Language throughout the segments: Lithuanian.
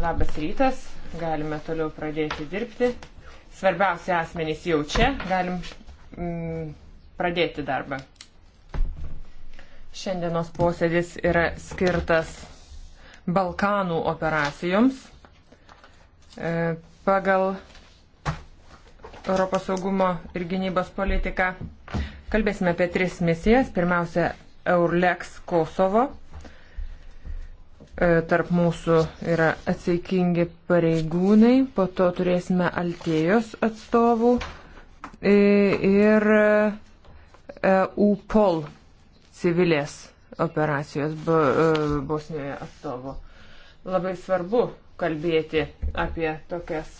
Labas rytas, galime toliau pradėti dirbti. Svarbiausia asmenys jau čia, galim mm, pradėti darbą. Šiandienos posėdis yra skirtas Balkanų operacijoms e, pagal Europos saugumo ir gynybos politiką. Kalbėsime apie tris misijas. Pirmiausia, Eurlex Kosovo E, tarp mūsų yra atsakingi pareigūnai, po to turėsime Altėjos atstovų e, ir e, UPOL civilės operacijos Bosnijoje atstovų. Labai svarbu kalbėti apie tokias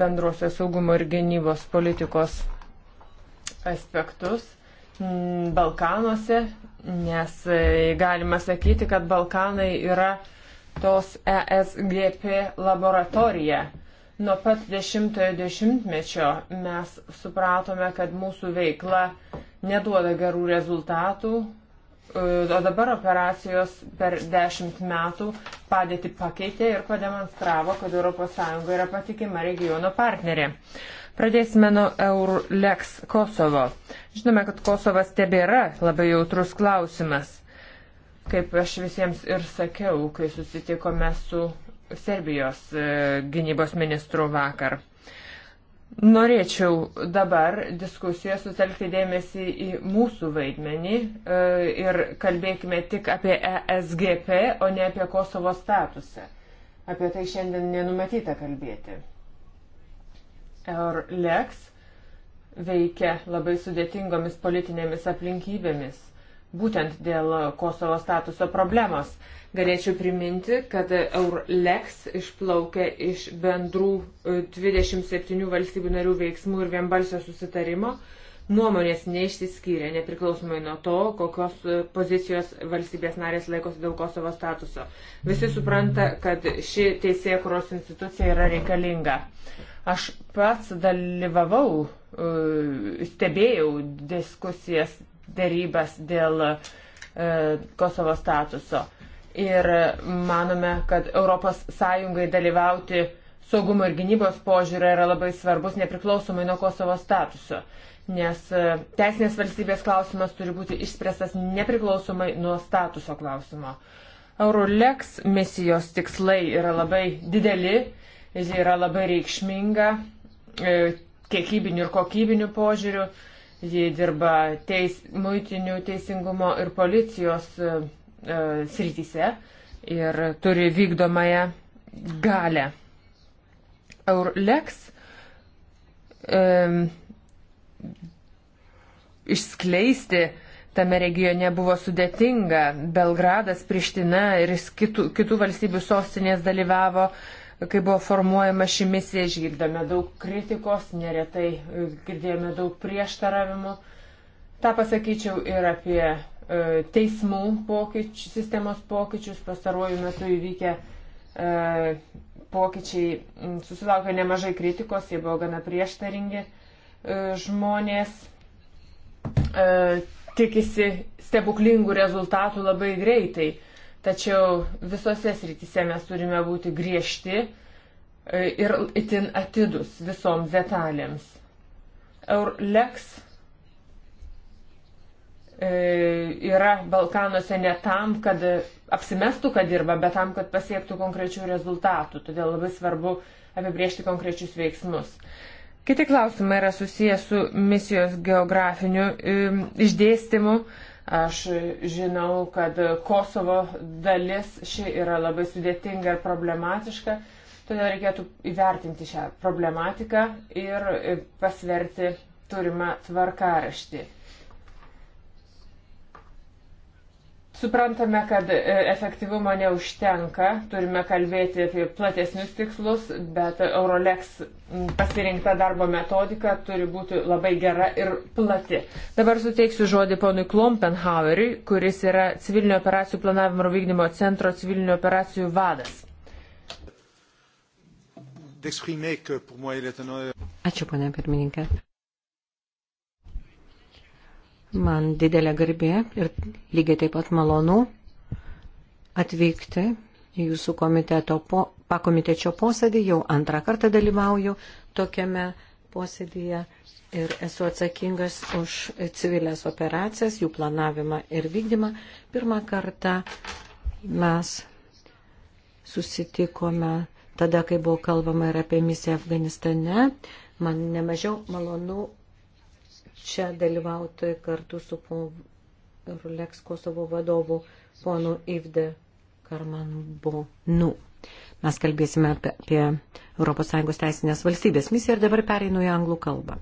bendrosios saugumo ir gynybos politikos aspektus Balkanuose nes e, galima sakyti, kad Balkanai yra tos ESGP laboratorija. Nuo pat dešimtojo dešimtmečio mes supratome, kad mūsų veikla neduoda gerų rezultatų, e, o dabar operacijos per dešimt metų padėti pakeitė ir pademonstravo, kad ES yra patikima regiono partnerė. Pradėsime nuo Eurlex Kosovo. Žinome, kad Kosovas tebėra labai jautrus klausimas, kaip aš visiems ir sakiau, kai susitikome su Serbijos e, gynybos ministru vakar. Norėčiau dabar diskusiją sutelkti dėmesį į mūsų vaidmenį e, ir kalbėkime tik apie ESGP, o ne apie Kosovo statusą. Apie tai šiandien nenumatyta kalbėti. Eurlex veikia labai sudėtingomis politinėmis aplinkybėmis, būtent dėl Kosovo statuso problemos. Galėčiau priminti, kad Eurlex išplaukia iš bendrų 27 e, valstybių narių veiksmų ir vienbalsio susitarimo. Nuomonės neišsiskyrė, nepriklausomai nuo to, kokios e, pozicijos valstybės narės laikosi dėl Kosovo statuso. Visi supranta, kad ši teisėkuros institucija yra reikalinga. Uh, Aš pats dalyvavau, e, stebėjau diskusijas, dėrybas dėl e, Kosovo statuso. Ir manome, kad ES dalyvauti saugumo ir gynybos požiūrė yra labai svarbus nepriklausomai nuo Kosovo statuso, nes e, teisinės valstybės klausimas turi būti išspręstas nepriklausomai nuo statuso klausimo. Eurolex misijos tikslai yra labai dideli Ji yra labai reikšminga e, kiekybiniu ir kokybiniu požiūriu. Ji dirba teis, muitinių teisingumo ir policijos e, e, srityse ir turi vykdomąją galę. Eurlex e, išskleisti tame regione buvo sudėtinga. Belgradas, Priština ir kitų, kitų valstybių sostinės dalyvavo kai buvo formuojama ši misija, išgirdome daug kritikos, neretai girdėjome daug prieštaravimų. Ta pasakyčiau ir apie e, teismų pokyč, sistemos pokyčius. Pastaruoju metu įvykę e, pokyčiai susilaukė nemažai kritikos, jie buvo gana prieštaringi. E, žmonės tikisi stebuklingų rezultatų labai greitai Tačiau visose srityse mes turime būti griežti e, ir itin atidus visoms detalėms. Eurlex e, yra Balkanuose ne tam, kad apsimestų, kad dirba, bet tam, kad pasiektų konkrečių rezultatų. Todėl labai svarbu apibriežti konkrečius veiksmus. Kiti klausimai yra susijęs su misijos geografiniu e, išdėstymu. E, Aš žinau, kad Kosovo dalis ši yra labai sudėtinga ir problematiška, todėl reikėtų įvertinti šią problematiką ir pasverti turimą tvarkaraštį. Suprantame, kad e, efektyvumo neužtenka, turime kalbėti apie platesnius tikslus, bet Eurolex pasirinkta darbo metodika turi būti labai gera ir plati. Dabar suteiksiu žodį ponui Klompenhaueriui, kuris yra civilinio operacijų planavimo ir vykdymo centro civilinio operacijų vadas. Ačiū, ponia pirmininkė. Man didelė garbė ir lygiai taip pat malonu atvykti į jūsų komiteto po, pakomitečio posėdį. Jau antrą kartą dalyvauju tokiame posėdyje ir esu atsakingas už civilės operacijas, jų planavimą ir vykdymą. Pirmą kartą mes susitikome tada, kai buvo kalbama ir apie misiją Afganistane. Man nemažiau malonu čia dalyvauti kartu su Euroleks Kosovo vadovu ponu Ivde Karmanbonu. Mes kalbėsime apie, apie ES teisinės valstybės misiją ir dabar pereinu į anglų kalbą.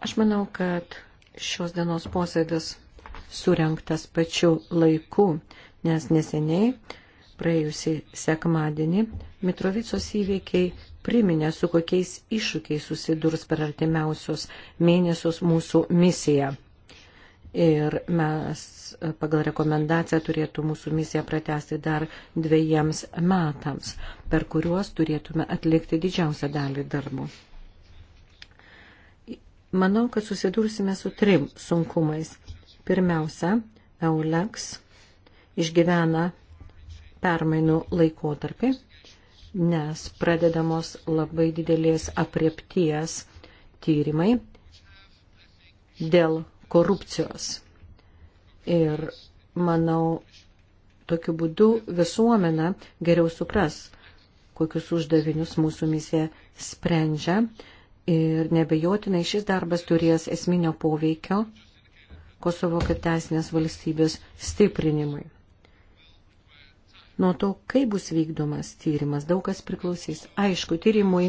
Aš manau, kad šios dienos posėdis surinktas pačiu laiku, nes neseniai, praėjusį sekmadienį, Mitrovicos įveikiai priminė, su kokiais iššūkiais susidurs per artimiausios mėnesius mūsų misija. Ir mes pagal rekomendaciją turėtų mūsų misiją pratesti dar dviejams metams, per kuriuos turėtume atlikti didžiausią dalį darbų. Manau, kad susidursime su trim sunkumais. Pirmiausia, EULEX išgyvena permainų laikotarpį nes pradedamos labai didelės apriepties tyrimai dėl korupcijos. Ir manau, tokiu būdu visuomenė geriau supras, kokius uždavinius mūsų misija sprendžia ir nebejotinai šis darbas turės esminio poveikio Kosovo kaip teisinės valstybės stiprinimui nuo to, kaip bus vykdomas tyrimas. Daug kas priklausys. Aišku, tyrimui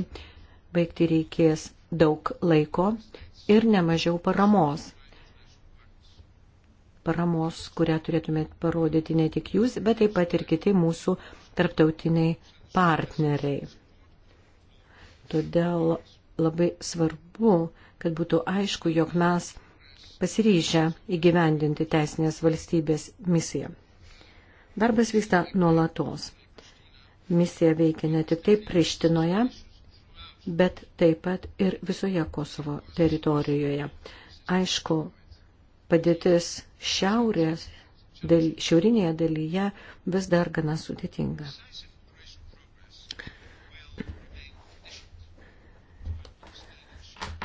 baigti reikės daug laiko ir nemažiau paramos. Paramos, kurią turėtumėt parodyti ne tik jūs, bet taip pat ir kiti mūsų tarptautiniai partneriai. Todėl labai svarbu, kad būtų aišku, jog mes pasiryžę įgyvendinti teisinės valstybės misiją. Darbas vyksta nuolatos. Misija veikia ne tik tai Prištinoje, bet taip pat ir visoje Kosovo teritorijoje. Aišku, padėtis šiaurės, dal, šiaurinėje dalyje vis dar gana sudėtinga.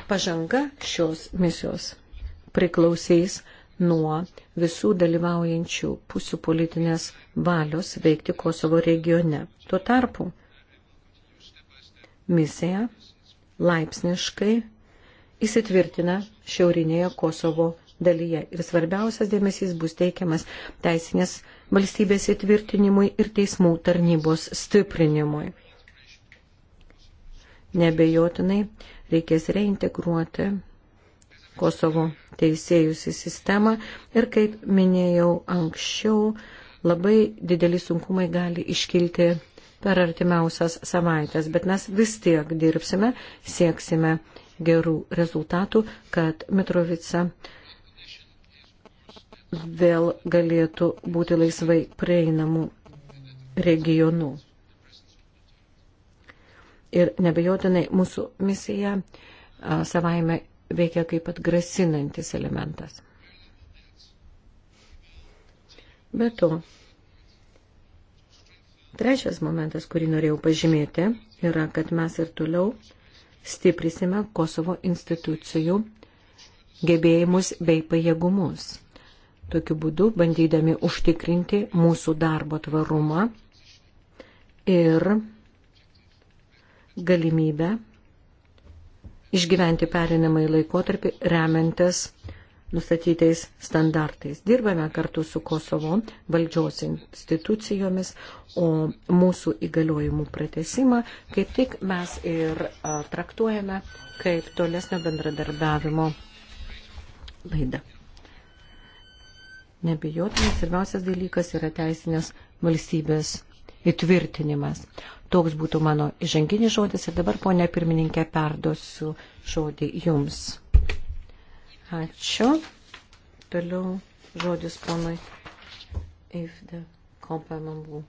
Pažanga šios misijos priklausys nuo visų dalyvaujančių pusių politinės valios veikti Kosovo regione. Tuo tarpu misija laipsniškai įsitvirtina šiaurinėje Kosovo dalyje ir svarbiausias dėmesys bus teikiamas teisinės valstybės įtvirtinimui ir teismų tarnybos stiprinimui. Nebejotinai reikės reintegruoti Kosovo teisėjus į sistemą ir, kaip minėjau anksčiau, labai dideli sunkumai gali iškilti per artimiausias savaitės, bet mes vis tiek dirbsime, sieksime gerų rezultatų, kad Mitrovica vėl galėtų būti laisvai prieinamų regionų. Ir nebejotinai mūsų misija savaime veikia kaip atgrasinantis elementas. Be to, trečias momentas, kurį norėjau pažymėti, yra, kad mes ir toliau stiprisime Kosovo institucijų gebėjimus bei pajėgumus. Tokiu būdu bandydami užtikrinti mūsų darbo tvarumą ir galimybę išgyventi perinamai laikotarpį remiantis nustatytais standartais. Dirbame kartu su Kosovo valdžios institucijomis, o mūsų įgaliojimų pratesimą kaip tik mes ir traktuojame kaip tolesnio bendradarbiavimo laidą. Nebijotinai svarbiausias dalykas yra teisinės valstybės įtvirtinimas. Toks būtų mano įžanginis žodis ir dabar, ponia pirmininkė, perduosiu žodį jums. Ačiū. Toliau žodis ponui Eivde Kompemambu.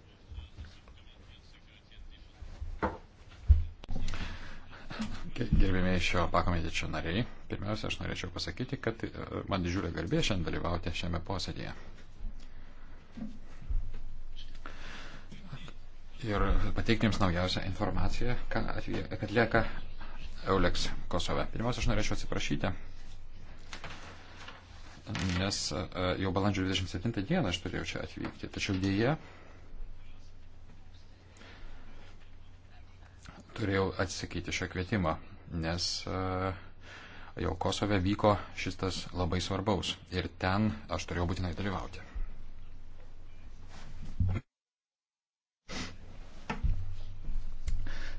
Gerbėmiai šio pakomitečio nariai, pirmiausia, aš norėčiau pasakyti, kad e, man didžiulė garbė šiandien dalyvauti šiame posėdėje. ir pateikti jums naujausią informaciją, kad atlieka Euleks Kosove. Pirmiausia, aš norėčiau atsiprašyti, nes e, jau balandžio 27 dieną aš turėjau čia atvykti. Tačiau dėje turėjau atsisakyti šio kvietimo, nes e, jau Kosove vyko šitas labai svarbaus ir ten aš turėjau būtinai dalyvauti.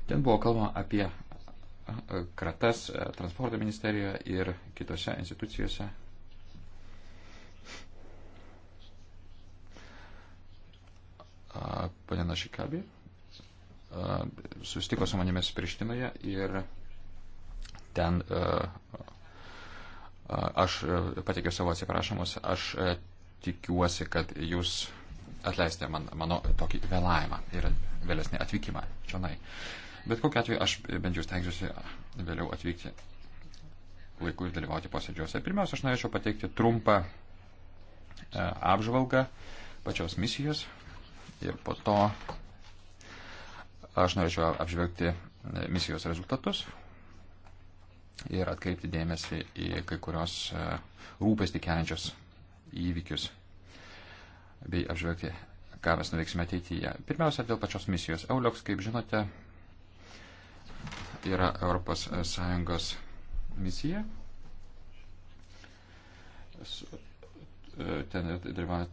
Ten buvo kalbama apie e, kratas e, transporto ministerijoje ir kitose institucijose. Pane Našikabi susitiko su manimės Prištinoje ir ten e, aš pateikiau savo atsiprašymus, aš tikiuosi, kad jūs atleistė man, mano tokį vėlavimą ir vėlesnį atvykimą čionai. Uh, Bet kokiu atveju aš bent jau stengsiuosi vėliau atvykti laiku ir dalyvauti posėdžiuose. Pirmiausia, aš norėčiau pateikti trumpą e, apžvalgą pačios misijos ir po to aš norėčiau apžvelgti e, misijos rezultatus ir atkreipti dėmesį į kai kurios e, rūpestį keliančios įvykius bei apžvelgti, ką mes nuveiksime ateityje. Pirmiausia, dėl pačios misijos. Euliuks, kaip žinote, yra ES misija. Ten dalyvauja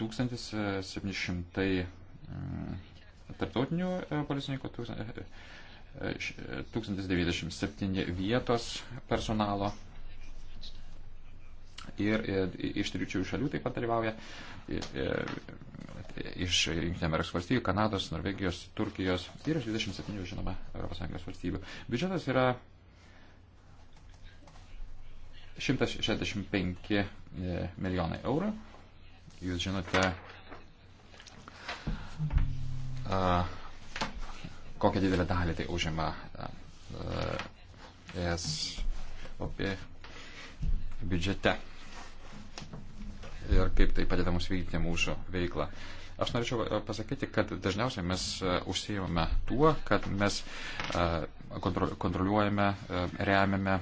1700 mm, tarptautinių e, policininkų, 1097 e, e, vietos personalo ir e, iš trečiųjų šalių taip pat dalyvauja, e, e, iš Junktinė Amerikos valstybių, Kanados, Norvegijos, Turkijos ir iš 27, žinoma, ES valstybių. Biudžetas yra 165 milijonai eurų. Jūs žinote, kokią didelę dalį tai užima ES biudžete ir kaip tai padeda mums vykdyti mūsų veiklą. Aš norėčiau e, pasakyti, kad dažniausiai mes e, užsijome tuo, kad mes e, kontroliuojame, remiame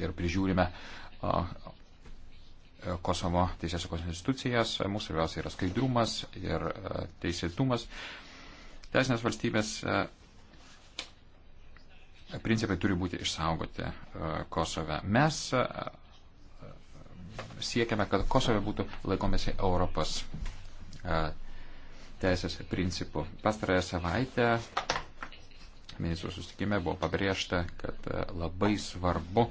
ir prižiūrime Kosovo teisės saugos institucijas. Mūsų svarbiausia yra skaidrumas ir teisėtumas. Teisinės valstybės principai turi būti išsaugoti Kosove. Mes siekiame, kad Kosove būtų laikomasi Europos e, teisės principų. Pastarąją savaitę ministrų sustikime buvo pabrėžta, kad e, labai svarbu,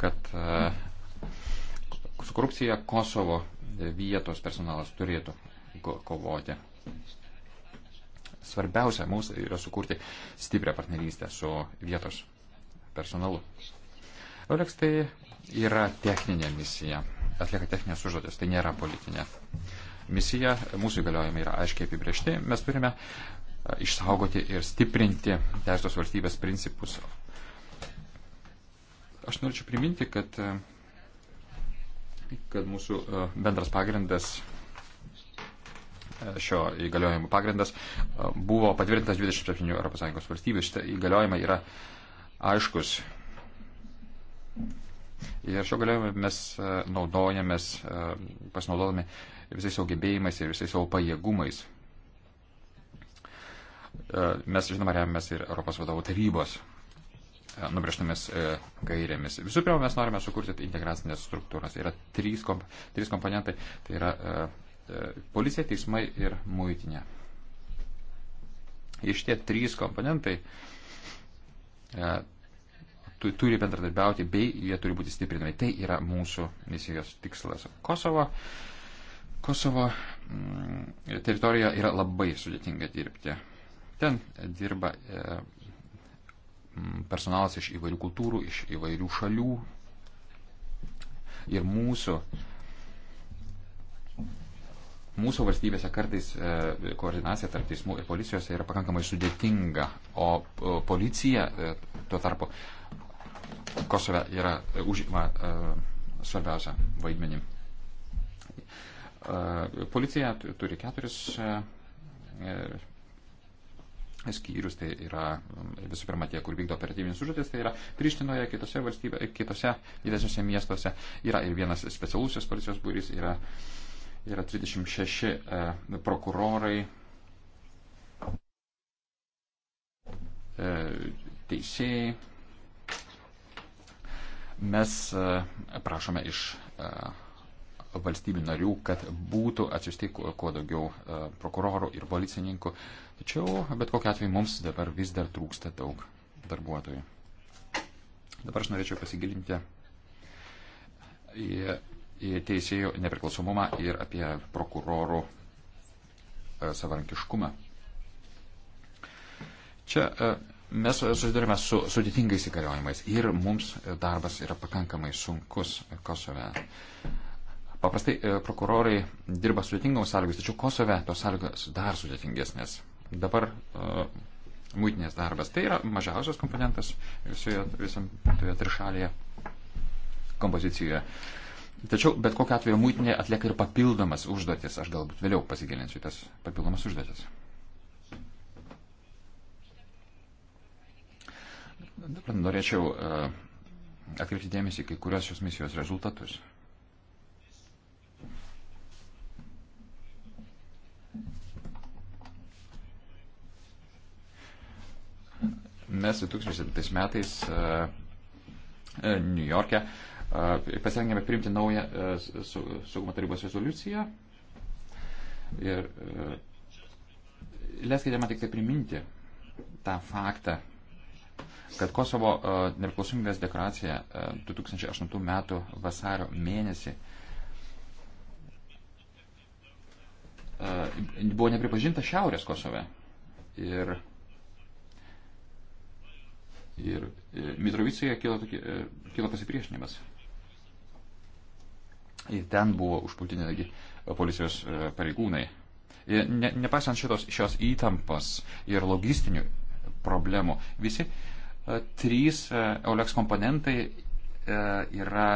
kad e, su korupcija Kosovo vietos personalas turėtų kovoti. Svarbiausia mums yra sukurti stiprią partnerystę su vietos personalu. Oleks tai yra techninė misija, atlieka techninės užduotis, tai nėra politinė misija, mūsų įgaliojimai yra aiškiai apibriešti, mes turime e, išsaugoti ir stiprinti teisės valstybės principus. Aš norėčiau priminti, kad, e, kad mūsų e, bendras pagrindas šio įgaliojimo pagrindas buvo patvirtintas 27 ES valstybių. Šitą įgaliojimą yra aiškus. Ir šio galiojimo mes e, naudojamės, e, pasinaudodami visais savo gebėjimais ir visais savo pajėgumais. E, mes, žinoma, remiamės ir Europos vadovų tarybos nubrieštomis gairėmis. Visų pirma, mes norime sukurti integracinės struktūras. Tai yra trys, komp trys komponentai. Tai yra policija, teismai ir muitinė. Iš tie trys komponentai turi bendradarbiauti bei jie turi būti stiprinami. Tai yra mūsų misijos tikslas. Kosovo, Kosovo mm, teritorija yra labai sudėtinga dirbti. Ten dirba e, mm, personalas iš įvairių kultūrų, iš įvairių šalių ir mūsų. Mūsų valstybėse kartais e, koordinacija tarp teismų ir policijos yra pakankamai sudėtinga, o, o policija e, tuo tarpu Kosove yra užima e, svarbiausią vaidmenį. E, policija turi keturis e, skyrius, tai yra visų pirma tie, kur vykdo operatyvinis užduotis, tai yra Prištinoje, kitose valstybėse, kitose didesniuose miestuose yra ir vienas specialusis policijos būrys, yra, yra 36 e, prokurorai, e, teisėjai, Mes e, prašome iš e, valstybių narių, kad būtų atsiusti kuo daugiau e, prokurorų ir policininkų. Tačiau, bet kokia atveju, mums dabar vis dar trūksta daug darbuotojų. Dabar aš norėčiau pasigilinti į, į teisėjų nepriklausomumą ir apie prokurorų savarankiškumą. Čia Mes susidurime su sudėtingais įgaliojimais ir mums darbas yra pakankamai sunkus Kosove. Paprastai e, prokurorai dirba sudėtingomis sąlygomis, tačiau Kosove tos sąlygos dar sudėtingesnės. Dabar uh, e, mūtinės darbas tai yra mažiausias komponentas visoje, visam toje trišalėje kompozicijoje. Tačiau bet kokiu atveju mūtinė atlieka ir papildomas užduotis. Aš galbūt vėliau pasigilinsiu į tas papildomas užduotis. Dabar norėčiau e, atkreipti dėmesį kai kurios šios misijos rezultatus. Mes 2007 metais e, e, New York'e pasirengėme priimti naują saugumo tarybos rezoliuciją. Ir leiskite man tik tai priminti tą faktą, kad Kosovo e, nepriklausomybės deklaracija 2008 e, metų vasario mėnesį e, buvo nepripažinta Šiaurės Kosove. Ir, ir Mitrovicoje kilo, tokie, kilo pasipriešinimas. Ir ten buvo užpulti netgi policijos pareigūnai. Ne, nepaisant šitos, šios įtampos ir logistinių problemų. Visi e, trys e, Eulex komponentai e, yra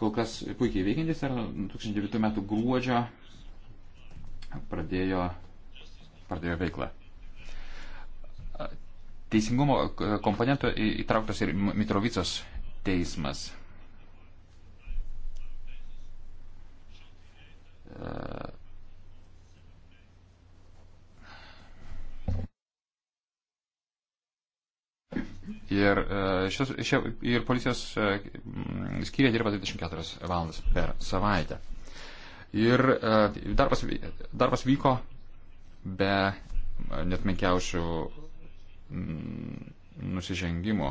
kol kas puikiai veikiantis ir 2009 m. gruodžio pradėjo, pradėjo veiklą. Teisingumo komponento įtrauktas ir Mitrovicos teismas. Uh, Ir, e, šios, šia, ir policijos e, skyriai dirba 24 valandas per savaitę. Ir e, darbas, darbas vyko be net menkiausių nusižengimų.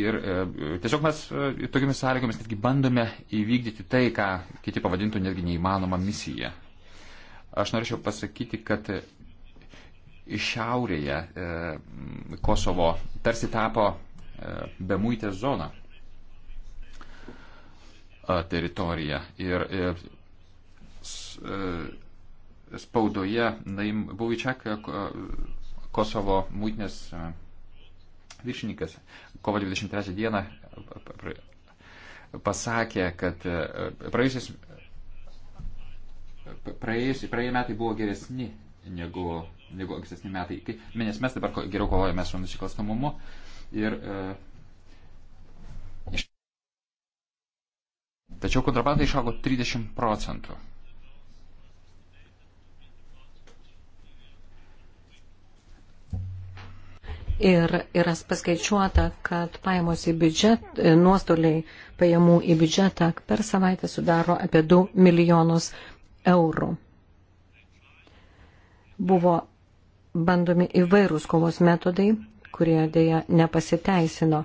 Ir e, tiesiog mes e, tokiamis sąlygomis netgi bandome įvykdyti tai, ką kiti pavadintų netgi neįmanoma misija. Aš norėčiau pasakyti, kad šiaurėje e, Kosovo tarsi tapo e, bemuitė zona e, teritorija. Ir e, s, e, spaudoje Naim Buvičiak, e, Kosovo muitinės e, viršininkas, kovo 23 dieną e, pasakė, kad e, praėjusiais praėjusi, praėjai metai buvo geresni negu, negu ankstesni metai. Kai, nes mes dabar geriau kovojame su nusikalstamumu ir e, Tačiau kontrabanda išaugo 30 procentų. Ir yra paskaičiuota, kad pajamos į biudžet, nuostoliai pajamų į biudžetą per savaitę sudaro apie 2 milijonus eurų. Buvo bandomi įvairūs kovos metodai, kurie dėja nepasiteisino,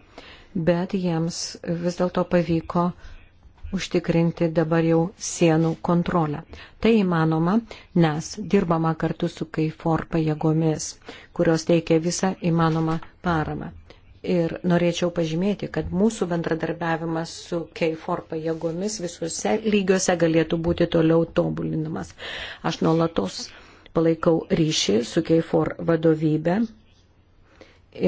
bet jiems vis dėlto pavyko užtikrinti dabar jau sienų kontrolę. Tai įmanoma, nes dirbama kartu su KAIFOR pajėgomis, kurios teikia visą įmanomą paramą. Ir norėčiau pažymėti, kad mūsų bendradarbiavimas su KFOR pajėgomis visuose lygiuose galėtų būti toliau tobulinamas. Aš nuolatos palaikau ryšį su KFOR vadovybė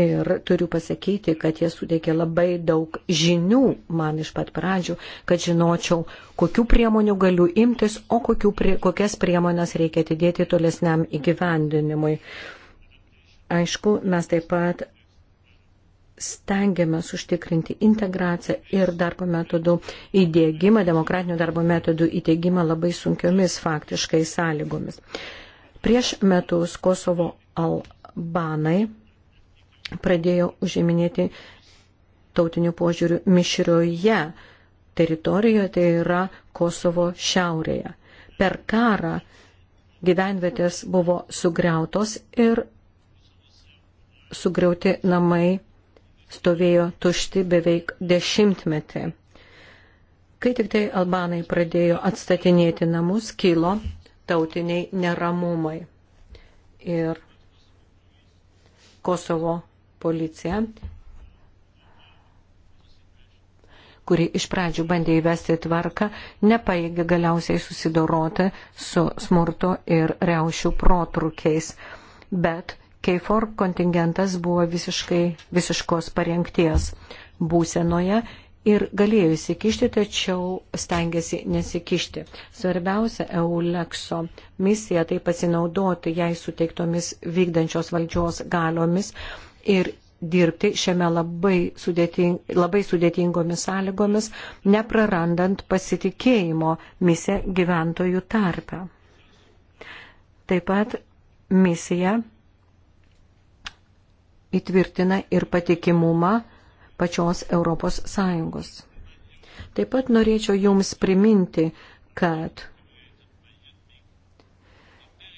ir turiu pasakyti, kad jie suteikė labai daug žinių man iš pat pradžių, kad žinočiau, kokių priemonių galiu imtis, o prie, kokias priemonės reikia atidėti tolesniam įgyvendinimui. Aišku, mes taip pat stengiamės užtikrinti integraciją ir darbo metodų įdėgymą, demokratinių darbo metodų įdėgymą labai sunkiomis faktiškai sąlygomis. Prieš metus Kosovo albanai pradėjo užiminėti tautiniu požiūriu mišrioje teritorijoje, tai yra Kosovo šiaurėje. Per karą gyvenvietės buvo sugriautos ir sugriauti namai stovėjo tušti beveik dešimtmetį. Kai tik tai albanai pradėjo atstatinėti namus, kilo tautiniai neramumai. Ir Kosovo policija, kuri iš pradžių bandė įvesti tvarką, nepaėgė galiausiai susidoroti su smurto ir reušių protrukiais. Bet KFOR kontingentas buvo visiškai, visiškos parengties būsenoje ir galėjo įsikišti, tačiau stengiasi nesikišti. Svarbiausia EULEXO misija tai pasinaudoti jai suteiktomis vykdančios valdžios galiomis ir dirbti šiame labai, sudėting, labai sudėtingomis sąlygomis, neprarandant pasitikėjimo misija gyventojų tarpe. Taip pat misija įtvirtina ir patikimumą pačios Europos Sąjungos. Taip pat norėčiau Jums priminti, kad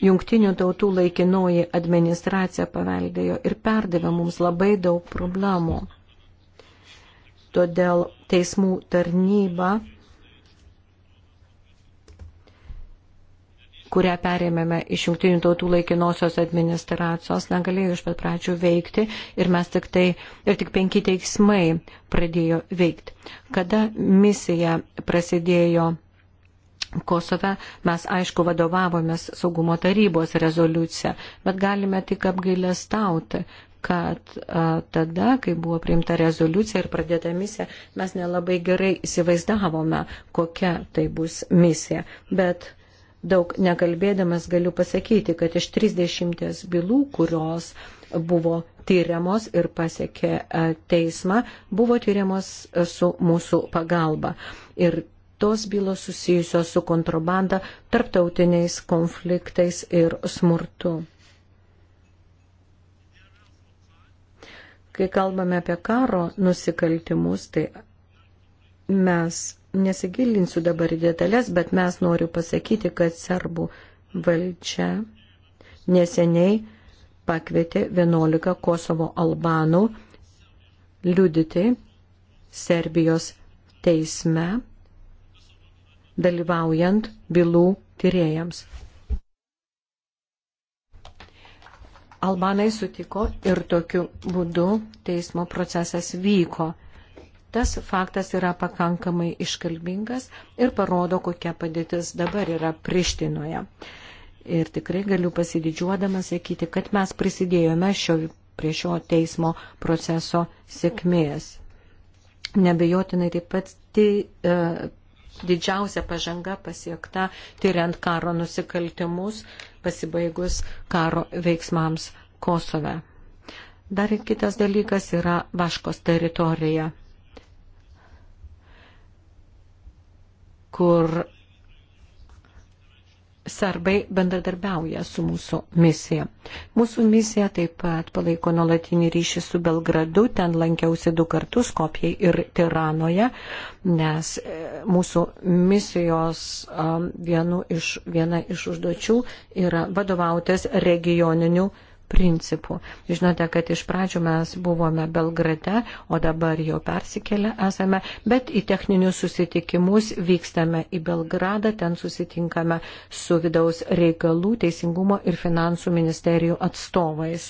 Jungtinių tautų laikinoji administracija paveldėjo ir perdavė mums labai daug problemų. Todėl teismų tarnyba kurią perėmėme iš jungtinių tautų laikinosios administracijos, negalėjo iš pat pradžių veikti ir mes tik tai, ir tik penki teismai pradėjo veikti. Kada misija prasidėjo Kosove, mes aišku vadovavomės saugumo tarybos rezoliuciją, bet galime tik apgailę stauti, kad a, tada, kai buvo priimta rezoliucija ir pradėta misija, mes nelabai gerai įsivaizdavome, kokia tai bus misija. Bet daug nekalbėdamas galiu pasakyti, kad iš 30 bylų, kurios buvo tyriamos ir pasiekė e, teismą, buvo tyriamos e, su mūsų pagalba. Ir tos bylos susijusios su kontrabanda, tarptautiniais konfliktais ir smurtu. Kai kalbame apie karo nusikaltimus, tai mes nesigilinsiu dabar į detalės, bet mes noriu pasakyti, kad serbų valdžia neseniai pakvietė 11 Kosovo albanų liudyti Serbijos teisme, dalyvaujant bylų tyrėjams. Albanai sutiko ir tokiu būdu teismo procesas vyko. Tas faktas yra pakankamai iškalbingas ir parodo, kokia padėtis dabar yra Prištinoje. Ir tikrai galiu pasididžiuodama sakyti, kad mes prisidėjome šio, prie šio teismo proceso sėkmės. Nebejotinai taip pat tai, e, didžiausia pažanga pasiekta tyriant karo nusikaltimus, pasibaigus karo veiksmams Kosove. Dar kitas dalykas yra Vaškos teritorija. kur sarbai bendradarbiauja su mūsų misija. Mūsų misija taip pat palaiko nuolatinį ryšį su Belgradu, ten lankiausi du kartus, Kopijai ir Tiranoje, nes e, mūsų misijos vienu iš, viena iš užduočių yra vadovautis regioniniu principų. Žinote, kad iš pradžių mes buvome Belgrade, o dabar jau persikėlę esame, bet į techninius susitikimus vykstame į Belgradą, ten susitinkame su vidaus reikalų, teisingumo ir finansų ministerijų atstovais.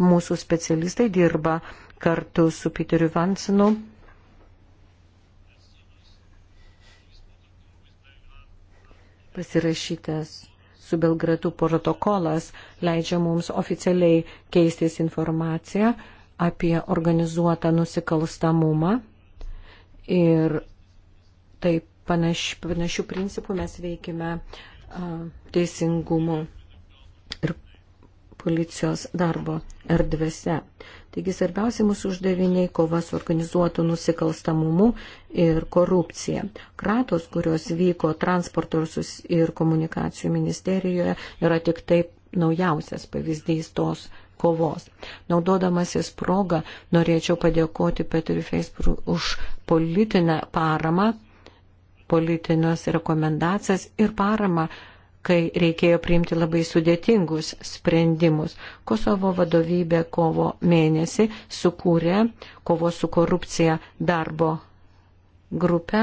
Mūsų specialistai dirba kartu su Piteriu Vansinu, pasirašytas su Belgradu protokolas leidžia mums oficialiai keistis informaciją apie organizuotą nusikalstamumą ir taip panaš, panašių principų mes veikime uh, teisingumo ir policijos darbo erdvėse. Taigi svarbiausia mūsų uždaviniai - kova su organizuotu nusikalstamumu ir korupcija. Kratos, kurios vyko transporto ir komunikacijų ministerijoje, yra tik taip naujausias pavyzdys tos kovos. Naudodamasis progą, norėčiau padėkoti Petriu Feisbru už politinę paramą politinios rekomendacijas ir paramą kai reikėjo priimti labai sudėtingus sprendimus. Kosovo vadovybė kovo mėnesį sukūrė kovo su korupcija darbo grupę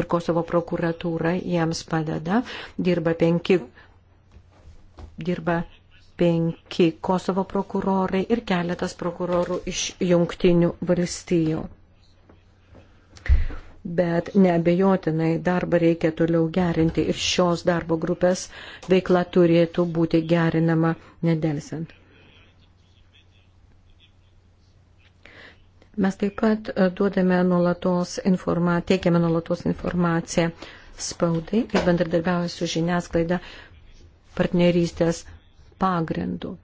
ir Kosovo prokuratūra jiems padeda. Dirba penki, dirba penki Kosovo prokurorai ir keletas prokurorų iš jungtinių valstijų bet neabejotinai darbą reikia toliau gerinti ir šios darbo grupės veikla turėtų būti gerinama nedelsiant. Mes taip pat e, duodame nuolatos informaciją, teikiame nuolatos informaciją spaudai ir bendradarbiavame su žiniasklaida partnerystės pagrindu.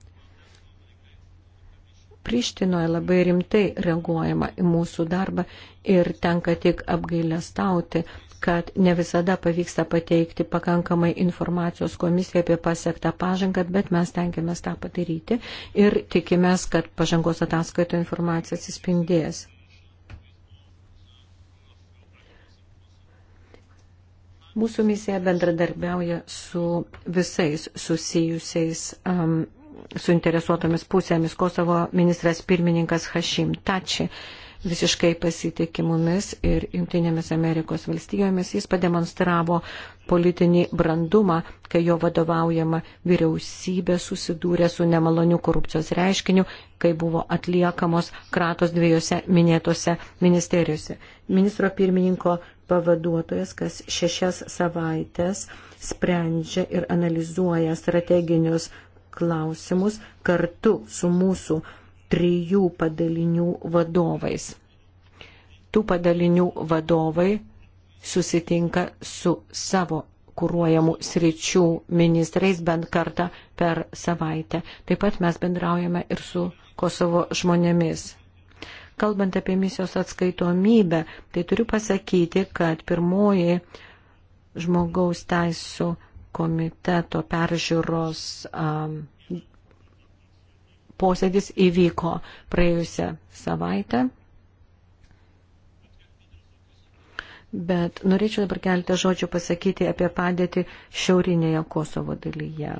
Prištinoje labai rimtai reaguojama į mūsų darbą ir tenka tik apgailę stauti, kad ne visada pavyksta pateikti pakankamai informacijos komisijai apie pasiektą pažangą, bet mes tenkiamės tą padaryti ir tikimės, kad pažangos ataskaito informacija atsispindės. Mūsų misija bendradarbiauja su visais susijusiais um, suinteresuotomis pusėmis. Kosovo ministras pirmininkas Hashim Tači visiškai pasitikė mumis ir Junktinėmis Amerikos valstijomis. Jis pademonstravo politinį brandumą, kai jo vadovaujama vyriausybė susidūrė su nemaloniu korupcijos reiškiniu, kai buvo atliekamos kratos dviejose minėtose ministerijose. Ministro pirmininko pavaduotojas, kas šešias savaitės sprendžia ir analizuoja strateginius klausimus kartu su mūsų trijų padalinių vadovais. Tų padalinių vadovai susitinka su savo kūruojamų sričių ministrais bent kartą per savaitę. Taip pat mes bendraujame ir su Kosovo žmonėmis. Kalbant apie misijos atskaitomybę, tai turiu pasakyti, kad pirmoji žmogaus teisų komiteto peržiūros posėdis įvyko praėjusią savaitę. Bet norėčiau dabar keletą žodžių pasakyti apie padėtį šiaurinėje Kosovo dalyje.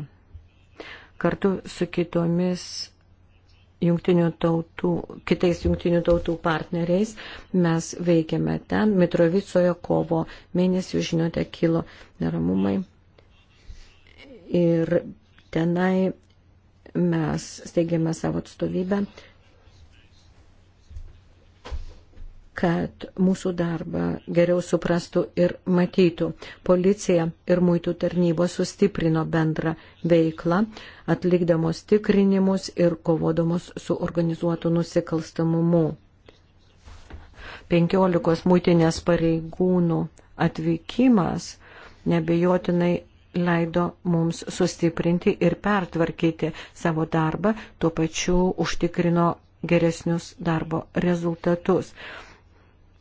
Kartu su kitomis jungtinių tautų, kitais jungtinių tautų partneriais mes veikiame ten. Mitrovicoje kovo mėnesį, žinote, kilo neramumai Ir tenai mes steigėme savo atstovybę, kad mūsų darbą geriau suprastų ir matytų. Policija ir muitų tarnybos sustiprino bendrą veiklą, atlikdamos tikrinimus ir kovodamos su organizuotu nusikalstamumu. 15 muitinės pareigūnų atvykimas nebejotinai leido mums sustiprinti ir pertvarkyti savo darbą, tuo pačiu užtikrino geresnius darbo rezultatus.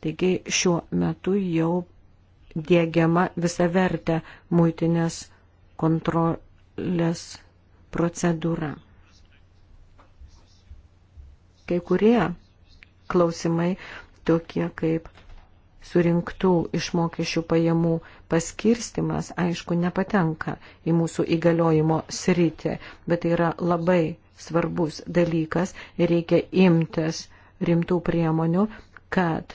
Taigi šiuo metu jau dėgiama visa vertė muitinės kontrolės procedūra. Kai kurie klausimai, tokie kaip surinktų iš mokesčių pajamų paskirstimas, aišku, nepatenka į mūsų įgaliojimo sritį, bet tai yra labai svarbus dalykas ir reikia imtis rimtų priemonių, kad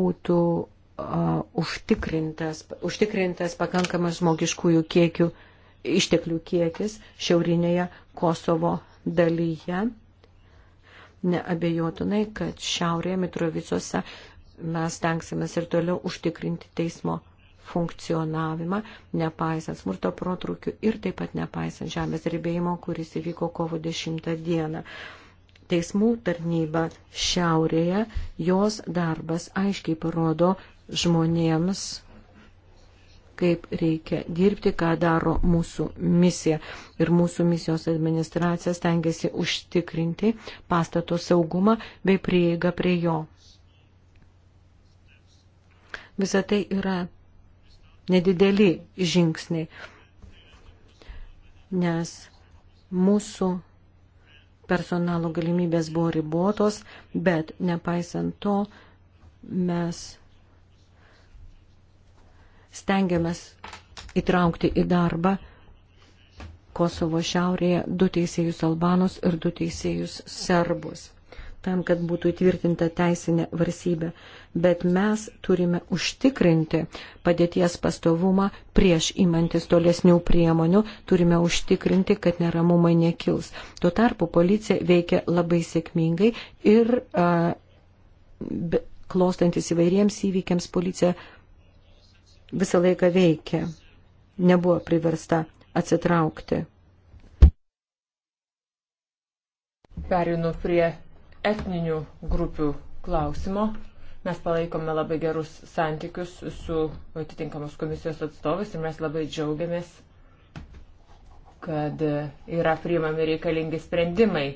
būtų uh, užtikrintas, užtikrintas pakankamas žmogiškųjų kiekių, išteklių kiekis šiaurinėje Kosovo dalyje neabejotinai, kad šiaurėje Mitrovicose mes tenksimės ir toliau užtikrinti teismo funkcionavimą, nepaisant smurto protrukių ir taip pat nepaisant žemės drebėjimo, kuris įvyko kovo 10 dieną. Teismų tarnyba šiaurėje, jos darbas aiškiai parodo žmonėms, kaip reikia dirbti, ką daro mūsų misija. Ir mūsų misijos administracija stengiasi užtikrinti pastato saugumą bei prieigą prie jo. Visą tai yra nedideli žingsniai, nes mūsų personalo galimybės buvo ribotos, bet nepaisant to mes stengiamės įtraukti į darbą Kosovo šiaurėje du teisėjus albanus ir du teisėjus serbus tam, kad būtų įtvirtinta teisinė varsybė, bet mes turime užtikrinti padėties pastovumą prieš įmantis tolesnių priemonių, turime užtikrinti, kad neramumai nekils. Tuo tarpu policija veikia labai sėkmingai ir a, be, klostantis įvairiems įvykiams policija visą laiką veikė, nebuvo priversta atsitraukti. Perinu prie etninių grupių klausimo. Mes palaikome labai gerus santykius su atitinkamos komisijos atstovais ir mes labai džiaugiamės, kad yra priimami reikalingi sprendimai.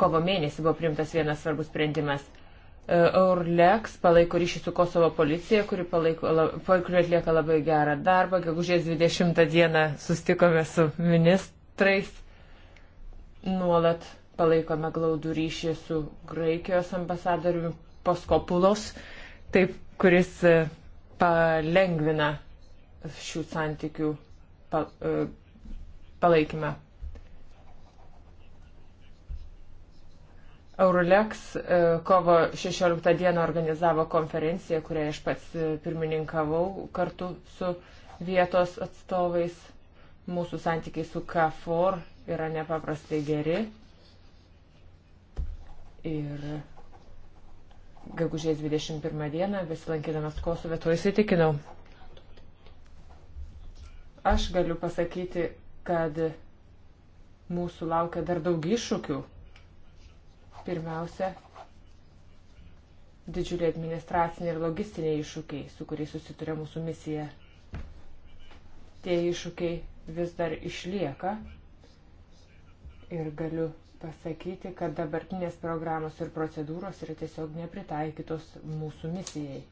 Kovo mėnesį buvo priimtas vienas svarbus sprendimas. E, Eurlex palaiko ryšį su Kosovo policija, kuri, palaiko, kuri atlieka labai gerą darbą. Gegužės 20 dieną sustikome su ministrais nuolat palaikome glaudų ryšį su Graikijos ambasadoriumi Paskopulos, taip, kuris e, palengvina šių santykių e, palaikymą. Eurolex e, kovo 16 dieną organizavo konferenciją, kurią aš pats pirmininkavau kartu su vietos atstovais. Mūsų santykiai su KFOR yra nepaprastai geri. Ir gegužės 21 dieną, besilankydamas Kosove, to įsitikinau. Aš galiu pasakyti, kad mūsų laukia dar daug iššūkių. Pirmiausia, didžiuliai administraciniai ir logistiniai iššūkiai, su kuriais susituria mūsų misija. Tie iššūkiai vis dar išlieka ir galiu pasakyti, kad dabartinės programos ir procedūros yra tiesiog nepritaikytos mūsų misijai.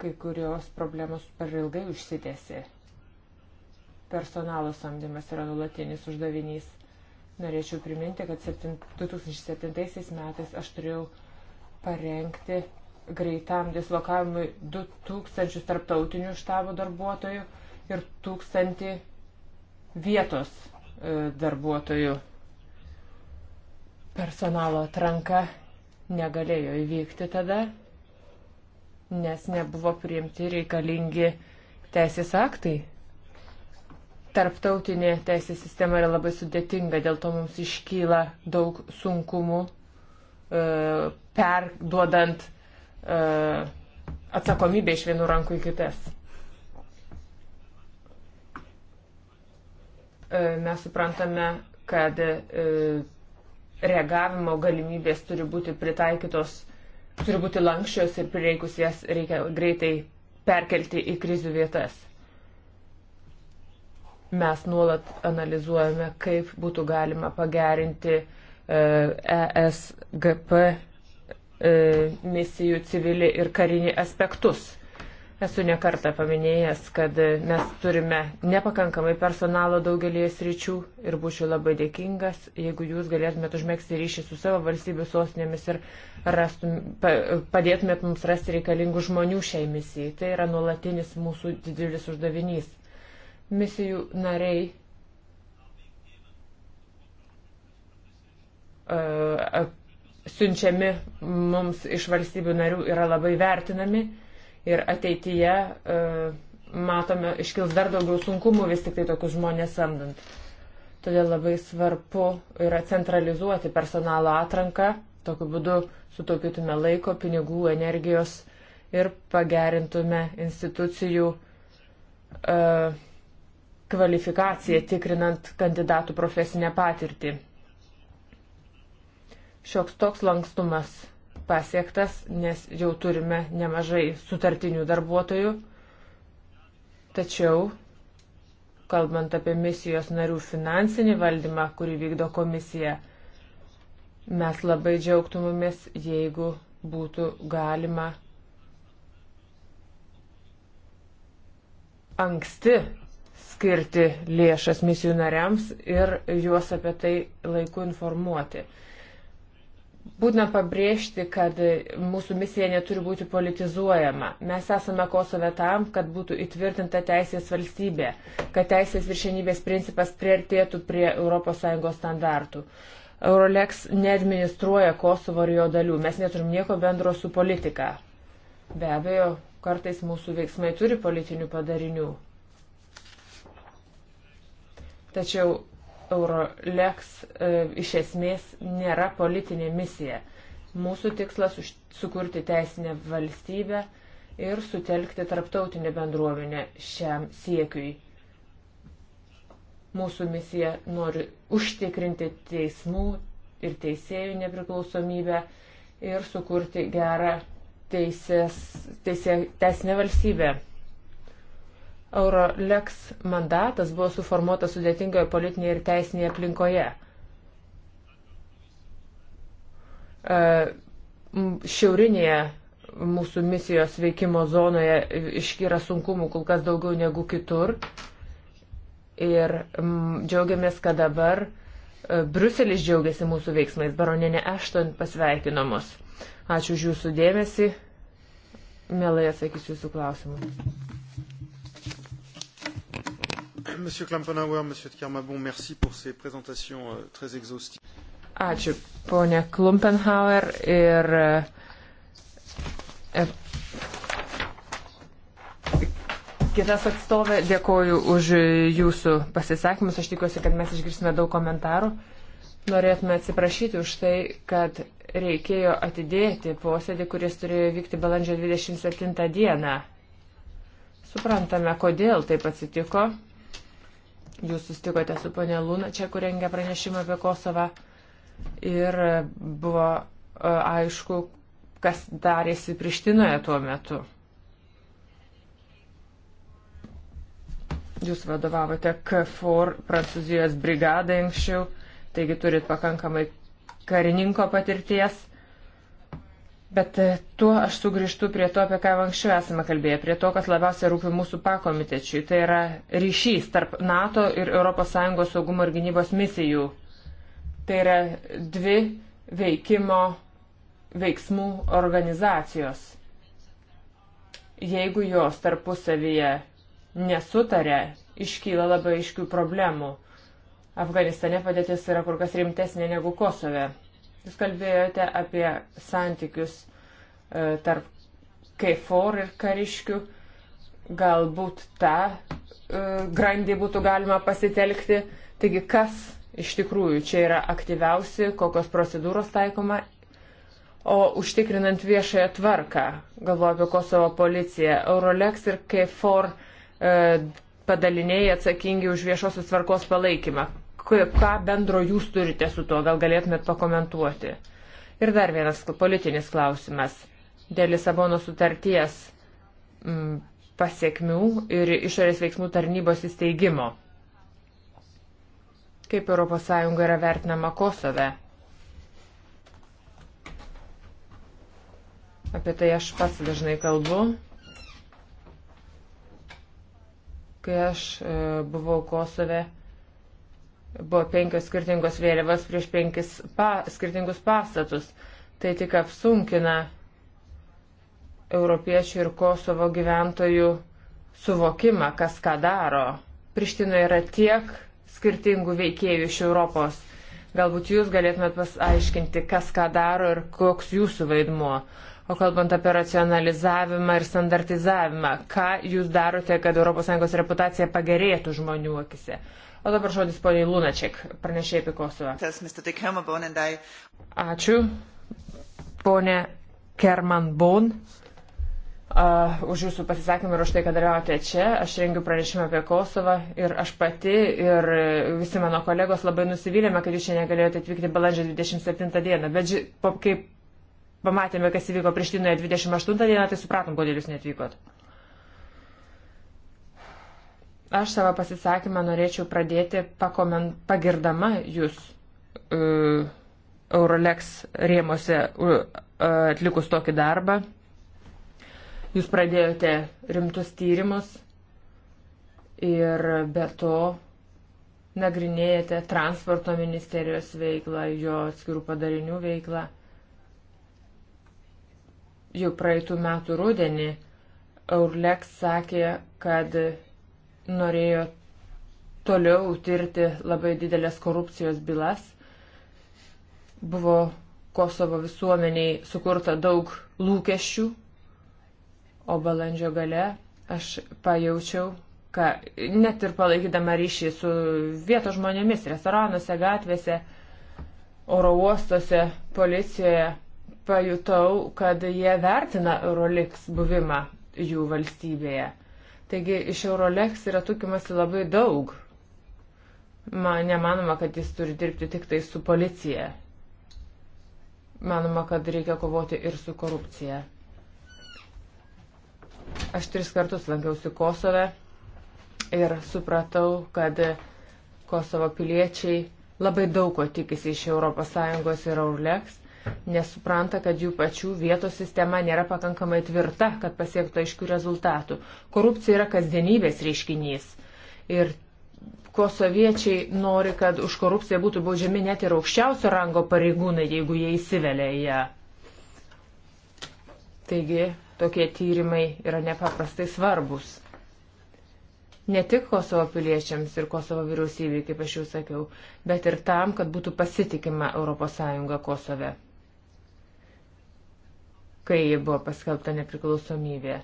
Kai kurios problemos per ilgai užsitėsi. Personalo samdymas yra nulatinis uždavinys. Norėčiau priminti, kad 2007 metais aš turėjau parengti greitam dislokavimui 2000 tarptautinių štabo darbuotojų ir 1000 vietos e, darbuotojų Personalo atranka negalėjo įvykti tada, nes nebuvo priimti reikalingi teisės aktai. Tarptautinė teisės sistema yra labai sudėtinga, dėl to mums iškyla daug sunkumų e, perduodant e, atsakomybę iš vienų rankų į kitas. E, mes suprantame, kad e, reagavimo galimybės turi būti pritaikytos, turi būti lankščios ir prireikus jas reikia greitai perkelti į krizių vietas. Mes nuolat analizuojame, kaip būtų galima pagerinti ESGP e e, misijų civilį ir karinį aspektus Esu nekartą paminėjęs, kad mes turime nepakankamai personalo daugelį sričių ir būčiau labai dėkingas, jeigu jūs galėtumėt užmėgsti ryšį su savo valstybių sostinėmis ir rastum, pa, padėtumėt mums rasti reikalingų žmonių šiai misijai. Tai yra nuolatinis mūsų didelis uždavinys. Misijų nariai uh, siunčiami mums iš valstybių narių yra labai vertinami ir ateityje e, matome, iškils dar daugiau sunkumų vis tik tai tokius žmonės samdant. Todėl labai svarbu yra centralizuoti personalo atranką, tokiu būdu sutaupytume laiko, pinigų, energijos ir pagerintume institucijų e, kvalifikaciją tikrinant kandidatų profesinę patirtį. Šioks toks lankstumas pasiektas, nes jau turime nemažai sutartinių darbuotojų. Tačiau, kalbant apie misijos narių finansinį valdymą, kurį vykdo komisija, mes labai džiaugtumėmės, jeigu būtų galima anksti skirti lėšas misijų nariams ir juos apie tai laiku informuoti. Būtina pabrėžti, kad mūsų misija neturi būti politizuojama. Mes esame Kosove tam, kad būtų įtvirtinta teisės valstybė, kad teisės viršenybės principas priartėtų prie ES standartų. Eurolex neadministruoja Kosovo ir jo dalių. Mes neturim nieko bendro su politika. Be abejo, kartais mūsų veiksmai turi politinių padarinių. Tačiau Eurolex e, iš esmės nėra politinė misija. Mūsų tikslas - sukurti teisinę valstybę ir sutelkti tarptautinę bendruomenę šiam siekiui. Mūsų misija nori užtikrinti teismų ir teisėjų nepriklausomybę ir sukurti gerą teisės, teisė, teisinę valstybę. Eurolex mandatas buvo suformuotas sudėtingoje politinėje ir teisinėje aplinkoje. E, šiaurinėje mūsų misijos veikimo zonoje iškyra sunkumų kol kas daugiau negu kitur. Ir džiaugiamės, kad dabar e, Bruselis džiaugiasi mūsų veiksmais. Baroninė Ešton pasveikino mus. Ačiū už jūsų dėmesį. Mielai atsakysiu jūsų klausimus. Monsieur Klampenauer, Monsieur Tkirmabon, merci pour ces présentations euh, très exhaustives. Ačiū, ponė Klumpenhauer ir e, e, kitas atstovė, dėkoju už jūsų pasisakymus. Aš tikiuosi, kad mes išgirsime daug komentarų. Norėtume atsiprašyti už tai, kad reikėjo atidėti posėdį, kuris turėjo vykti balandžio 27 dieną. Suprantame, kodėl taip atsitiko. Jūs sustikote su ponė Lūna, čia kur rengia pranešimą apie Kosovą. Ir buvo e, aišku, kas darėsi Prištinoje tuo metu. Jūs vadovavote KFOR Prancūzijos brigadai anksčiau, taigi turit pakankamai karininko patirties. Bet e, tuo aš sugrįžtu prie to, apie ką anksčiau esame kalbėję, prie to, kas labiausiai rūpi mūsų pakomitečiui. Tai yra ryšys tarp NATO ir ES saugumo ir gynybos misijų. Tai yra dvi veikimo veiksmų organizacijos. Jeigu jos tarpusavyje nesutarė, iškyla labai aiškių problemų. Afganistane padėtis yra kur kas rimtesnė negu Kosove. Jūs kalbėjote apie santykius e, tarp KFOR ir kariškių. Galbūt tą e, grandį būtų galima pasitelkti. Taigi, kas iš tikrųjų čia yra aktyviausi, kokios procedūros taikoma O užtikrinant viešąją tvarką, galvoju apie Kosovo policiją, Eurolex ir KFOR e, padaliniai atsakingi už viešosios tvarkos palaikymą ką bendro jūs turite su tuo, gal galėtumėt pakomentuoti. Ir dar vienas politinis klausimas. Dėl Lisabono sutarties m, mm, pasiekmių ir išorės veiksmų tarnybos įsteigimo. Kaip ES yra vertinama Kosove? Apie tai aš pats dažnai kalbu. Kai aš e, buvau Kosove, Buvo penkios skirtingos vėliavos prieš penkis pa, skirtingus pastatus. Tai tik apsunkina europiečių ir Kosovo gyventojų suvokimą, kas ką daro. Prištinoje yra tiek skirtingų veikėjų iš Europos. Galbūt jūs galėtumėt pasaiškinti, kas ką daro ir koks jūsų vaidmuo. O kalbant apie racionalizavimą ir standartizavimą, ką jūs darote, kad ES reputacija pagerėtų žmonių akise? O dabar žodis poniai Lunačiek, pranešė apie Kosovą. Ačiū, ponė Kerman Bon. Uh, už jūsų pasisakymą ir už tai, kad dalyvaujate čia. Aš rengiu pranešimą apie Kosovą ir aš pati ir visi mano kolegos labai nusivylėme, kad jūs čia negalėjote atvykti balandžio 27 dieną. Bet kaip pamatėme, kas įvyko prieš 28 dieną, tai supratom, kodėl jūs netvykot. Aš savo pasisakymą norėčiau pradėti pakoment, pagirdama jūs uh, Eurolex rėmose uh, e, atlikus tokį darbą. Jūs pradėjote rimtus tyrimus ir be to nagrinėjate transporto ministerijos veiklą, jo atskirų padarinių veiklą. Jau praeitų metų rudenį Urleks sakė, kad norėjo toliau tirti labai didelės korupcijos bylas. Buvo Kosovo visuomeniai sukurta daug lūkesčių, o balandžio gale aš pajaučiau, kad net ir palaikydama ryšį su vietos žmonėmis, restoranuose, gatvėse, oro uostuose, policijoje, pajutau, kad jie vertina Euroliks buvimą jų valstybėje. Taigi iš Eurolex yra tukimasi labai daug. Man nemanoma, kad jis turi dirbti tik tai su policija. Manoma, kad reikia kovoti ir su korupcija. Aš tris kartus lankiausi Kosove ir supratau, kad Kosovo piliečiai labai daug ko tikisi iš ES ir Eurlex nesupranta, kad jų pačių vietos sistema nėra pakankamai tvirta, kad pasiektų aiškių rezultatų. Korupcija yra kasdienybės reiškinys. Ir ko soviečiai nori, kad už korupciją būtų baudžiami net ir aukščiausio rango pareigūnai, jeigu jie įsivelia į ją. Taigi tokie tyrimai yra nepaprastai svarbus. Ne tik Kosovo piliečiams ir Kosovo vyriausybei, kaip aš jau sakiau, bet ir tam, kad būtų pasitikima ES Kosove kai buvo paskelbta nepriklausomybė.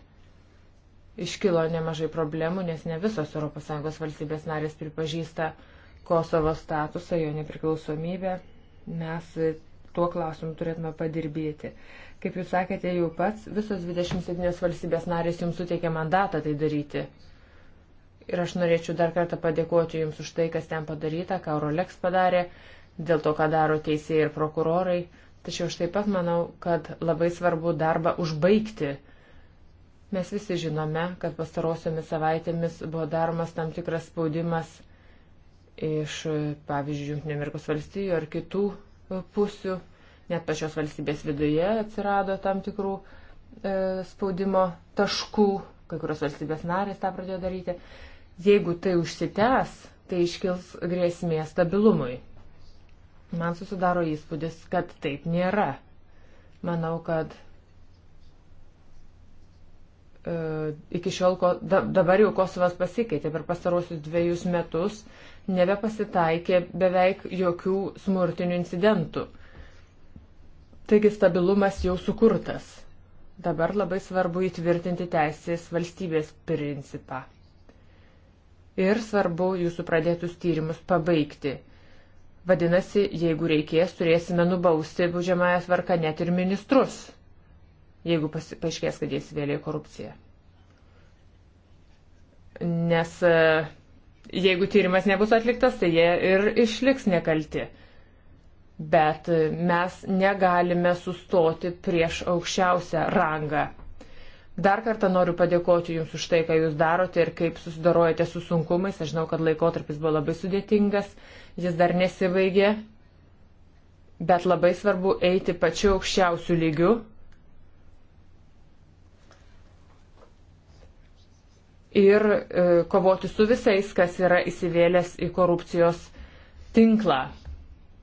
Iškilo nemažai problemų, nes ne visos ES valstybės narės pripažįsta Kosovo statusą, jo nepriklausomybę. Mes tuo klausimu turėtume padirbėti. Kaip jūs sakėte jau pats, visos 27 valstybės narės jums suteikė mandatą tai daryti. Ir aš norėčiau dar kartą padėkoti Jums už tai, kas ten padaryta, ką Rolex padarė, dėl to, ką daro teisėjai ir prokurorai. Tačiau aš taip pat manau, kad labai svarbu darbą užbaigti. Mes visi žinome, kad pastarosiomis savaitėmis buvo daromas tam tikras spaudimas iš, pavyzdžiui, JAV ar kitų pusių, net pačios valstybės viduje atsirado tam tikrų e, spaudimo taškų, kai kurios valstybės narės tą pradėjo daryti. Jeigu tai užsitęs, tai iškils grėsmė stabilumui. Man susidaro įspūdis, kad taip nėra. Manau, kad e, iki šiol, ko, da, dabar jau Kosovas pasikeitė per pastarosius dviejus metus, nebepasitaikė beveik jokių smurtinių incidentų. Taigi stabilumas jau sukurtas. Dabar labai svarbu įtvirtinti teisės valstybės principą. Ir svarbu jūsų pradėtus tyrimus pabaigti Vadinasi, jeigu reikės, turėsime nubausti baudžiamąją tvarką net ir ministrus, jeigu paaiškės, kad jie įsivėlė į korupciją. Nes e, jeigu tyrimas nebus atliktas, tai jie ir išliks nekalti. Bet e, mes negalime sustoti prieš aukščiausią rangą Dar kartą noriu padėkoti Jums už tai, ką Jūs darote ir kaip susidarojate su sunkumais. Aš žinau, kad laikotarpis buvo labai sudėtingas, jis dar nesibaigė, bet labai svarbu eiti pačiu aukščiausiu lygiu. Ir e, kovoti su visais, kas yra įsivėlęs į korupcijos tinklą.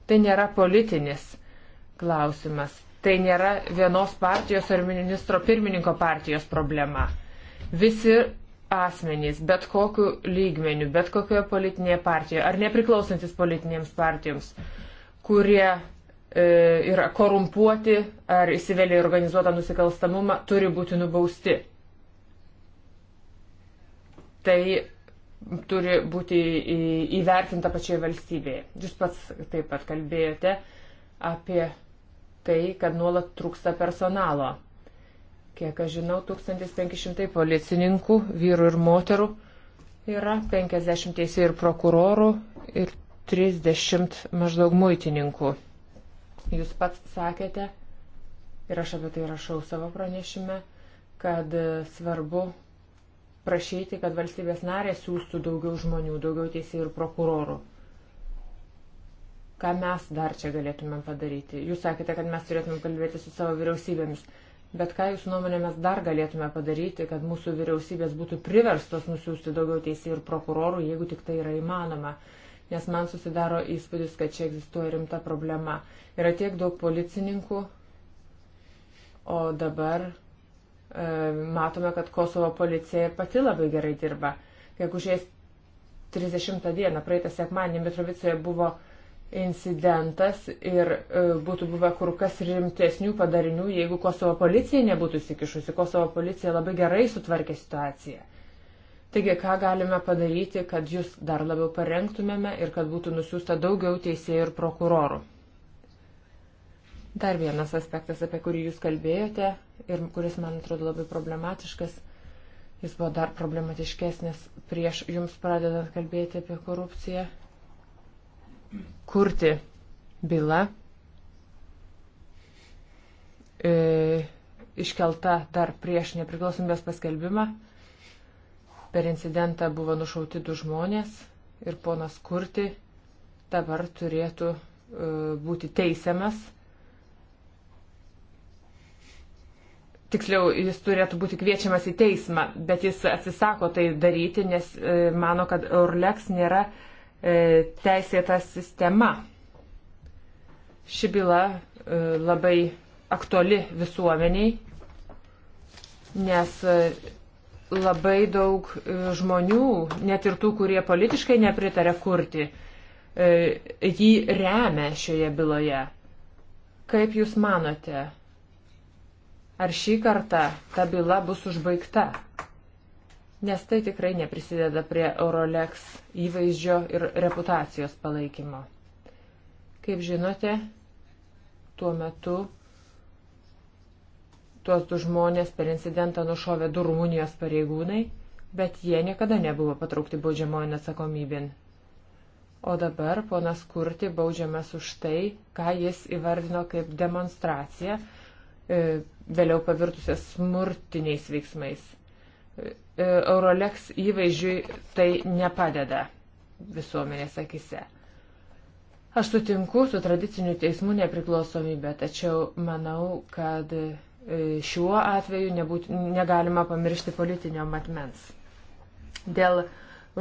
Tai nėra politinis klausimas tai nėra vienos partijos ar ministro pirmininko partijos problema. Visi asmenys, bet kokiu lygmeniu, bet kokioje politinėje partijoje ar nepriklausantis politinėms partijoms, kurie e, yra korumpuoti ar įsivelia į organizuotą nusikalstamumą, turi būti nubausti. Tai turi būti įvertinta pačioje valstybėje. Jūs pats taip pat kalbėjote apie tai, kad nuolat trūksta personalo. Kiek aš žinau, 1500 policininkų, vyrų ir moterų yra, 50 teisėjų ir prokurorų ir 30 maždaug muitininkų. Jūs pats sakėte, ir aš apie tai rašau savo pranešime, kad svarbu prašyti, kad valstybės narės siūstų daugiau žmonių, daugiau teisėjų ir prokurorų. Ką mes dar čia galėtumėm padaryti? Jūs sakėte, kad mes turėtumėm kalbėti su savo vyriausybėmis. Bet ką jūsų nuomonė mes dar galėtume padaryti, kad mūsų vyriausybės būtų priverstos nusiųsti daugiau teisėjų ir prokurorų, jeigu tik tai yra įmanoma? Nes man susidaro įspūdis, kad čia egzistuoja rimta problema. Yra tiek daug policininkų, o dabar e, matome, kad Kosovo policija ir pati labai gerai dirba. Jeigu šiais 30 dieną, praeitą sekmanį, Mitrovicoje buvo incidentas ir e, būtų buvę kur kas rimtesnių padarinių, jeigu Kosovo policija nebūtų įsikišusi. Kosovo policija labai gerai sutvarkė situaciją. Taigi, ką galime padaryti, kad jūs dar labiau parengtumėme ir kad būtų nusiųsta daugiau teisėjų ir prokurorų. Dar vienas aspektas, apie kurį jūs kalbėjote ir kuris man atrodo labai problematiškas, jis buvo dar problematiškesnis prieš jums pradedant kalbėti apie korupciją kurti byla e, iškelta dar prieš nepriklausomybės paskelbimą. Per incidentą buvo nušauti du žmonės ir ponas Kurti dabar turėtų e, būti teisiamas. Tiksliau, jis turėtų būti kviečiamas į teismą, bet jis atsisako tai daryti, nes e, mano, kad Orleks nėra e, E, teisėta sistema. Ši byla e, labai aktuali visuomeniai, nes e, labai daug žmonių, net ir tų, kurie politiškai nepritarė kurti, jį remia šioje byloje. Kaip Jūs manote, ar šį kartą ta byla bus užbaigta? nes tai tikrai neprisideda prie Eurolex įvaizdžio ir reputacijos palaikymo. Kaip žinote, tuo metu tuos du žmonės per incidentą nušovė du Rumunijos pareigūnai, bet jie niekada nebuvo patraukti baudžiamojo atsakomybin. O dabar ponas Kurti baudžiamas už tai, ką jis įvardino kaip demonstraciją, e, vėliau pavirtusią smurtiniais veiksmais. E, Euroleks įvaizdžiui tai nepadeda visuomenės akise. Aš sutinku su tradiciniu teismu nepriklausomybė, tačiau manau, kad e, šiuo atveju nebūt, negalima pamiršti politinio matmens. Dėl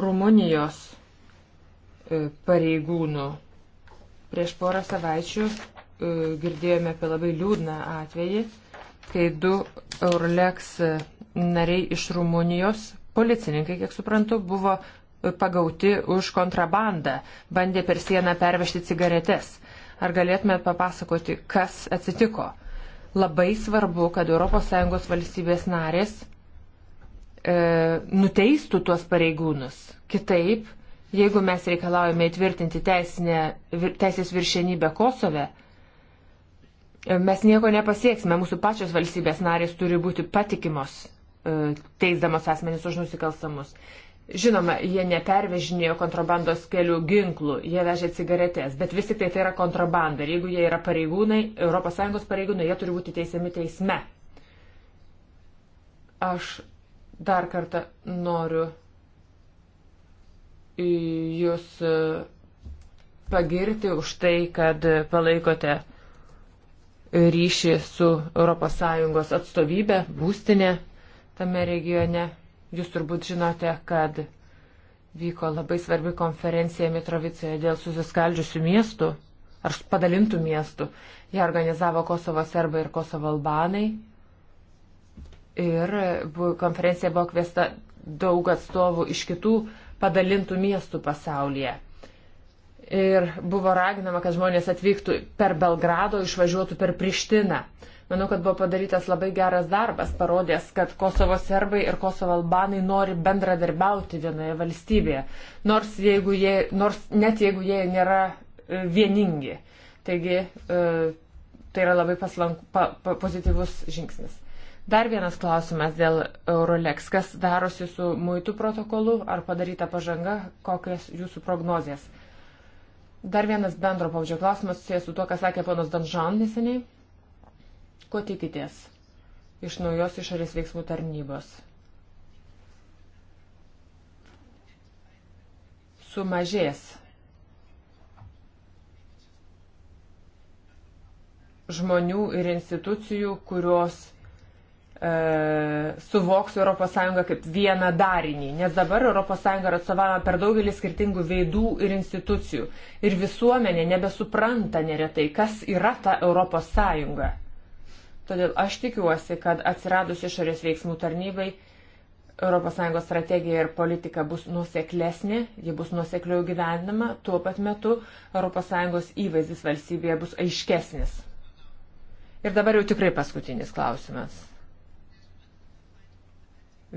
Rumunijos e, pareigūnų prieš porą savaičių girdėjome apie labai liūdną atvejį, kai du Euroleks nariai iš Rumunijos, policininkai, kiek suprantu, buvo pagauti už kontrabandą, bandė per sieną pervežti cigaretes. Ar galėtumėt papasakoti, kas atsitiko? Labai svarbu, kad ES valstybės narės e, nuteistų tuos pareigūnus. Kitaip, jeigu mes reikalaujame įtvirtinti teisinę, teisės viršenybę Kosove, e, mes nieko nepasieksime, mūsų pačios valstybės narės turi būti patikimos E, teisdamas asmenys už nusikalstamus. Žinoma, jie nepervežinėjo kontrabandos kelių ginklų, jie vežė cigaretės, bet vis tik tai tai yra kontrabanda. Ir jeigu jie yra pareigūnai, ES pareigūnai, jie turi būti teisiami teisme. Aš dar kartą noriu jūs e, pagirti už tai, kad palaikote ryšį su ES atstovybė, būstinė tame regione. Jūs turbūt žinote, kad vyko labai svarbi konferencija Mitrovicoje dėl susiskaldžiusių miestų ar padalintų miestų. Jie organizavo Kosovo serbai ir Kosovo albanai. Ir konferencija buvo kviesta daug atstovų iš kitų padalintų miestų pasaulyje. Ir buvo raginama, kad žmonės atvyktų per Belgrado, išvažiuotų per Prištiną. Manau, kad buvo padarytas labai geras darbas, parodęs, kad Kosovo serbai ir Kosovo albanai nori bendradarbiauti vienoje valstybėje, nors, jeigu jie, nors net jeigu jie nėra e, vieningi. Taigi e, tai yra labai paslank, pa, pa, pozityvus žingsnis. Dar vienas klausimas dėl Eurolex. Kas darosi su muitų protokolu? Ar padaryta pažanga? Kokios jūsų prognozijas? Dar vienas bendro pavyzdžio klausimas susijęs su tuo, ką sakė ponas Danžan neseniai. Ko tikitės iš naujos išorės veiksmų tarnybos? Sumažės žmonių ir institucijų, kurios e, suvoks ES kaip vieną darinį. Nes dabar ES yra atstovavama per daugelį skirtingų veidų ir institucijų. Ir visuomenė nebesupranta neretai, kas yra ta ES. Todėl aš tikiuosi, kad atsiradus išorės veiksmų tarnybai ES strategija ir politika bus nuseklesnė, ji bus nusekliau gyvendama, tuo pat metu ES įvaizdis valstybėje bus aiškesnis. Ir dabar jau tikrai paskutinis klausimas.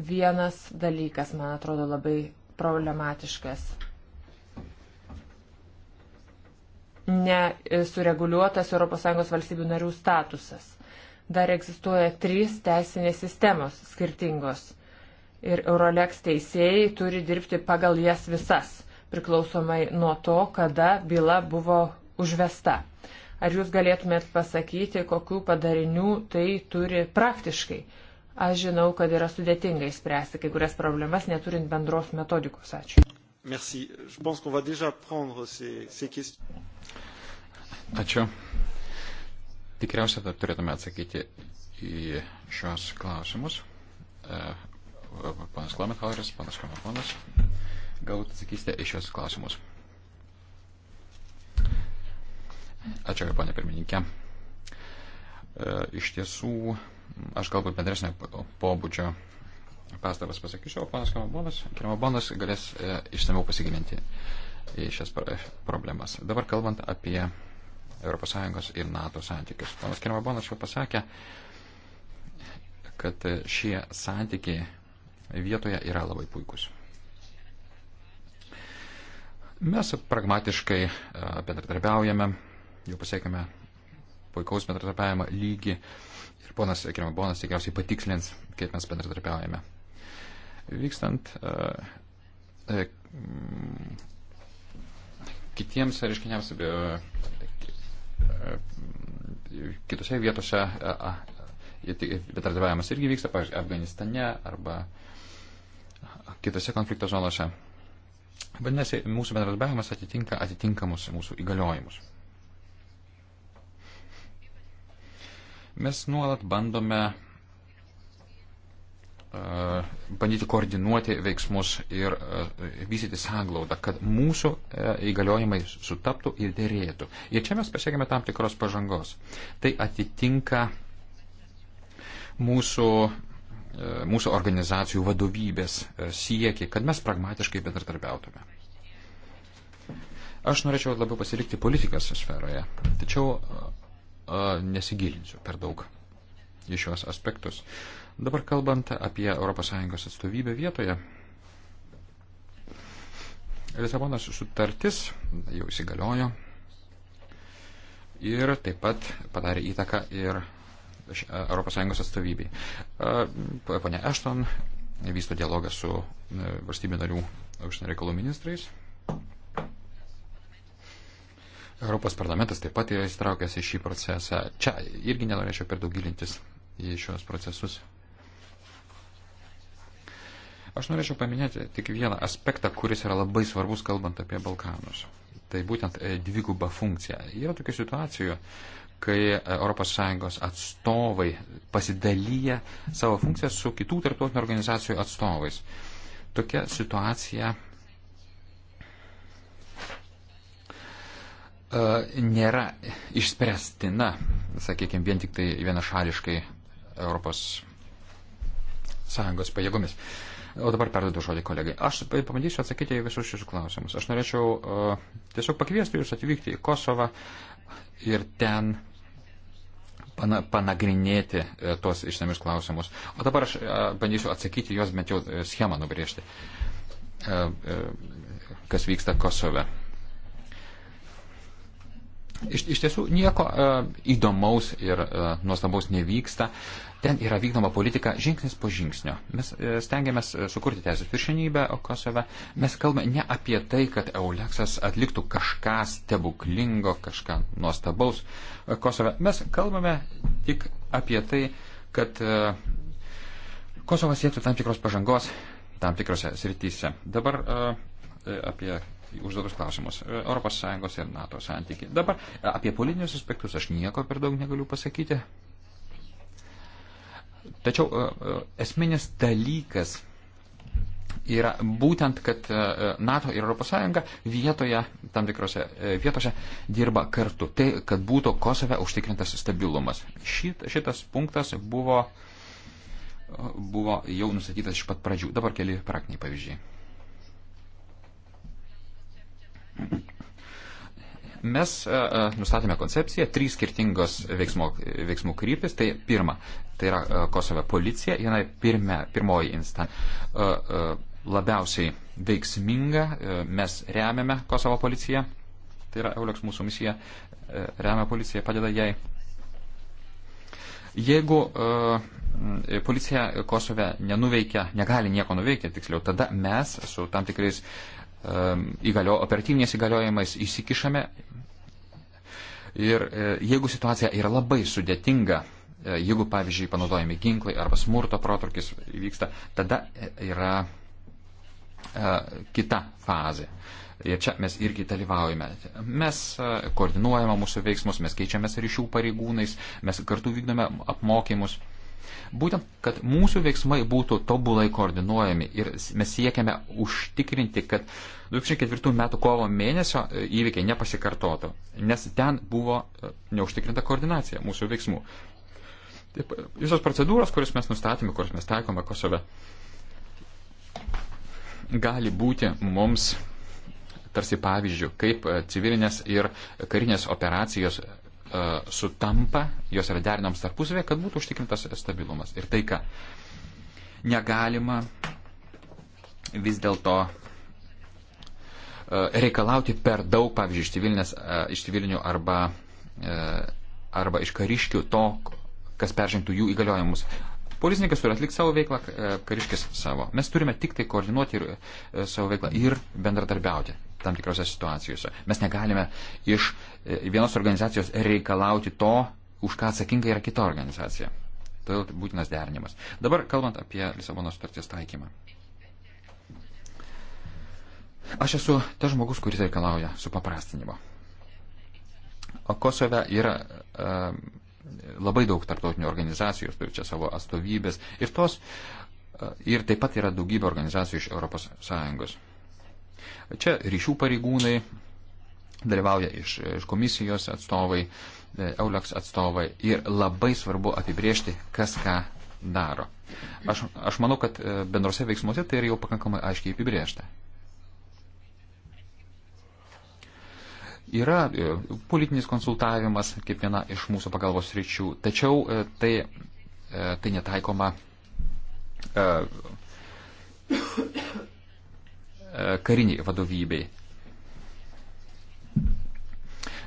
Vienas dalykas, man atrodo, labai problematiškas. Nesureguliuotas ES valstybių narių statusas dar egzistuoja trys teisinės sistemos skirtingos. Ir Euroleks teisėjai turi dirbti pagal jas visas, priklausomai nuo to, kada byla buvo užvesta. Ar jūs galėtumėt pasakyti, kokiu padariniu tai turi praktiškai? Aš žinau, kad yra sudėtinga įspręsti kai kurias problemas, neturint bendros metodikos. Ačiū. Merci. Je pense qu'on va déjà prendre ces, ces questions. Ačiū. Tikriausiai turėtume atsakyti į šios klausimus. E, panas Klamenhaueris, panas Komakonas, galbūt atsakysite į šios klausimus. Ačiū, panė pirmininkė. E, iš tiesų, aš galbūt bendresnio pobūdžio pastabas pasakysiu, o panas Kamabonas galės e, išsameu pasigilinti į šias problemas. Dabar kalbant apie ES ir NATO santykius. Panas Kirmabonas jau pasakė, kad šie santykiai vietoje yra labai puikus. Mes pragmatiškai e, bendradarbiaujame, jau pasiekime puikaus bendradarbiavimo lygį ir ponas Kirmabonas tikriausiai patikslins, kaip mes bendradarbiaujame. Vykstant e, e, kitiems reiškiniams kitose vietose bendradarbiavimas irgi vyksta, pavyzdžiui, Afganistane arba kitose konflikto zonose. Vadinasi, mūsų bendradarbiavimas atitinka atitinkamus mūsų įgaliojimus. Mes nuolat bandome E, bandyti koordinuoti veiksmus ir e, vystyti sąglaudą, kad mūsų e, įgaliojimai sutaptų ir dėrėtų. Ir čia mes pasiekime tam tikros pažangos. Tai atitinka mūsų, mūsų organizacijų vadovybės siekį, kad mes pragmatiškai bendradarbiautume. Aš norėčiau labiau pasilikti politikos sferoje, tačiau nesigilinsiu per daug į šios aspektus. Uh, Dabar kalbant apie ES atstovybę vietoje. Lisabonos sutartis jau įsigaliojo ir taip pat padarė įtaką ir ES atstovybei. Pane Ešton vysto dialogą su e, valstybių narių užsienio reikalų ministrais. Europos parlamentas taip pat yra įsitraukęs į šį procesą. Čia irgi nenorėčiau per daug gilintis į šios procesus. Aš norėčiau paminėti tik vieną aspektą, kuris yra labai svarbus, kalbant apie Balkanus. Tai būtent e, dviguba funkcija. Yra tokių situacijų, kai ES atstovai pasidalyja savo funkciją su kitų tarptautinių organizacijų atstovais. Tokia situacija e, nėra išspręstina, sakykime, vien tik tai vienašališkai ES pajėgomis. Uh, O dabar perduodu žodį kolegai. Aš pabandysiu atsakyti į visus šius klausimus. Aš norėčiau uh, tiesiog pakviesti jūs atvykti į Kosovą ir ten pana, panagrinėti uh, tuos išsamius klausimus. O dabar aš uh, bandysiu atsakyti juos bent jau uh, schemą nubrėžti, uh, uh, kas vyksta Kosove. Uh, Iš, iš tiesų nieko e, įdomaus ir e, nuostabaus nevyksta. Ten yra vykdoma politika žingsnis po žingsnio. Mes e, stengiamės e, sukurti teisės viršenybę Kosove. Mes kalbame ne apie tai, kad Euleksas atliktų kažką stebuklingo, kažką nuostabaus e, Kosove. Mes kalbame tik apie tai, kad e, Kosovas siektų tam tikros pažangos tam tikrose srityse. Dabar e, e apie užduotus klausimus. ES ir NATO santykiai. Dabar e, apie politinius aspektus aš nieko per daug negaliu pasakyti. Tačiau e, e, esminis dalykas yra būtent, kad NATO ir ES vietoje, tam tikrose vietose dirba kartu. Tai, kad būtų Kosove užtikrintas stabilumas. Šit, šitas punktas buvo, buvo jau nustatytas iš pat pradžių. Dabar keli praktiniai pavyzdžiai. Mes e, e, nustatėme koncepciją, trys skirtingos veiksmo, veiksmų kryptis. Tai pirma, tai yra e, Kosove policija, jinai pirme, pirmoji instancija labiausiai veiksminga, mes remiame Kosovo policiją, tai yra Eulex mūsų misija, remia policiją, padeda jai. Jeigu uh, policija Kosove nenuveikia, negali nieko nuveikti, tiksliau, tada mes su tam tikrais uh, Ehm, įgalio, operatyviniais įgaliojimais įsikišame. Ir e, jeigu situacija yra labai sudėtinga, e, jeigu, pavyzdžiui, panaudojami ginklai arba smurto protrukis vyksta, tada e, yra kita fazė. Ir čia mes irgi dalyvaujame. Mes koordinuojame mūsų veiksmus, mes keičiamės ryšių pareigūnais, mes kartu vykdome apmokymus. Būtent, kad mūsų veiksmai būtų tobulai koordinuojami ir mes siekiame užtikrinti, kad 2004 metų kovo mėnesio e, įvykiai nepasikartotų, nes ten buvo e, neužtikrinta koordinacija mūsų veiksmų. Taip, e, visos procedūros, kurias mes nustatėme, kurias mes taikome Kosove, gali būti mums tarsi pavyzdžių, kaip civilinės ir karinės operacijos E, sutampa, jos yra derinamos tarpusavėje, kad būtų užtikrintas stabilumas ir taika. Negalima vis dėlto e, reikalauti per daug, pavyzdžiui, iš e, civilinių arba, arba iš kariškių to, kas peržengtų jų įgaliojimus. Policininkas turi atlikti savo veiklą, kariškis savo. Mes turime tik tai koordinuoti ir, savo veiklą ir bendradarbiauti tam tikrose situacijose. Mes negalime iš e, vienos organizacijos reikalauti to, už ką atsakinga yra kita organizacija. Todėl tai būtinas derinimas. Dabar kalbant apie Lisabono sutarties taikymą. Aš esu tas žmogus, kuris reikalauja supaprastinimo. O Kosove yra e, labai daug tarptautinių organizacijų, turi čia savo atstovybės ir tos, e, ir taip pat yra daugybė organizacijų iš ES. Čia ryšių pareigūnai dalyvauja iš, iš komisijos atstovai, e, Euleks atstovai ir labai svarbu apibriežti, kas ką daro. Aš, aš manau, kad e, bendrose veiksmuose tai yra jau pakankamai aiškiai apibriežta. Yra e, politinis konsultavimas kaip viena iš mūsų pagalbos ryčių, tačiau tai, tai netaikoma kariniai vadovybei.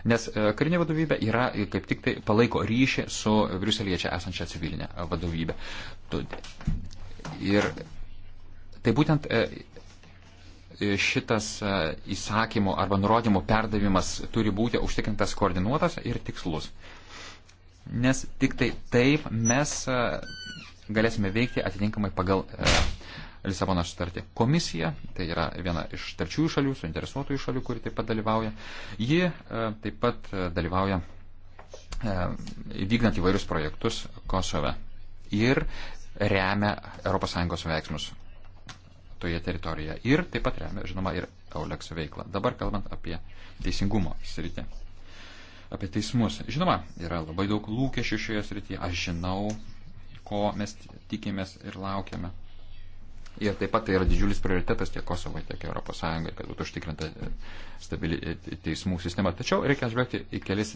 Nes e, karinė vadovybė yra e, kaip tik tai palaiko ryšį su Briuselėje čia esančia civilinė vadovybė. Ir tai būtent e, šitas įsakymo arba nurodymo perdavimas turi būti užtikrintas koordinuotas ir tikslus. Nes tik tai taip mes galėsime veikti atitinkamai pagal Lisabonos sutartį. Komisija, tai yra viena iš trečiųjų šalių, suinteresuotųjų šalių, kuri taip pat dalyvauja. Ji e, taip pat e, dalyvauja e, vykdant įvairius projektus Kosove ir remia ES veiksmus toje teritorijoje ir taip pat remia, žinoma, ir Euleks veiklą. Dabar kalbant apie teisingumo sritį apie teismus. Žinoma, yra labai daug lūkesčių šioje srityje. Aš žinau, ko mes tikimės ir laukiame. Ir taip pat tai yra didžiulis prioritetas tiek Kosovo, tiek ES, kad būtų užtikrinta e, stabili e, teismų sistema. Tačiau reikia žvelgti į kelis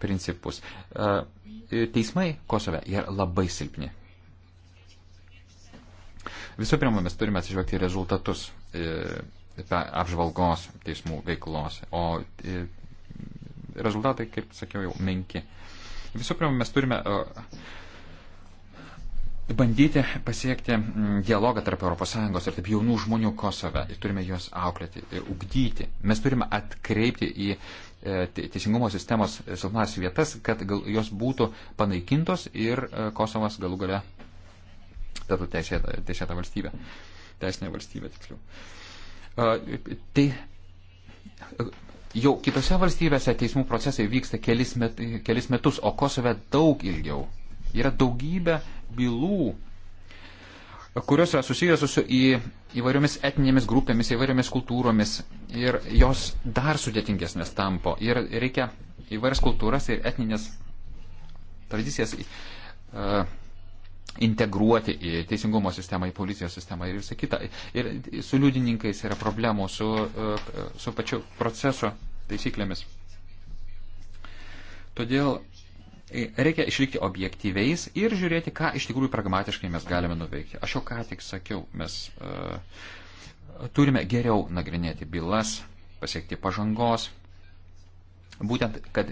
principus. E, teismai Kosove yra labai silpni. Visų pirma, mes turime atsižvelgti į rezultatus apžvalgos teismų veiklos, o rezultatai, kaip sakiau, jau menki. Visų pirma, mes turime bandyti pasiekti mm, dialogą tarp ES ir taip jaunų žmonių Kosove. Ir turime juos auklėti, ugdyti. Mes turime atkreipti į e, teisingumo sistemos silpnas vietas, kad gal, jos būtų panaikintos ir e, Kosovas galų gale taptų teisėta, teisėta valstybė. Teisinė valstybė, tiksliau. E, tai jau kitose valstybėse teismų procesai vyksta kelis, met, kelis metus, o Kosove daug ilgiau. Yra daugybė bylų, kurios yra susijusios su į, įvairiomis etinėmis grupėmis, įvairiomis kultūromis ir jos dar sudėtingesnės tampo. Ir reikia įvairias kultūras ir etinės tradicijas uh, integruoti į teisingumo sistemą, į policijos sistemą ir visą kitą. Ir su liudininkais yra problemų, su, uh, su pačiu proceso taisyklėmis. Todėl Reikia išlikti objektyviais ir žiūrėti, ką iš tikrųjų pragmatiškai mes galime nuveikti. Aš jau ką tik sakiau, mes uh, turime geriau nagrinėti bylas, pasiekti pažangos, būtent, kad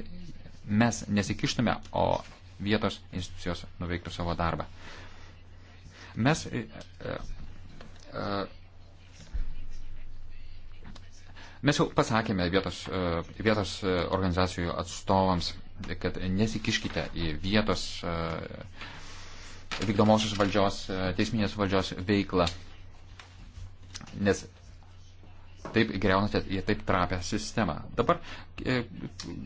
mes nesikištume, o vietos institucijos nuveiktų savo darbą. Mes e, e, Mes jau pasakėme vietos, vietos organizacijų atstovams, kad nesikiškite į vietos e, vykdomosios valdžios, e, teisminės valdžios veiklą, nes taip greunate į taip trapę sistemą. Dabar e,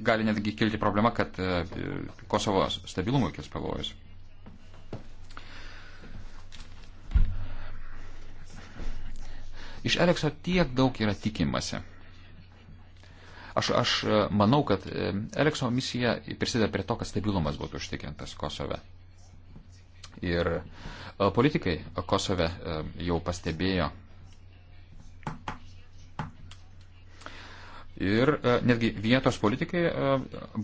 gali netgi kilti problema, kad Kosovo stabilumui kils pavojus. Iš Alekso tiek daug yra tikimasi. Aš, aš e, manau, kad Elekso misija prisideda prie to, kad stabilumas būtų užtikrintas Kosove. Ir e, politikai Kosove e, jau pastebėjo. Ir netgi vietos politikai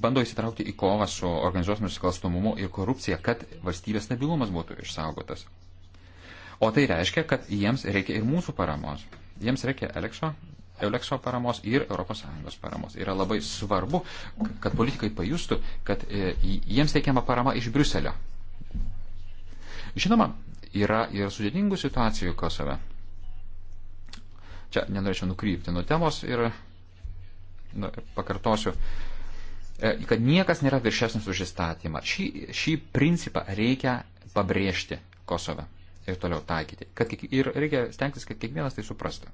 bando įsitraukti į kovą su organizuotų nusikalstamumu ir korupcija, kad valstybės stabilumas būtų išsaugotas. O tai reiškia, kad jiems reikia ir mūsų paramos. Jiems reikia Elekso Eulekso paramos ir ES paramos. Yra labai svarbu, kad politikai pajustų, kad e, jiems teikiama parama iš Briuselio. Žinoma, yra ir sudėtingų situacijų Kosove. Čia nenorėčiau nukrypti nuo temos ir nu, pakartosiu, e, kad niekas nėra viršesnis už įstatymą. Šį, šį principą reikia pabrėžti Kosove ir toliau taikyti. Kad, ir reikia stengtis, kad kiekvienas tai suprastų.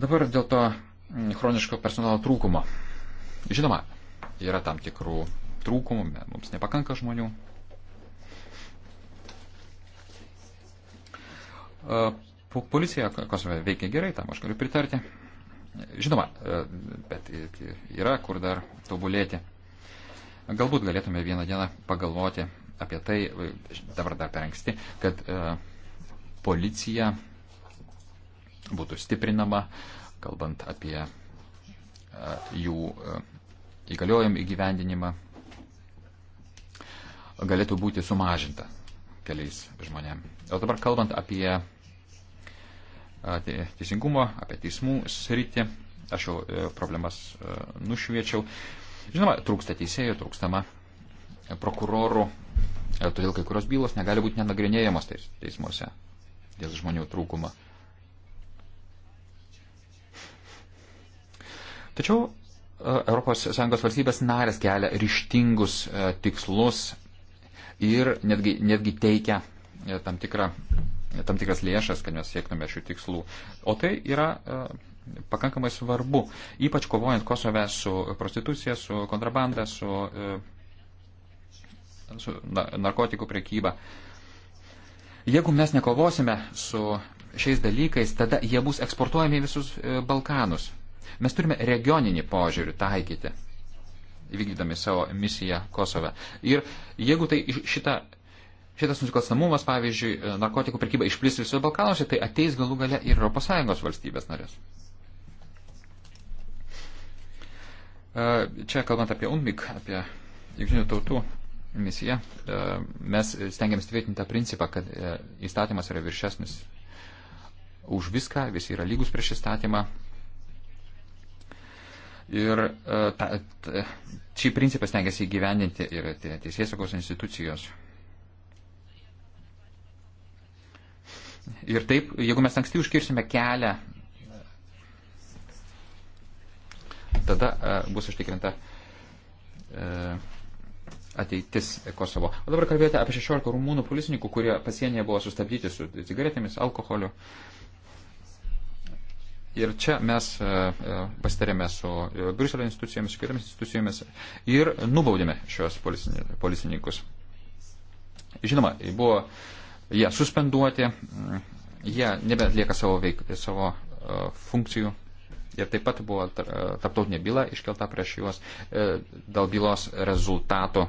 Dabar dėl to mm, chroniško personalo trūkumo. Žinoma, yra tam tikrų trūkumų, mums nepakanka žmonių. E, policija Kosove veikia gerai, tam aš galiu pritarti. Žinoma, e, bet yra kur dar tobulėti. Galbūt galėtume vieną dieną pagalvoti apie tai, e, dabar dar per anksti, kad policija būtų stiprinama, kalbant apie e, jų e, įgaliojimų įgyvendinimą, galėtų būti sumažinta keliais žmonėm. O dabar kalbant apie e, teisingumo, apie teismų sritį, aš jau problemas nušviečiau. Žinoma, trūksta teisėjų, trūkstama prokurorų, todėl kai kurios bylos negali būti nenagrinėjamos teismuose dėl žmonių trūkumo. Tačiau ES valstybės narės kelia ryštingus e, tikslus ir netgi, netgi teikia e, tam, tikrą, e, tam tikras lėšas, kad mes siektume šių tikslų. O tai yra pakankamai svarbu, ypač kovojant Kosove su prostitucija, su kontrabanda, su, su narkotikų priekyba. Jeigu mes nekovosime su šiais dalykais, tada jie bus eksportuojami į visus Balkanus. Mes turime regioninį požiūrį taikyti, vykdydami savo misiją Kosove. Ir jeigu tai šita, šitas nusikalstamumas, pavyzdžiui, e, narkotikų prekyba išplis visose Balkanuose, tai ateis galų gale ir ES valstybės narės. E, čia kalbant apie UNMIK, apie Junktinių tautų misiją, e, mes stengiamės tvirtinti tą principą, kad įstatymas yra viršesnis už viską, visi yra lygus prieš įstatymą Ir e, ta, ta, šį principą stengiasi įgyvendinti ir teisėsaugos institucijos. Ir taip, jeigu mes anksti užkirsime kelią, tada e, bus užtikrinta e, ateitis Kosovo. O dabar kalbėjote apie 16 rumūnų policininkų, kurie pasienyje buvo sustabdyti su cigaretėmis, alkoholiu. Uh, Ir čia mes e, e, pasitarėme su e, Briuselio institucijomis, su kitomis institucijomis ir nubaudėme šios policininkus. Žinoma, buvo jie ja, suspenduoti, mm, jie ja, nebeatlieka savo, veik, savo funkcijų ir taip pat buvo taptautinė byla iškelta prieš juos dėl bylos rezultato.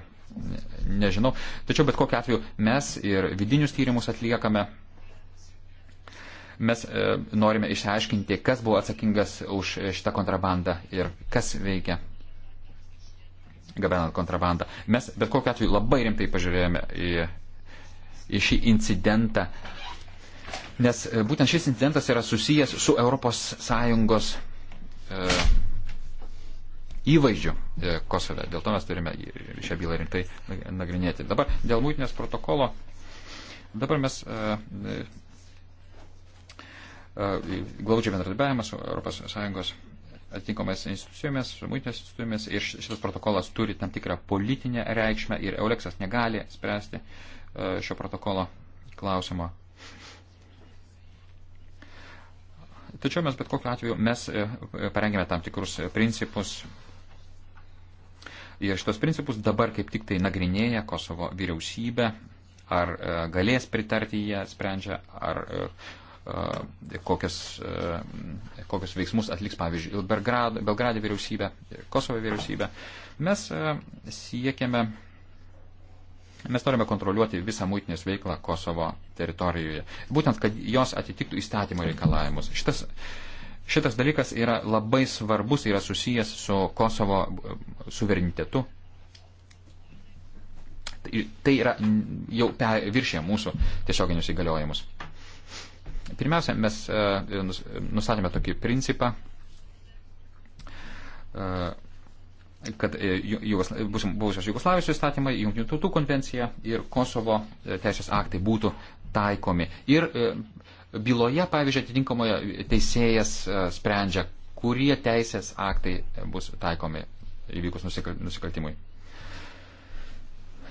Nežinau. Tačiau bet kokiu atveju mes ir vidinius tyrimus atliekame Mes e, norime išsiaiškinti, kas buvo atsakingas už šitą kontrabandą ir kas veikia gabenant kontrabandą. Mes bet kokiu atveju labai rimtai pažiūrėjome į, į šį incidentą, nes e, būtent šis incidentas yra susijęs su ES e, įvaizdžiu e, Kosove. Dėl to mes turime šią bylą rimtai nagrinėti. Dabar dėl mūtinės protokolo. Dabar mes e, E, glaudžiai bendradarbiavimas su ES atitinkamais institucijomis, su muitinės institucijomis ir šitas protokolas turi tam tikrą politinę reikšmę ir Euleksas negali spręsti e, šio protokolo klausimo. Tačiau mes bet kokiu atveju mes e, parengėme tam tikrus principus ir šitos principus dabar kaip tik tai nagrinėja Kosovo vyriausybė, ar galės pritarti jie, sprendžia, ar E, kokias, e, kokius veiksmus atliks, pavyzdžiui, Belgrado, Belgrado vyriausybė, Kosovo vyriausybė. Mes e, siekiame, mes norime kontroliuoti visą muitinės veiklą Kosovo teritorijoje. Būtent, kad jos atitiktų įstatymo reikalavimus. Šitas, šitas dalykas yra labai svarbus, yra susijęs su Kosovo suverenitetu. Tai, tai yra jau viršė mūsų tiesioginius įgaliojimus. Pirmiausia, mes e, nustatėme tokį principą, e, kad e, buvusios Jugoslavijos įstatymai, Junktinių tautų konvencija ir Kosovo teisės aktai būtų taikomi. Ir byloje, pavyzdžiui, atitinkamoje teisėjas sprendžia, kurie teisės aktai bus taikomi įvykus nusikaltimui.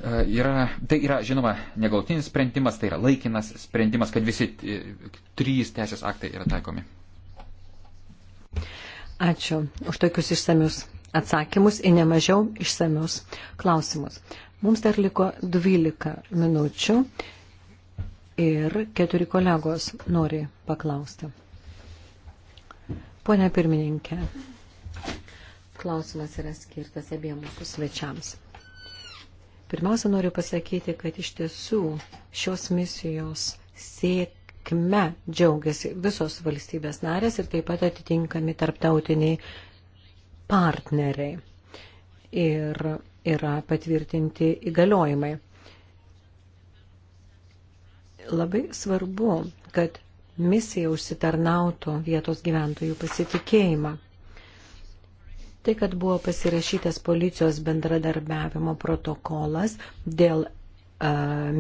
Yra, tai yra, žinoma, negautinis sprendimas, tai yra laikinas sprendimas, kad visi e, trys teisės aktai yra taikomi. Ačiū už tokius išsamius atsakymus į nemažiau išsamius klausimus. Mums dar liko 12 minučių ir keturi kolegos nori paklausti. Pone pirmininkė, klausimas yra skirtas abiem mūsų svečiams. Pirmiausia, noriu pasakyti, kad iš tiesų šios misijos sėkme džiaugiasi visos valstybės narės ir taip pat atitinkami tarptautiniai partneriai. Ir yra patvirtinti įgaliojimai. Labai svarbu, kad misija užsitarnautų vietos gyventojų pasitikėjimą. Tai, kad buvo pasirašytas policijos bendradarbiavimo protokolas dėl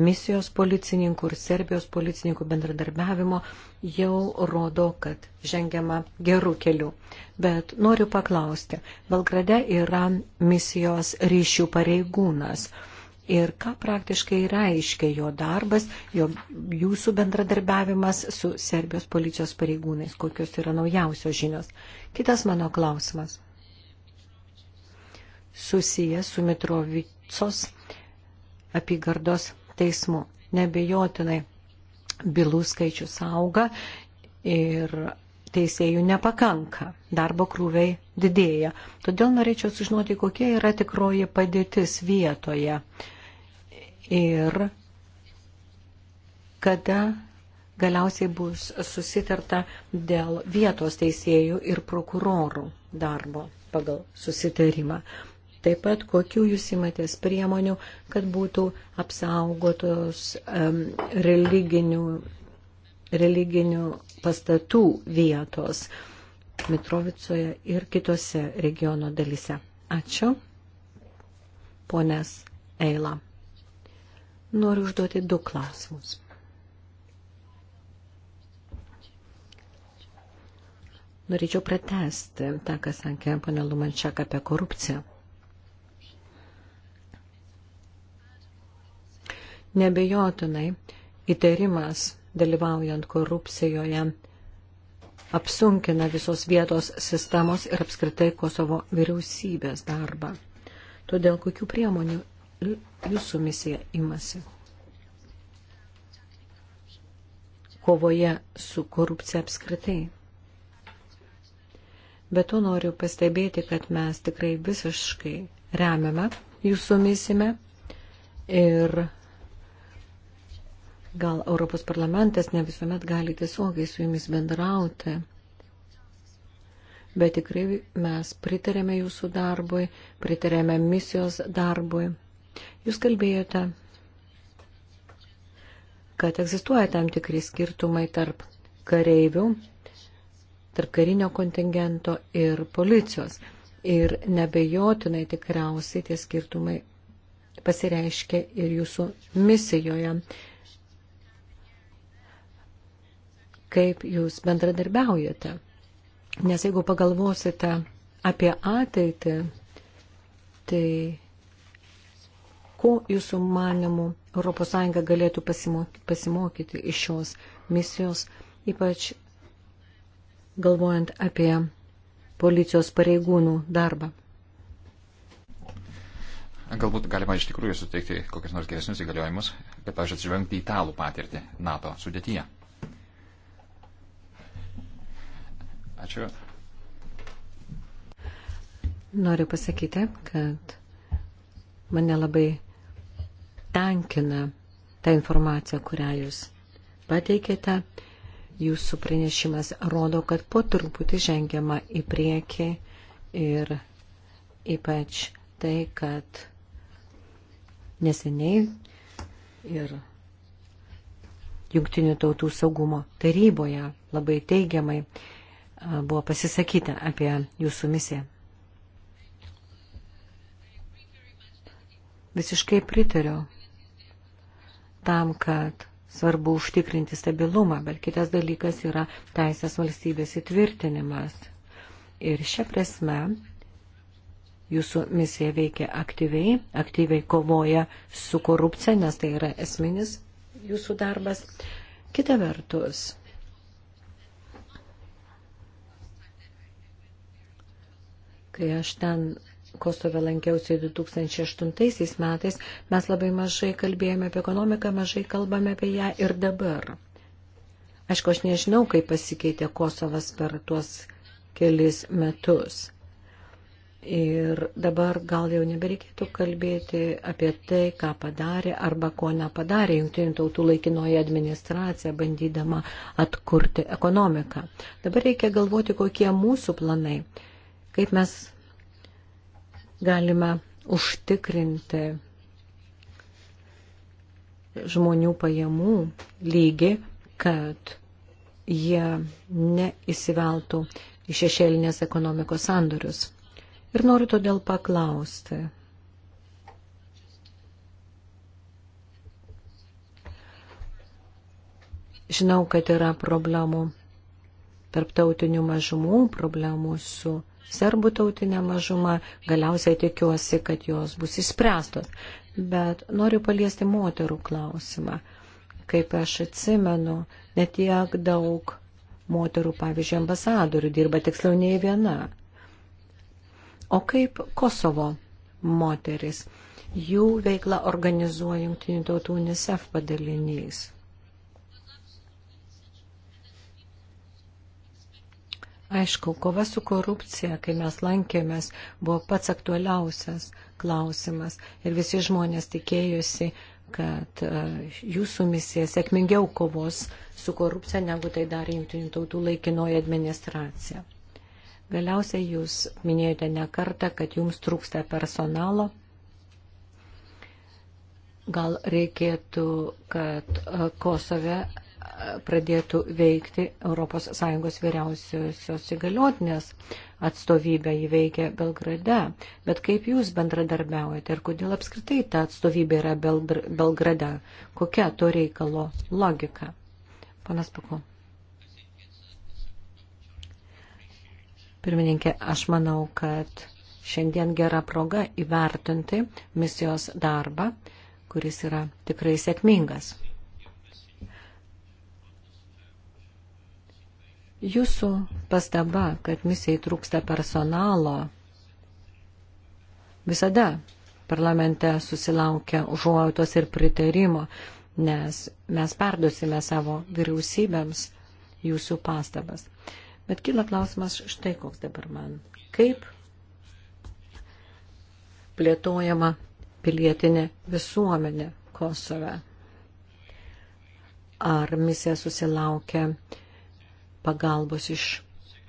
misijos policininkų ir Serbijos policininkų bendradarbiavimo jau rodo, kad žengiama gerų kelių. Bet noriu paklausti, Belgrade yra misijos ryšių pareigūnas. Ir ką praktiškai reiškia jo darbas, jo, jūsų bendradarbiavimas su Serbijos policijos pareigūnais, kokios yra naujausios žinios. Kitas mano klausimas susijęs su Mitrovicos apygardos teismu. Nebejotinai bylų skaičius auga ir teisėjų nepakanka, darbo krūviai didėja. Todėl norėčiau sužinoti, kokia yra tikroji padėtis vietoje ir kada galiausiai bus susitarta dėl vietos teisėjų ir prokurorų darbo pagal susitarimą. Taip pat, kokiu jūs įmatės priemonių, kad būtų apsaugotos um, religinių, religinių pastatų vietos Mitrovicoje ir kitose regiono dalise. Ačiū. Ponės Eila. Noriu užduoti du klausimus. Norėčiau pratesti tą, ką sakė ponė Lumančiak apie korupciją. Nebejotinai įtarimas dalyvaujant korupcijoje apsunkina visos vietos sistemos ir apskritai Kosovo vyriausybės darbą. Todėl kokių priemonių jūsų misija imasi? Kovoje su korupcija apskritai. Bet to noriu pastebėti, kad mes tikrai visiškai remiame jūsų misime ir Gal Europos parlamentas ne visuomet gali tiesiogiai su jumis bendrauti, bet tikrai mes pritarėme jūsų darbui, pritarėme misijos darbui. Jūs kalbėjote, kad egzistuoja tam tikri skirtumai tarp kareivių, tarp karinio kontingento ir policijos. Ir nebejotinai tikriausiai tie skirtumai pasireiškia ir jūsų misijoje. kaip jūs bendradarbiaujate. Nes jeigu pagalvosite apie ateitį, tai ko jūsų manimu ES galėtų pasimokyti iš šios misijos, ypač galvojant apie policijos pareigūnų darbą? Galbūt galima iš tikrųjų suteikti kokias nors geresnius įgaliojimus, bet aš atsižvelgti į italų patirtį NATO sudėtyje. Ačiū. Noriu pasakyti, kad mane labai tenkina ta informacija, kurią jūs pateikėte. Jūsų pranešimas rodo, kad po truputį žengiama į priekį ir ypač tai, kad neseniai ir Junktinių tautų saugumo taryboje labai teigiamai buvo pasisakyti apie jūsų misiją. Visiškai pritariu tam, kad svarbu užtikrinti stabilumą, bet kitas dalykas yra teisės valstybės įtvirtinimas. Ir šia prasme jūsų misija veikia aktyviai, aktyviai kovoja su korupcija, nes tai yra esminis jūsų darbas. Kita vertus, Kai aš ten Kosove lankiausi 2008 metais, mes labai mažai kalbėjome apie ekonomiką, mažai kalbame apie ją ir dabar. Aišku, aš nežinau, kaip pasikeitė Kosovas per tuos kelis metus. Ir dabar gal jau nebereikėtų kalbėti apie tai, ką padarė arba ko nepadarė Junktinių tautų laikinoji administracija, bandydama atkurti ekonomiką. Dabar reikia galvoti, kokie mūsų planai kaip mes galime užtikrinti žmonių pajamų lygį, kad jie neįsiveltų į šešėlinės ekonomikos sandorius. Ir noriu todėl paklausti. Žinau, kad yra problemų tarptautinių mažumų, problemų su serbų tautinę mažumą, galiausiai tikiuosi, kad jos bus išspręstos. Bet noriu paliesti moterų klausimą. Kaip aš atsimenu, netiek daug moterų, pavyzdžiui, ambasadorių dirba tiksliau nei viena. O kaip Kosovo moteris? Jų veikla organizuoja Junktinių tautų UNICEF padalinys. Aišku, kova su korupcija, kai mes lankėmės, buvo pats aktualiausias klausimas ir visi žmonės tikėjosi, kad e, jūsų misija sėkmingiau kovos su korupcija, negu tai darė Junktinių tautų laikinoji administracija. Galiausiai jūs minėjote ne kartą, kad jums trūksta personalo. Gal reikėtų, kad e, Kosove pradėtų veikti ES vyriausiosios įgaliotinės atstovybė įveikia Belgrade. Bet kaip jūs bendradarbiaujate ir kodėl apskritai ta atstovybė yra Belgrade? Kokia to reikalo logika? Panas Paku. Pirmininkė, aš manau, kad šiandien gera proga įvertinti misijos darbą, kuris yra tikrai sėkmingas. Jūsų pastaba, kad misijai trūksta personalo, visada parlamente susilaukia užuojautos ir pritarimo, nes mes perdusime savo vyriausybėms jūsų pastabas. Bet kyla klausimas štai koks dabar man. Kaip plėtojama pilietinė visuomenė Kosove? Ar misija susilaukia uh, pagalbos iš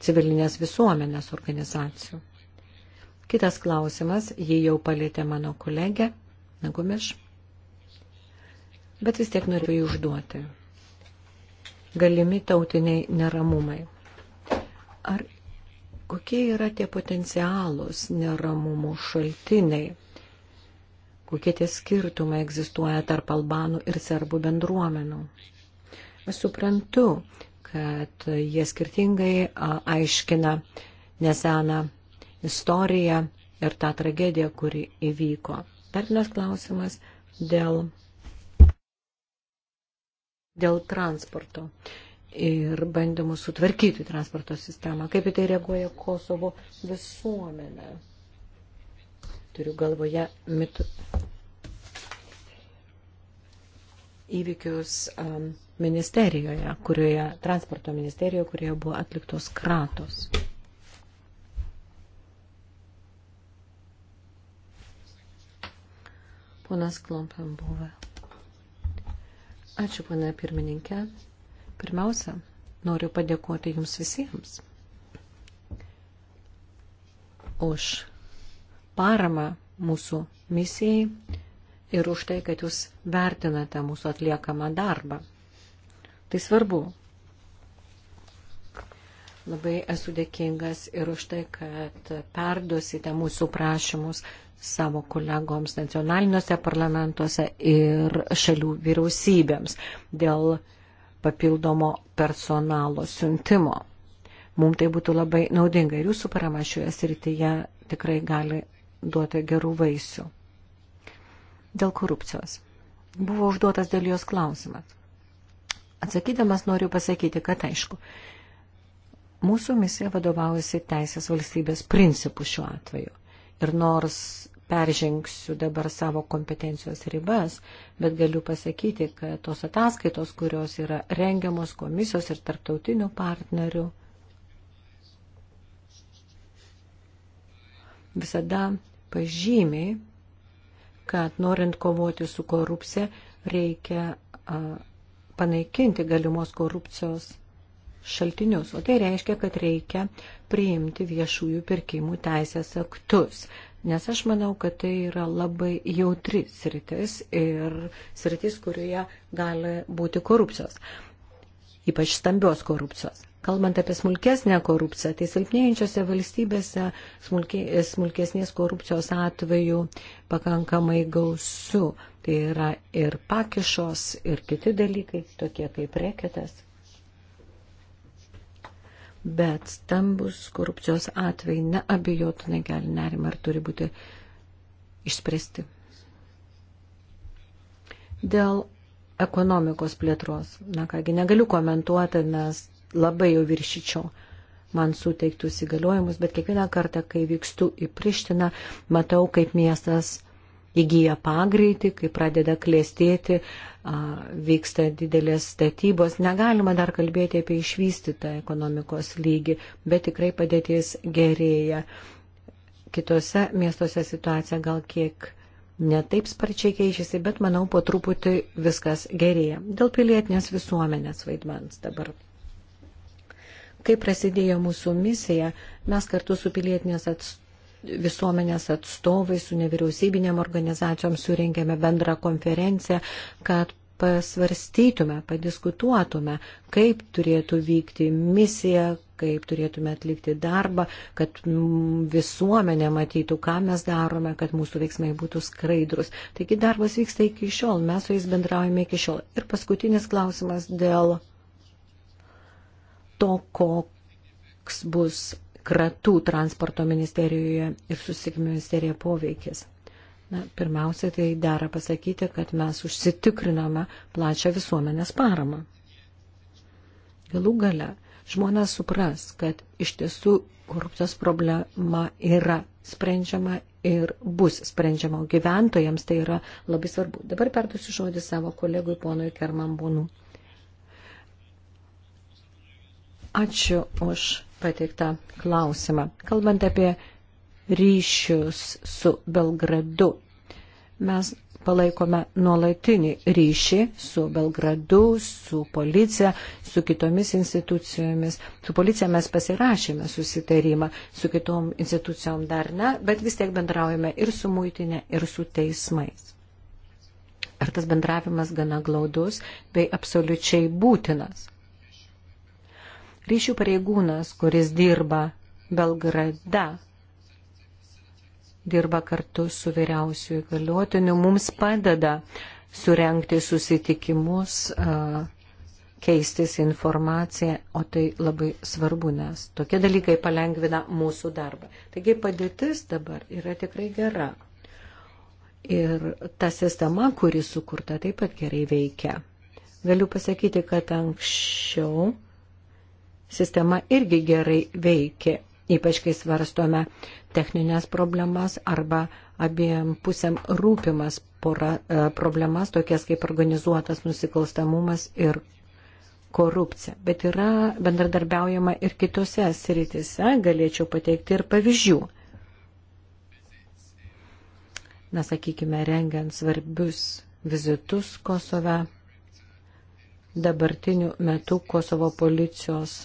civilinės visuomenės organizacijų. Kitas klausimas, jį jau palėtė mano kolegė Nagumiš, bet vis tiek noriu jį užduoti. Galimi tautiniai neramumai. Ar kokie yra tie potencialūs neramumų šaltiniai? Kokie tie skirtumai egzistuoja tarp albanų ir serbų bendruomenų? Aš suprantu, kad jie skirtingai aiškina neseną istoriją ir tą tragediją, kuri įvyko. Dar vienas klausimas dėl, dėl transporto ir bandymų sutvarkyti transporto sistemą. Kaip į tai reaguoja Kosovo visuomenė? Turiu galvoje mit, įvykius um, ministerijoje, kurioje, transporto ministerijoje, kurioje buvo atliktos kratos. Ponas Klompen buvo. Ačiū, pana pirmininkė. Pirmiausia, noriu padėkoti jums visiems už paramą mūsų misijai ir už tai, kad jūs vertinate mūsų atliekamą darbą. Tai svarbu. Labai esu dėkingas ir už tai, kad perduosite mūsų prašymus savo kolegoms nacionaliniuose parlamentuose ir šalių vyriausybėms dėl papildomo personalo siuntimo. Mums tai būtų labai naudinga ir jūsų parama šioje srityje tikrai gali duoti gerų vaisių dėl korupcijos. Buvo užduotas dėl jos klausimas. Atsakydamas noriu pasakyti, kad aišku, mūsų misija vadovaujasi teisės valstybės principų šiuo atveju. Ir nors peržengsiu dabar savo kompetencijos ribas, bet galiu pasakyti, kad tos ataskaitos, kurios yra rengiamos komisijos ir tarptautinių partnerių, visada pažymiai kad norint kovoti su korupcija reikia a, panaikinti galimos korupcijos šaltinius. O tai reiškia, kad reikia priimti viešųjų pirkimų teisės aktus. Nes aš manau, kad tai yra labai jautri sritis ir sritis, kurioje gali būti korupcijos. Ypač stambios korupcijos. Kalbant apie smulkesnę korupciją, tai silpnėjančiose valstybėse smulkė, smulkesnės korupcijos atveju pakankamai gausu. Tai yra ir pakišos, ir kiti dalykai, tokie kaip reketas. Bet stambus korupcijos atvejai neabijotinai gali nerimą ir turi būti išspręsti. Dėl ekonomikos plėtros. Na kągi, negaliu komentuoti, nes labai jau viršyčiau man suteiktus įgaliojimus, bet kiekvieną kartą, kai vykstu į Prištiną, matau, kaip miestas įgyja pagreitį, kai pradeda klėstėti, vyksta didelės statybos. Negalima dar kalbėti apie išvystytą ekonomikos lygį, bet tikrai padėtis gerėja. Kitose miestuose situacija gal kiek netaip sparčiai keičiasi, bet manau po truputį viskas gerėja. Dėl pilietinės visuomenės vaidmens dabar Kai prasidėjo mūsų misija, mes kartu su pilietinės atstovais visuomenės atstovai, su nevyriausybinėm organizacijom surengėme bendrą konferenciją, kad pasvarstytume, padiskutuotume, kaip turėtų vykti misija, kaip turėtume atlikti darbą, kad visuomenė matytų, ką mes darome, kad mūsų veiksmai būtų skraidrus. Taigi darbas vyksta iki šiol, mes su jais bendraujame iki šiol. Ir paskutinis klausimas dėl to, koks bus kratų transporto ministerijoje ir susikimio ministerija poveikis. Na, pirmiausia, tai dera pasakyti, kad mes užsitikrinome plačią visuomenės paramą. Galų gale žmonės supras, kad iš tiesų korupcijos problema yra sprendžiama ir bus sprendžiama, o gyventojams tai yra labai svarbu. Dabar perdusiu žodį savo kolegui ponui Kermambūnų. Ačiū už pateiktą klausimą. Kalbant apie ryšius su Belgradu, mes palaikome nuolatinį ryšį su Belgradu, su policija, su kitomis institucijomis. Su policija mes pasirašėme susitarimą, su kitom institucijom dar ne, bet vis tiek bendraujame ir su muitinė, ir su teismais. Ar tas bendravimas gana glaudus bei absoliučiai būtinas? ryšių pareigūnas, kuris dirba Belgrade, dirba kartu su vyriausiu įgaliotiniu, mums padeda surenkti susitikimus, keistis informaciją, o tai labai svarbu, nes tokie dalykai palengvina mūsų darbą. Taigi padėtis dabar yra tikrai gera. Ir ta sistema, kuri sukurta, taip pat gerai veikia. Galiu pasakyti, kad anksčiau sistema irgi gerai veikia, ypač kai svarstome techninės problemas arba abiem pusėm rūpimas pora, e, problemas, tokias kaip organizuotas nusikalstamumas ir korupcija. Bet yra bendradarbiaujama ir kitose sritise, galėčiau pateikti ir pavyzdžių. Na, sakykime, rengiant svarbius vizitus Kosove, dabartiniu metu Kosovo policijos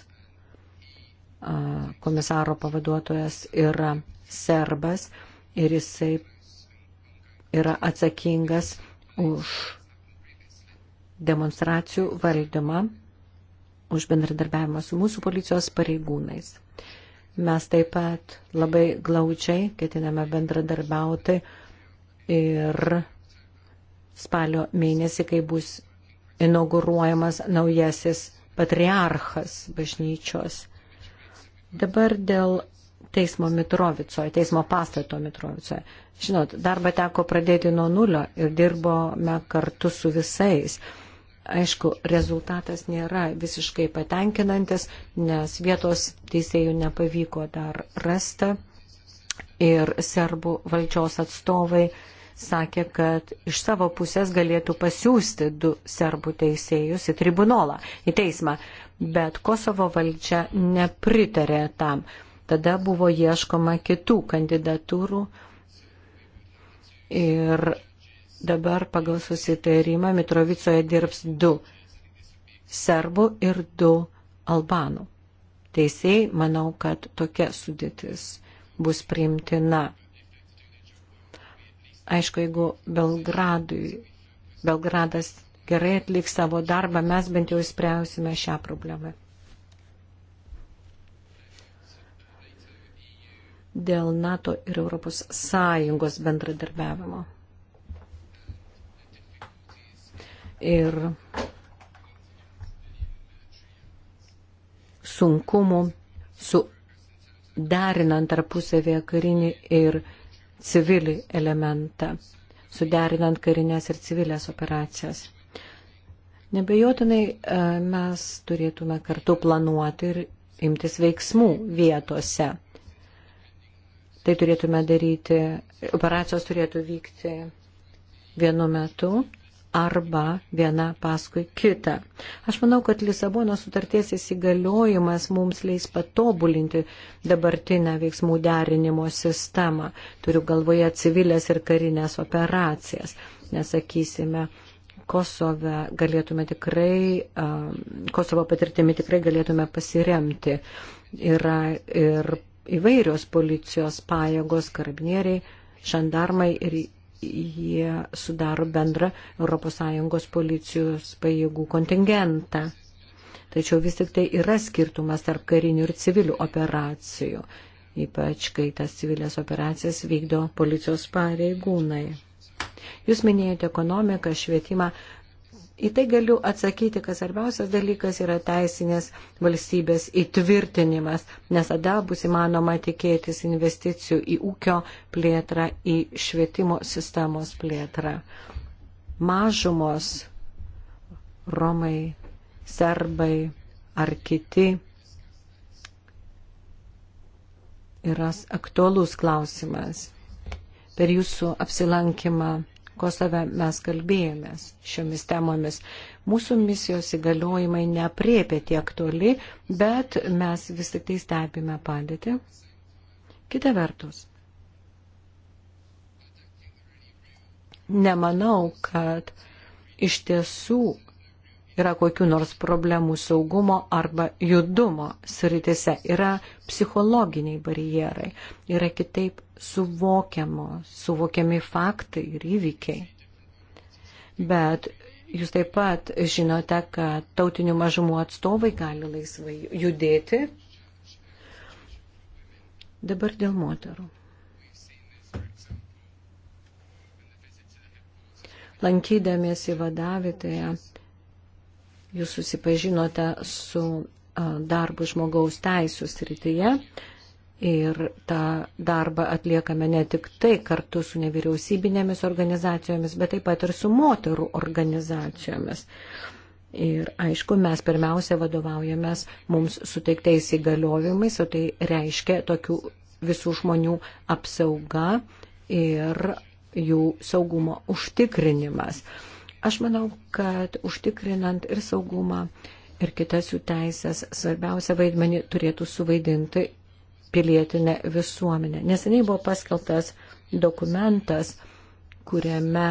komisaro pavaduotojas yra serbas ir jisai yra atsakingas už demonstracijų valdymą, už bendradarbiavimą su mūsų policijos pareigūnais. Mes taip pat labai glaučiai ketiname bendradarbiauti ir spalio mėnesį, kai bus inauguruojamas naujasis patriarchas bažnyčios. Dabar dėl teismo Mitrovicoje, teismo pastato Mitrovicoje. Žinot, darbą teko pradėti nuo nulio ir dirbome kartu su visais. Aišku, rezultatas nėra visiškai patenkinantis, nes vietos teisėjų nepavyko dar rasti ir serbų valdžios atstovai uh, sakė, kad iš savo pusės galėtų pasiūsti du serbų teisėjus į tribunolą, į teismą, bet Kosovo valdžia nepritarė tam. Tada buvo ieškoma kitų kandidatūrų ir dabar pagal susitarimą Mitrovicoje dirbs du serbų ir du albanų. Teisėjai, manau, kad tokia sudėtis bus priimtina. Aišku, jeigu Belgradui, Belgradas gerai atliks savo darbą, mes bent jau įspręsime šią problemą. Dėl NATO ir Europos Sąjungos bendradarbiavimo. Ir sunkumų su derinant tarpusavėje karinį ir civilį elementą, suderinant karinės ir civilės operacijas. Nebejotinai e, mes turėtume kartu planuoti ir imtis veiksmų vietose. Tai turėtume daryti, operacijos turėtų vykti vienu metu arba viena paskui kitą. Aš manau, kad Lisabono sutarties įsigaliojimas mums leis patobulinti dabartinę veiksmų derinimo sistemą. Turiu galvoje civilės ir karinės operacijas, nesakysime. Kosove galėtume tikrai, um, Kosovo patirtimi tikrai galėtume pasiremti. Yra ir įvairios policijos pajėgos, karabinieriai, žandarmai ir jie sudaro bendrą ES policijos pajėgų kontingentą. Tačiau vis tik tai yra skirtumas tarp karinių ir civilių operacijų, ypač kai tas civilės operacijas vykdo policijos pareigūnai. Jūs minėjote ekonomiką, švietimą, Į tai galiu atsakyti, kad svarbiausias dalykas yra teisinės valstybės įtvirtinimas, nes tada bus įmanoma tikėtis investicijų į ūkio plėtrą, į švietimo sistemos plėtrą. Mažumos, romai, serbai ar kiti yra aktuolus klausimas. Per jūsų apsilankimą Kosove mes kalbėjomės šiomis temomis. Mūsų misijos įgaliojimai nepriepė tiek toli, bet mes vis tik tai stebime padėtį. Kita vertus. Nemanau, kad iš tiesų yra kokiu nors problemų saugumo arba judumo sritise, yra psichologiniai barjerai, yra kitaip suvokiamo, suvokiami faktai ir įvykiai. Bet jūs taip pat žinote, kad tautinių mažumų atstovai gali laisvai judėti. Dabar dėl moterų. Lankydamiesi vadavitėje Jūs susipažinote su darbu žmogaus teisų srityje ir tą darbą atliekame ne tik tai kartu su nevyriausybinėmis organizacijomis, bet taip pat ir su moterų organizacijomis. Ir aišku, mes pirmiausia vadovaujamės mums suteiktais įgaliojimais, o tai reiškia tokių visų žmonių apsauga ir jų saugumo užtikrinimas. Uh, Aš manau, kad užtikrinant ir saugumą, ir kitas jų teisės svarbiausia vaidmenį turėtų suvaidinti pilietinę visuomenę. Neseniai buvo paskeltas dokumentas, kuriame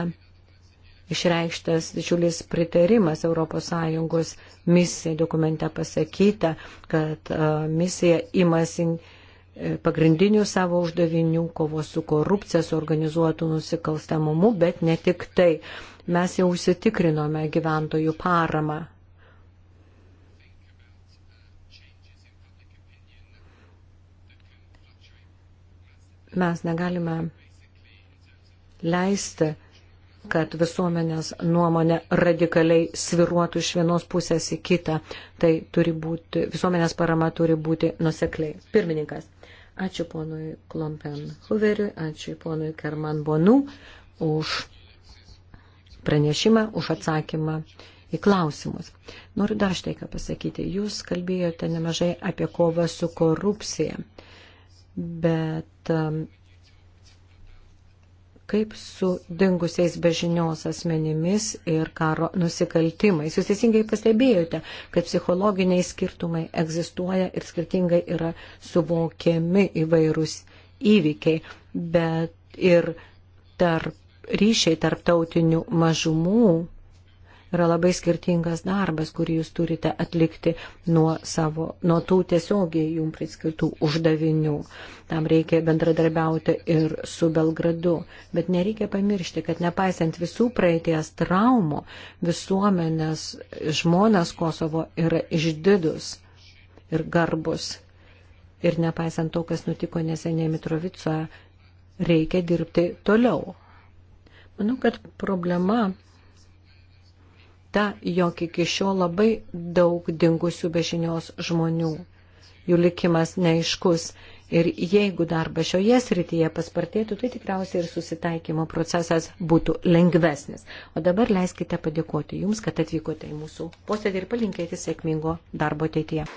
išreikštas didžiulis pritarimas ES misijai. Dokumente pasakyta, kad e, misija imasi e, pagrindinių savo uždavinių, kovos su korupcija, su organizuotų nusikalstamumu, bet ne tik tai mes jau užsitikrinome gyventojų paramą. Mes negalime leisti, kad visuomenės nuomonė radikaliai sviruotų iš vienos pusės į kitą. Tai turi būti, visuomenės parama turi būti nusekliai. Pirmininkas. Ačiū ponui Klompen Huveriui, ačiū ponui Kerman Bonu už pranešimą, už atsakymą į klausimus. Noriu dar štai ką pasakyti. Jūs kalbėjote nemažai apie kovą su korupcija, bet um, kaip su dingusiais bežinios asmenimis ir karo nusikaltimais. Jūs teisingai pastebėjote, kad psichologiniai skirtumai egzistuoja ir skirtingai yra suvokiami įvairūs įvykiai, bet ir tarp ryšiai tarptautinių mažumų yra labai skirtingas darbas, kurį jūs turite atlikti nuo, savo, nuo tų tiesiogiai jums priskirtų uždavinių. Tam reikia bendradarbiauti ir su Belgradu. Bet nereikia pamiršti, kad nepaisant visų praeities traumų, visuomenės žmonės Kosovo yra išdidus ir garbus. Ir nepaisant to, kas nutiko neseniai Mitrovicoje, reikia dirbti toliau Manau, kad problema ta, jog iki šiol labai daug dingusių bežinios žmonių. Jų likimas neaiškus. Ir jeigu darbas šioje srityje paspartėtų, tai tikriausiai ir susitaikymo procesas būtų lengvesnis. O dabar leiskite padėkoti Jums, kad atvykote į mūsų posėdį ir palinkėti sėkmingo darbo ateityje.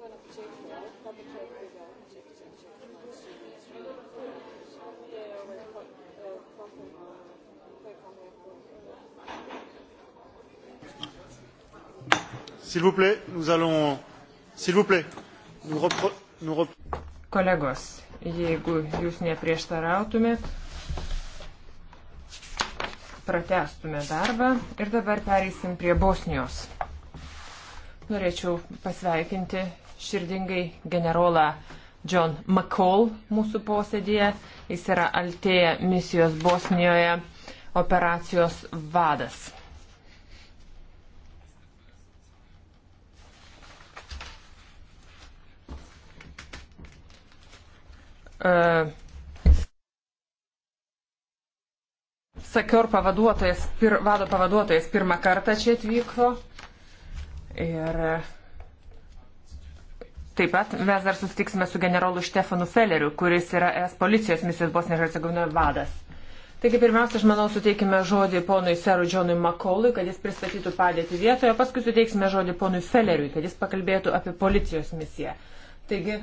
van op Tsjechië, dat begrijp ik wel. Tsjechië, Tsjechië, maar Syrië. Ja, maar ik kwam van S'il vous plaît, nous allons. S'il vous plaît, nous repre... nous repre... Kolegos, jeigu jūs neprieštarautumėt, pratestume darbą ir dabar pereisim prie Bosnijos. Norėčiau pasveikinti širdingai generolą John McCall mūsų posėdėje. Jis yra Altėja misijos Bosnijoje operacijos vadas. Uh, e, Sakior pavaduotojas, pir, vado pavaduotojas pirmą kartą čia atvyko ir Taip pat mes dar susitiksime su generolu Štefanu Felleriu, kuris yra es policijos misijos Bosnijos ir Hercegovinoje vadas. Taigi pirmiausia, aš manau, suteikime žodį ponui Serui Džonui Makolui, kad jis pristatytų padėtį vietoje, paskui suteiksime žodį ponui Felleriui, kad jis pakalbėtų apie policijos misiją. Taigi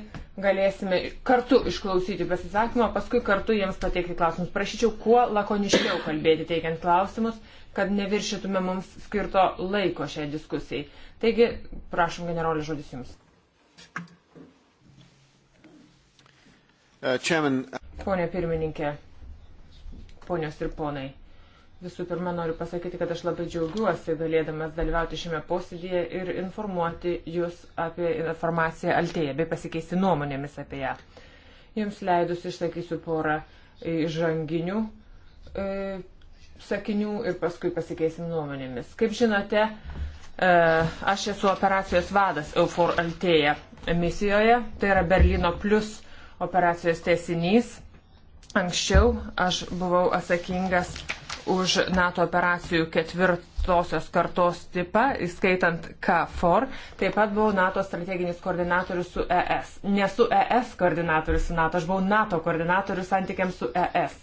galėsime kartu išklausyti pasisakymą, paskui kartu jiems pateikti klausimus. Prašyčiau, kuo lakoniškiau kalbėti teikiant klausimus, kad neviršytume mums skirto laiko šiai diskusijai. Taigi, prašom, generolė, žodis jums. Uh, Pone pirmininkė, ponios ir ponai, visų pirma noriu pasakyti, kad aš labai džiaugiuosi galėdamas dalyvauti šiame posėdėje ir informuoti Jūs apie informaciją Altėje bei pasikeisti nuomonėmis apie ją. Jums leidus išsakysiu porą žanginių e, sakinių ir paskui pasikeisim nuomonėmis. Kaip žinote, e, E, aš esu operacijos vadas Eufor Altėje misijoje, tai yra Berlyno plus operacijos tesinys. Anksčiau aš buvau atsakingas už NATO operacijų ketvirtosios kartos tipą, įskaitant KFOR. Taip pat buvau NATO strateginis koordinatorius su ES. Nesu ES koordinatorius su NATO, aš buvau NATO koordinatorius santykiams su ES.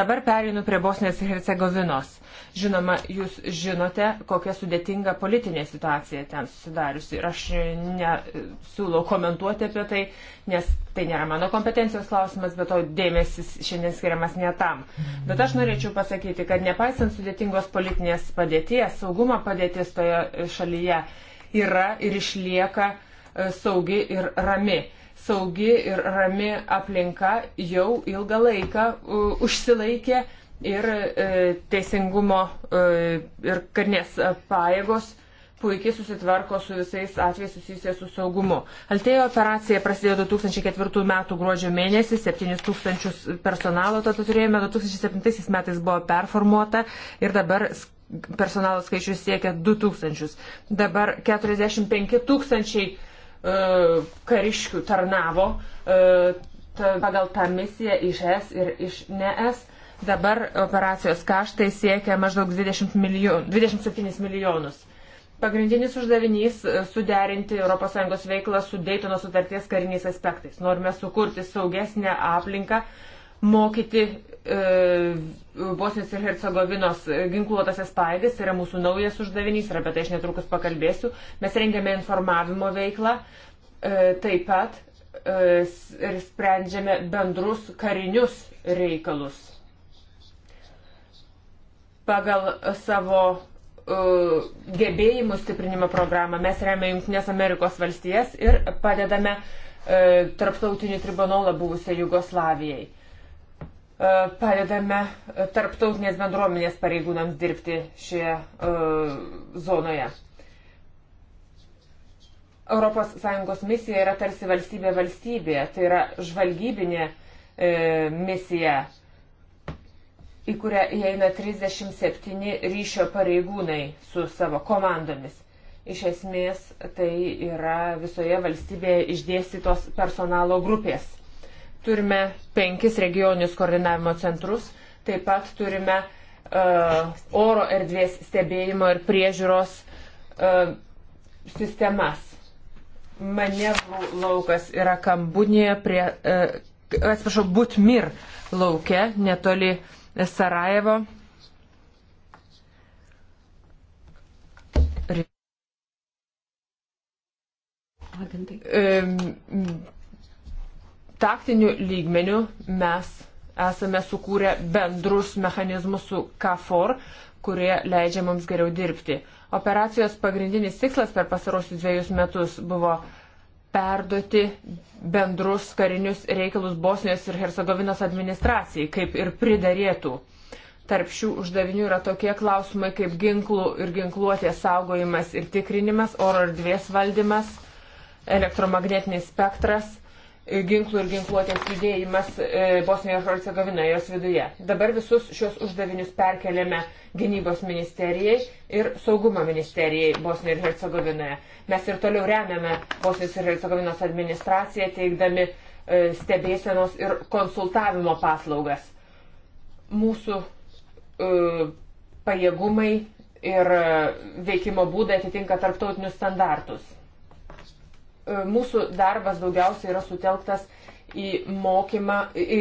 Dabar pereinu prie Bosnės ir Hercegovinos. Žinoma, jūs žinote, kokia sudėtinga politinė situacija ten susidariusi. Ir aš nesiūlau komentuoti apie tai, nes tai nėra mano kompetencijos klausimas, bet to dėmesys šiandien skiriamas ne tam. Bet aš norėčiau pasakyti, kad nepaisant sudėtingos politinės padėties, saugumo padėties toje šalyje yra ir išlieka e, saugi ir rami saugi ir rami aplinka jau ilgą laiką e, užsilaikė ir e, teisingumo e, ir karnės e, pajėgos puikiai susitvarko su visais atvejais susijusės su saugumu. Altėjo operacija prasidėjo 2004 m. gruodžio mėnesį, 7 tūkstančius personalo tada turėjome, 2007 metais buvo performuota ir dabar personalo skaičius siekia 2 tūkstančius. Dabar 45 tūkstančiai uh, kariškių tarnavo uh, pagal tą misiją iš S ir iš ne S. Uh, Dabar operacijos kaštai siekia maždaug 20 milijon, 27 milijonus. Pagrindinis uždavinys e, - suderinti ES veiklą su Daytono sutarties kariniais aspektais. Norime sukurti saugesnę aplinką, mokyti e, Bosnijos ir Hercegovinos ginkluotasias paėgas tai yra mūsų naujas uždavinys ir apie tai aš netrukus pakalbėsiu. Mes rengiame informavimo veiklą, e, taip pat e, ir sprendžiame bendrus karinius reikalus pagal savo uh, gebėjimų stiprinimo programą. Mes remia Junktinės Amerikos valstijas ir padedame uh, e, tarptautinį tribunolą buvusią Jugoslavijai. Uh, padedame tarptautinės bendruomenės pareigūnams dirbti šioje uh, zonoje. ES misija yra tarsi valstybė valstybėje, tai yra žvalgybinė e, misija. E, į kurią įeina 37 ryšio pareigūnai su savo komandomis. Iš esmės tai yra visoje valstybėje išdėstytos personalo grupės. Turime penkis regioninius koordinavimo centrus, taip pat turime uh, oro erdvės stebėjimo ir priežiūros uh, sistemas. Manevrų laukas yra Kambunėje prie, uh, atsiprašau, Butmir lauke netoli uh, Sarajevo. Taktiniu lygmeniu mes esame sukūrę bendrus mechanizmus su KFOR, kurie leidžia mums geriau dirbti. Operacijos pagrindinis tikslas per pasarosius dviejus metus buvo uh, perduoti bendrus karinius reikalus Bosnijos ir Hercegovinos administracijai, kaip ir pridarėtų. Tarp šių uždavinių yra tokie klausimai kaip ginklų ir ginkluotės saugojimas ir tikrinimas, oro erdvės valdymas, elektromagnetinis spektras E, ginklų ir ginkluotės judėjimas e, Bosnijos ir Hercegovinoje jos viduje. Dabar visus šios uždavinius perkeliame gynybos ministerijai ir saugumo ministerijai Bosnijoje ir Hercegovinoje. Mes ir toliau remiame Bosnijos ir Hercegovinos administraciją, teikdami e, stebėsenos ir konsultavimo paslaugas. Mūsų e, pajėgumai ir veikimo būdai atitinka tarptautinius standartus E, mūsų darbas daugiausiai yra sutelktas į mokymą, į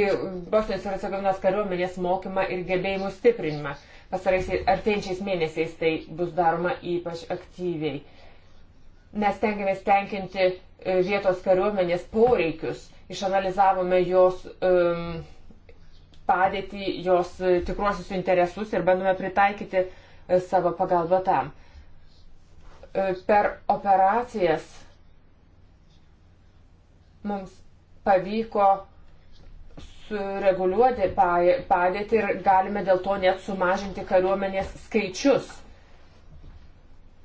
Bosnijos ir Hercegovinos kariuomenės mokymą ir gebėjimų stiprinimą. Pasaraisiais artėjančiais mėnesiais tai bus daroma ypač aktyviai. Mes tengiamės tenkinti e, vietos kariuomenės poreikius, išanalizavome jos um, padėtį, jos e, tikruosius interesus ir bandome pritaikyti savo pagalbą tam. Per operacijas Mums pavyko sureguliuoti padėtį ir galime dėl to net sumažinti kariuomenės skaičius.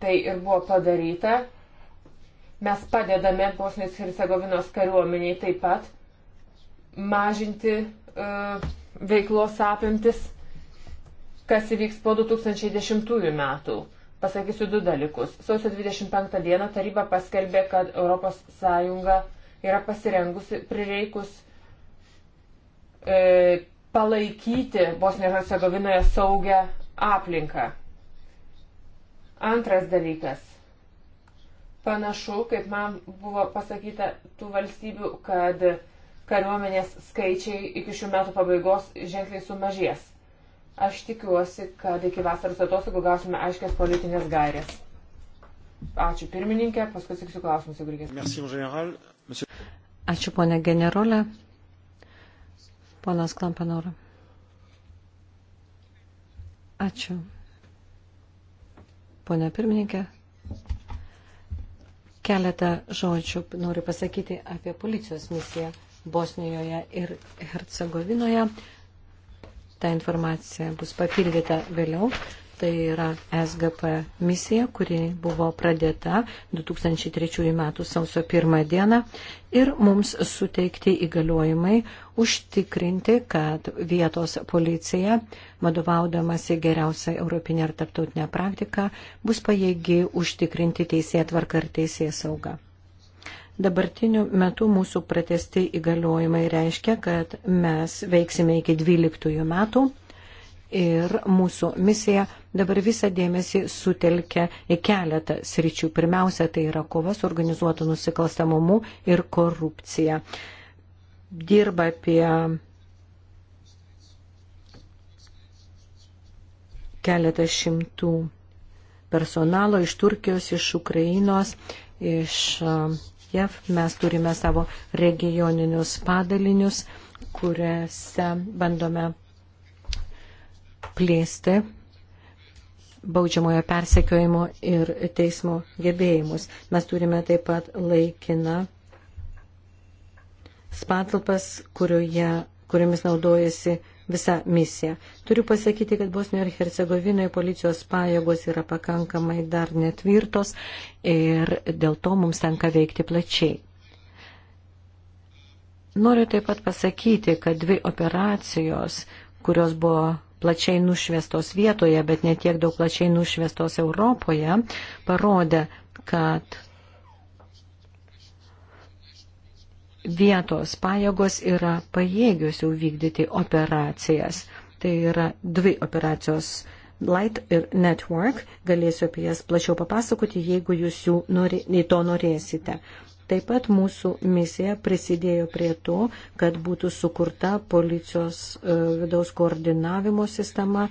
Tai ir buvo padaryta. Mes padedame Bosnijos ir Hercegovinos kariuomeniai taip pat mažinti uh, veiklos apimtis, kas įvyks po 2010 metų. Pasakysiu du dalykus. Sausio 25 dieną taryba paskelbė, kad ES yra pasirengusi prireikus e, palaikyti Bosnijos Hercegovinoje saugią aplinką. Antras dalykas. Panašu, kaip man buvo pasakyta tų valstybių, kad kariuomenės skaičiai iki šių metų pabaigos ženkliai sumažės. Aš tikiuosi, kad iki vasaros atostogų gausime aiškės politinės gairės. Ačiū pirmininkė, paskui atsakysiu klausimus, jeigu reikės. Ačiū, ponė generolė. Ponas Klampanora. Ačiū. Pone pirmininkė, keletą žodžių noriu pasakyti apie policijos misiją Bosnijoje ir Hercegovinoje. Ta informacija bus papildyta vėliau. Tai yra SGP misija, kuri buvo pradėta 2003 m. sausio 1 dieną ir mums suteikti įgaliojimai užtikrinti, kad vietos policija, vadovaudamasi geriausią europinę ar tarptautinę praktiką, bus pajėgi užtikrinti teisėje tvarką ir teisėje saugą. Dabartiniu metu mūsų pratesti įgaliojimai reiškia, kad mes veiksime iki 12 metų ir mūsų misija dabar visą dėmesį sutelkia į keletą sričių. Pirmiausia, tai yra kova su organizuotu nusikalstamumu ir korupcija. Dirba apie keletą šimtų personalo iš Turkijos, iš Ukrainos, iš uh, JAV. Mes turime savo regioninius padalinius, kuriuose bandome plėsti baudžiamojo persekiojimo ir teismo gebėjimus. Mes turime taip pat laikiną spatalpas, kurioje, kuriomis naudojasi visa misija. Turiu pasakyti, kad Bosnijoje ir Hercegovinoje policijos pajėgos yra pakankamai dar netvirtos ir dėl to mums tenka veikti plačiai. Noriu taip pat pasakyti, kad dvi operacijos, kurios buvo plačiai nušviestos vietoje, bet netiek daug plačiai nušviestos Europoje, parodė, kad vietos pajėgos yra pajėgios jau vykdyti operacijas. Tai yra dvi operacijos Light ir Network. Galėsiu apie jas plačiau papasakoti, jeigu jūs jų norė, to norėsite. Taip pat mūsų misija prisidėjo prie to, kad būtų sukurta policijos e, vidaus koordinavimo sistema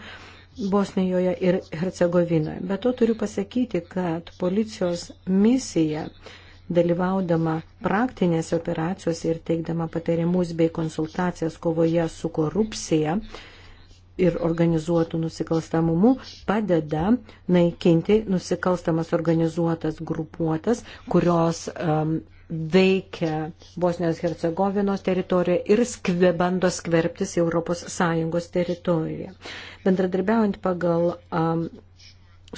Bosnijoje ir Hercegovinoje. Bet to turiu pasakyti, kad policijos misija dalyvaudama praktinėse operacijose ir teikdama patarimus bei konsultacijas kovoje su korupcija, uh, ir organizuotų nusikalstamumu padeda naikinti nusikalstamas organizuotas grupuotas, kurios um, veikia Bosnijos Hercegovinos teritoriją ir skve, bando skverbtis į ES teritoriją. Bendradarbiaujant pagal um,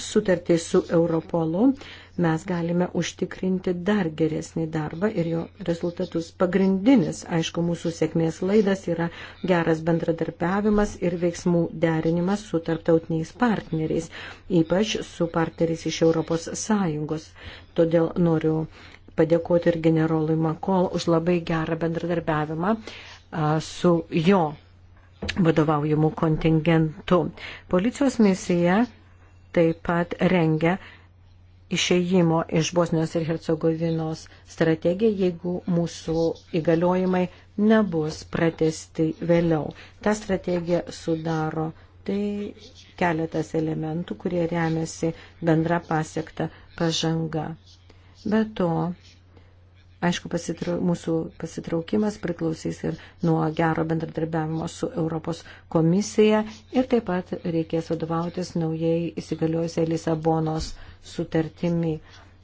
sutartį su Europolu, uh, mes galime užtikrinti dar geresnį darbą ir jo rezultatus. Pagrindinis, aišku, mūsų sėkmės laidas yra geras bendradarbiavimas ir veiksmų derinimas su tarptautiniais partneriais, ypač su partneriais iš ES. Todėl noriu padėkoti ir generolui Makol už labai gerą bendradarbiavimą su jo vadovaujamu kontingentu. Policijos misija taip pat rengia išeimo iš Bosnijos ir Hercegovinos strategija, jeigu mūsų įgaliojimai nebus pratesti vėliau. Ta strategija sudaro tai keletas elementų, kurie remiasi bendra pasiektą pažanga. Be to, aišku, pasitrau, mūsų pasitraukimas priklausys ir nuo gero bendradarbiavimo su Europos komisija ir taip pat reikės vadovautis naujai įsigaliojusiai Lisabonos sutartimi.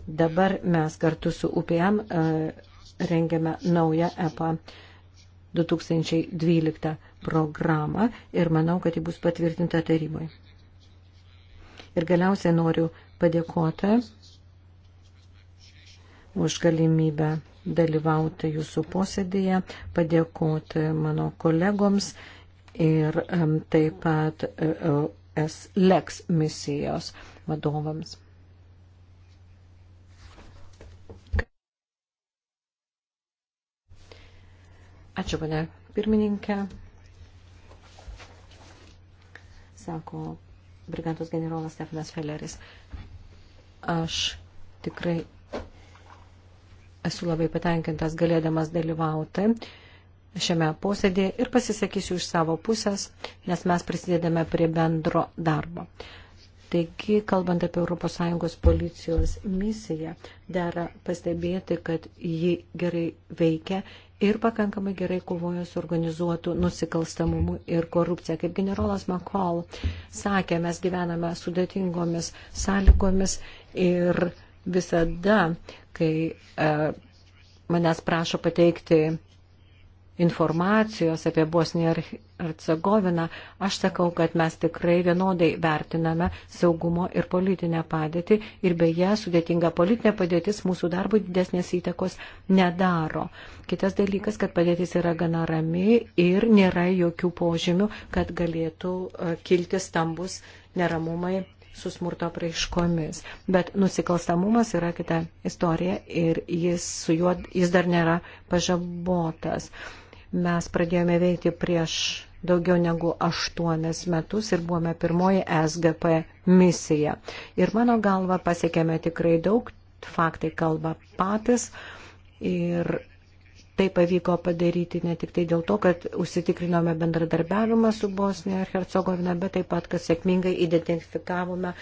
Dabar mes kartu su UPM e, rengiame naują EPA 2012 programą ir manau, kad ji bus patvirtinta taryboje. Ir galiausiai noriu padėkoti už galimybę dalyvauti jūsų posėdėje, padėkoti mano kolegoms ir taip pat e, e, SLEX misijos vadovams. Ačiū, pane pirmininkė. Sako brigados generolas Stefanas Felleris. Aš tikrai esu labai patenkintas galėdamas dalyvauti šiame posėdėje ir pasisakysiu iš savo pusės, nes mes prisidedame prie bendro darbo. Taigi, kalbant apie ES policijos misiją, dera pastebėti, kad ji gerai veikia ir pakankamai gerai kovojo su organizuotu nusikalstamumu ir korupcija. Kaip generolas McCall sakė, mes gyvename sudėtingomis sąlygomis ir visada, kai e, manęs prašo pateikti informacijos apie Bosniją ir Hercegoviną, aš sakau, kad mes tikrai vienodai vertiname saugumo ir politinę padėtį ir beje sudėtinga politinė padėtis mūsų darbui didesnės įtakos nedaro. Kitas dalykas, kad padėtis yra gana rami ir nėra jokių požymių, kad galėtų e, kilti stambus neramumai su smurto praiškomis. Bet nusikalstamumas yra kita istorija ir jis, juo, jis dar nėra pažabotas. Mes pradėjome veikti prieš daugiau negu aštuonis metus ir buvome pirmoji SGP misija. Ir mano galva pasiekėme tikrai daug, faktai kalba patys. Ir tai pavyko padaryti ne tik tai dėl to, kad užsitikrinome bendradarbiavimą su Bosnija ir Hercegovina, bet taip pat, kad sėkmingai identifikavome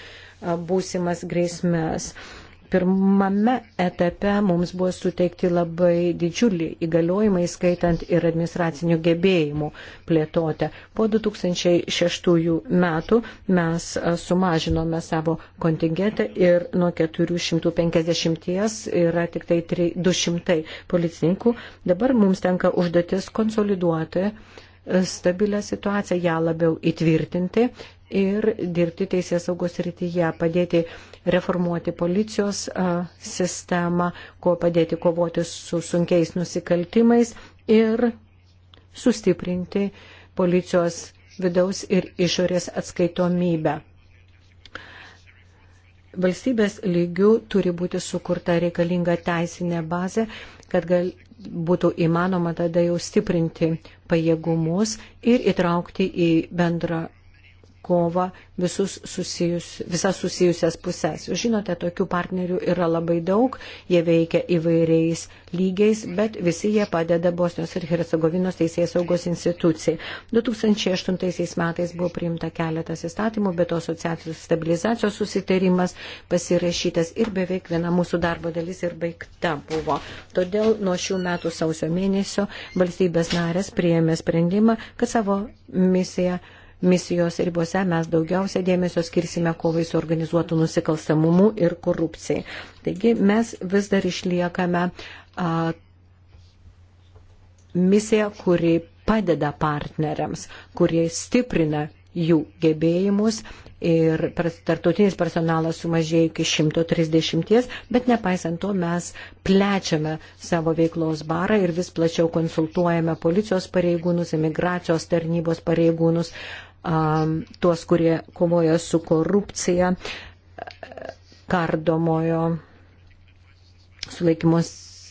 būsimas grėsmės. Uh, Pirmame etape mums buvo suteikti labai didžiulį įgaliojimą, įskaitant ir administracinių gebėjimų plėtotę. Po 2006 metų mes sumažinome savo kontingentą ir nuo 450 yra tik tai 200 policininkų. Dabar mums tenka užduotis konsoliduoti stabilę situaciją, ją labiau įtvirtinti ir dirbti teisės saugos rytyje, padėti reformuoti policijos sistemą, ko padėti kovoti su sunkiais nusikaltimais ir sustiprinti policijos vidaus ir išorės atskaitomybę valstybės lygių turi būti sukurta reikalinga teisinė bazė, kad gal, būtų įmanoma tada jau stiprinti pajėgumus ir įtraukti į bendrą kovą visus susijus, visas susijusias pusės. Jūs žinote, tokių partnerių yra labai daug, jie veikia įvairiais lygiais, bet visi jie padeda Bosnios ir Hercegovinos teisės saugos institucijai. 2008 metais buvo priimta keletas įstatymų, bet asociacijos stabilizacijos susitarimas pasirašytas ir beveik viena mūsų darbo dalis ir baigta buvo. Todėl nuo šių metų sausio mėnesio valstybės narės priėmė sprendimą, kad savo misiją misijos ribose mes daugiausia dėmesio skirsime kovai su organizuotu nusikalstamumu ir korupcijai. Taigi mes vis dar išliekame a, misiją, kuri padeda partneriams, kurie stiprina jų gebėjimus ir tartutinis personalas sumažėjo iki 130, bet nepaisant to mes plečiame savo veiklos barą ir vis plačiau konsultuojame policijos pareigūnus, imigracijos tarnybos pareigūnus, um, tuos, kurie kovoja su korupcija, kardomojo sulaikymos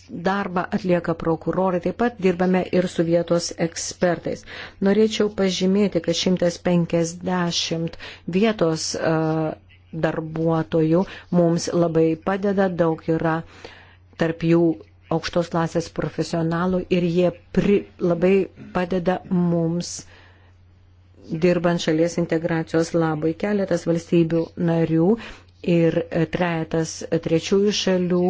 darbą atlieka prokurorai, taip pat dirbame ir su vietos ekspertais. Norėčiau pažymėti, kad 150 vietos uh, darbuotojų mums labai padeda, daug yra tarp jų aukštos klasės profesionalų ir jie pri, labai padeda mums uh, dirbant šalies integracijos labai. Keletas valstybių narių ir trejetas trečiųjų šalių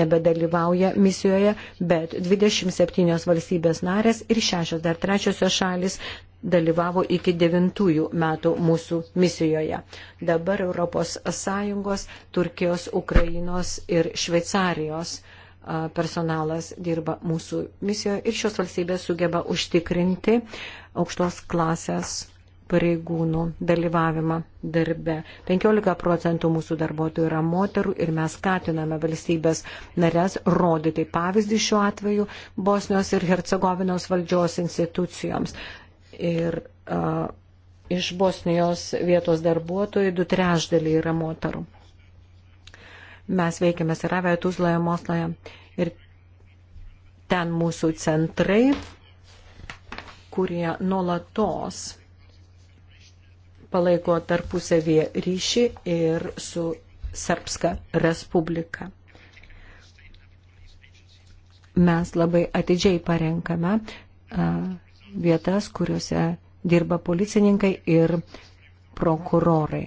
nebedalyvauja misijoje, bet 27 valstybės narės ir 6 dar trečiosios šalis dalyvavo iki 9 metų mūsų misijoje. Dabar ES, Turkijos, Ukrainos ir Šveicarijos personalas dirba mūsų misijoje ir šios valstybės sugeba užtikrinti aukštos klasės pareigūnų dalyvavimą darbe. 15 procentų mūsų darbuotojų yra moterų ir mes skatiname valstybės narės rodyti pavyzdį šiuo atveju Bosnios ir Hercegovinos valdžios institucijoms. Ir uh, iš Bosnijos vietos darbuotojų du trešdaliai yra moterų. Mes veikiame Saravėje, Tuzloje, Mosloje ir ten mūsų centrai, kurie nuolatos palaiko tarpusavėje ryšį ir su Serbska Respublika. Mes labai atidžiai parenkame vietas, kuriuose dirba policininkai ir prokurorai.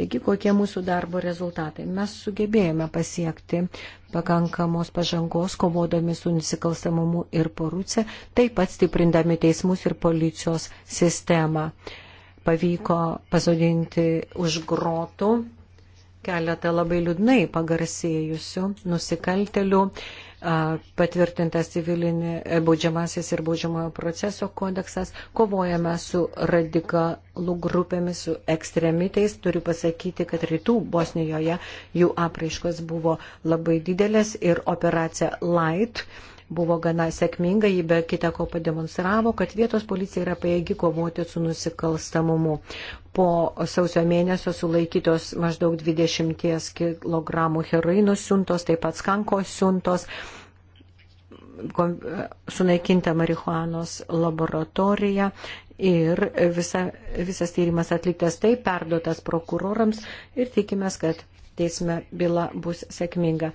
Taigi, kokie mūsų darbo rezultatai? Mes sugebėjome pasiekti pakankamos pažangos, kovodami su nusikalstamumu ir porūce, taip pat stiprindami teismus ir policijos sistemą. Uh, pavyko pasodinti už grotų keletą labai liūdnai pagarsėjusių nusikaltelių, patvirtintas civilinė, e, baudžiamasis ir baudžiamojo proceso kodeksas, kovojame su radikalų grupėmis, su ekstremitais. Turiu pasakyti, kad rytų Bosnijoje jų apraiškos buvo labai didelės ir operacija Light buvo gana sėkminga, jį be kita ko pademonstravo, kad vietos policija yra paėgi kovoti su nusikalstamumu. Po sausio mėnesio sulaikytos maždaug 20 kg heroino siuntos, taip pat skanko siuntos sunaikinta marihuanos laboratorija ir visa, visas tyrimas atliktas taip, perduotas prokurorams ir tikimės, kad teisme byla bus sėkminga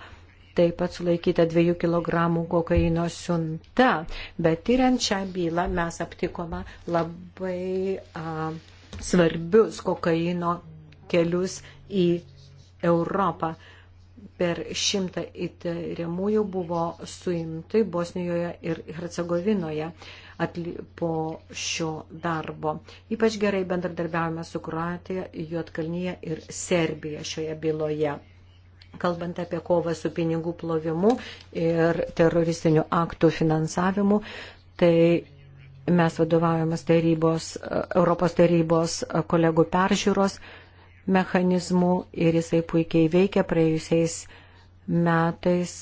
taip pat sulaikyta 2 kg kokaino siunta. Bet tyriant šią bylą mes aptikome labai a, svarbius kokaino kelius į Europą. Per šimtą įtariamųjų buvo suimti Bosnijoje ir Hercegovinoje po šio darbo. Ypač gerai bendradarbiavome su Kroatija, Juotkalnyje ir Serbija šioje byloje kalbant apie kovą su pinigų plovimu ir teroristinių aktų finansavimu, tai mes vadovaujamas tarybos, Europos tarybos kolegų peržiūros mechanizmų ir jisai puikiai veikia praėjusiais metais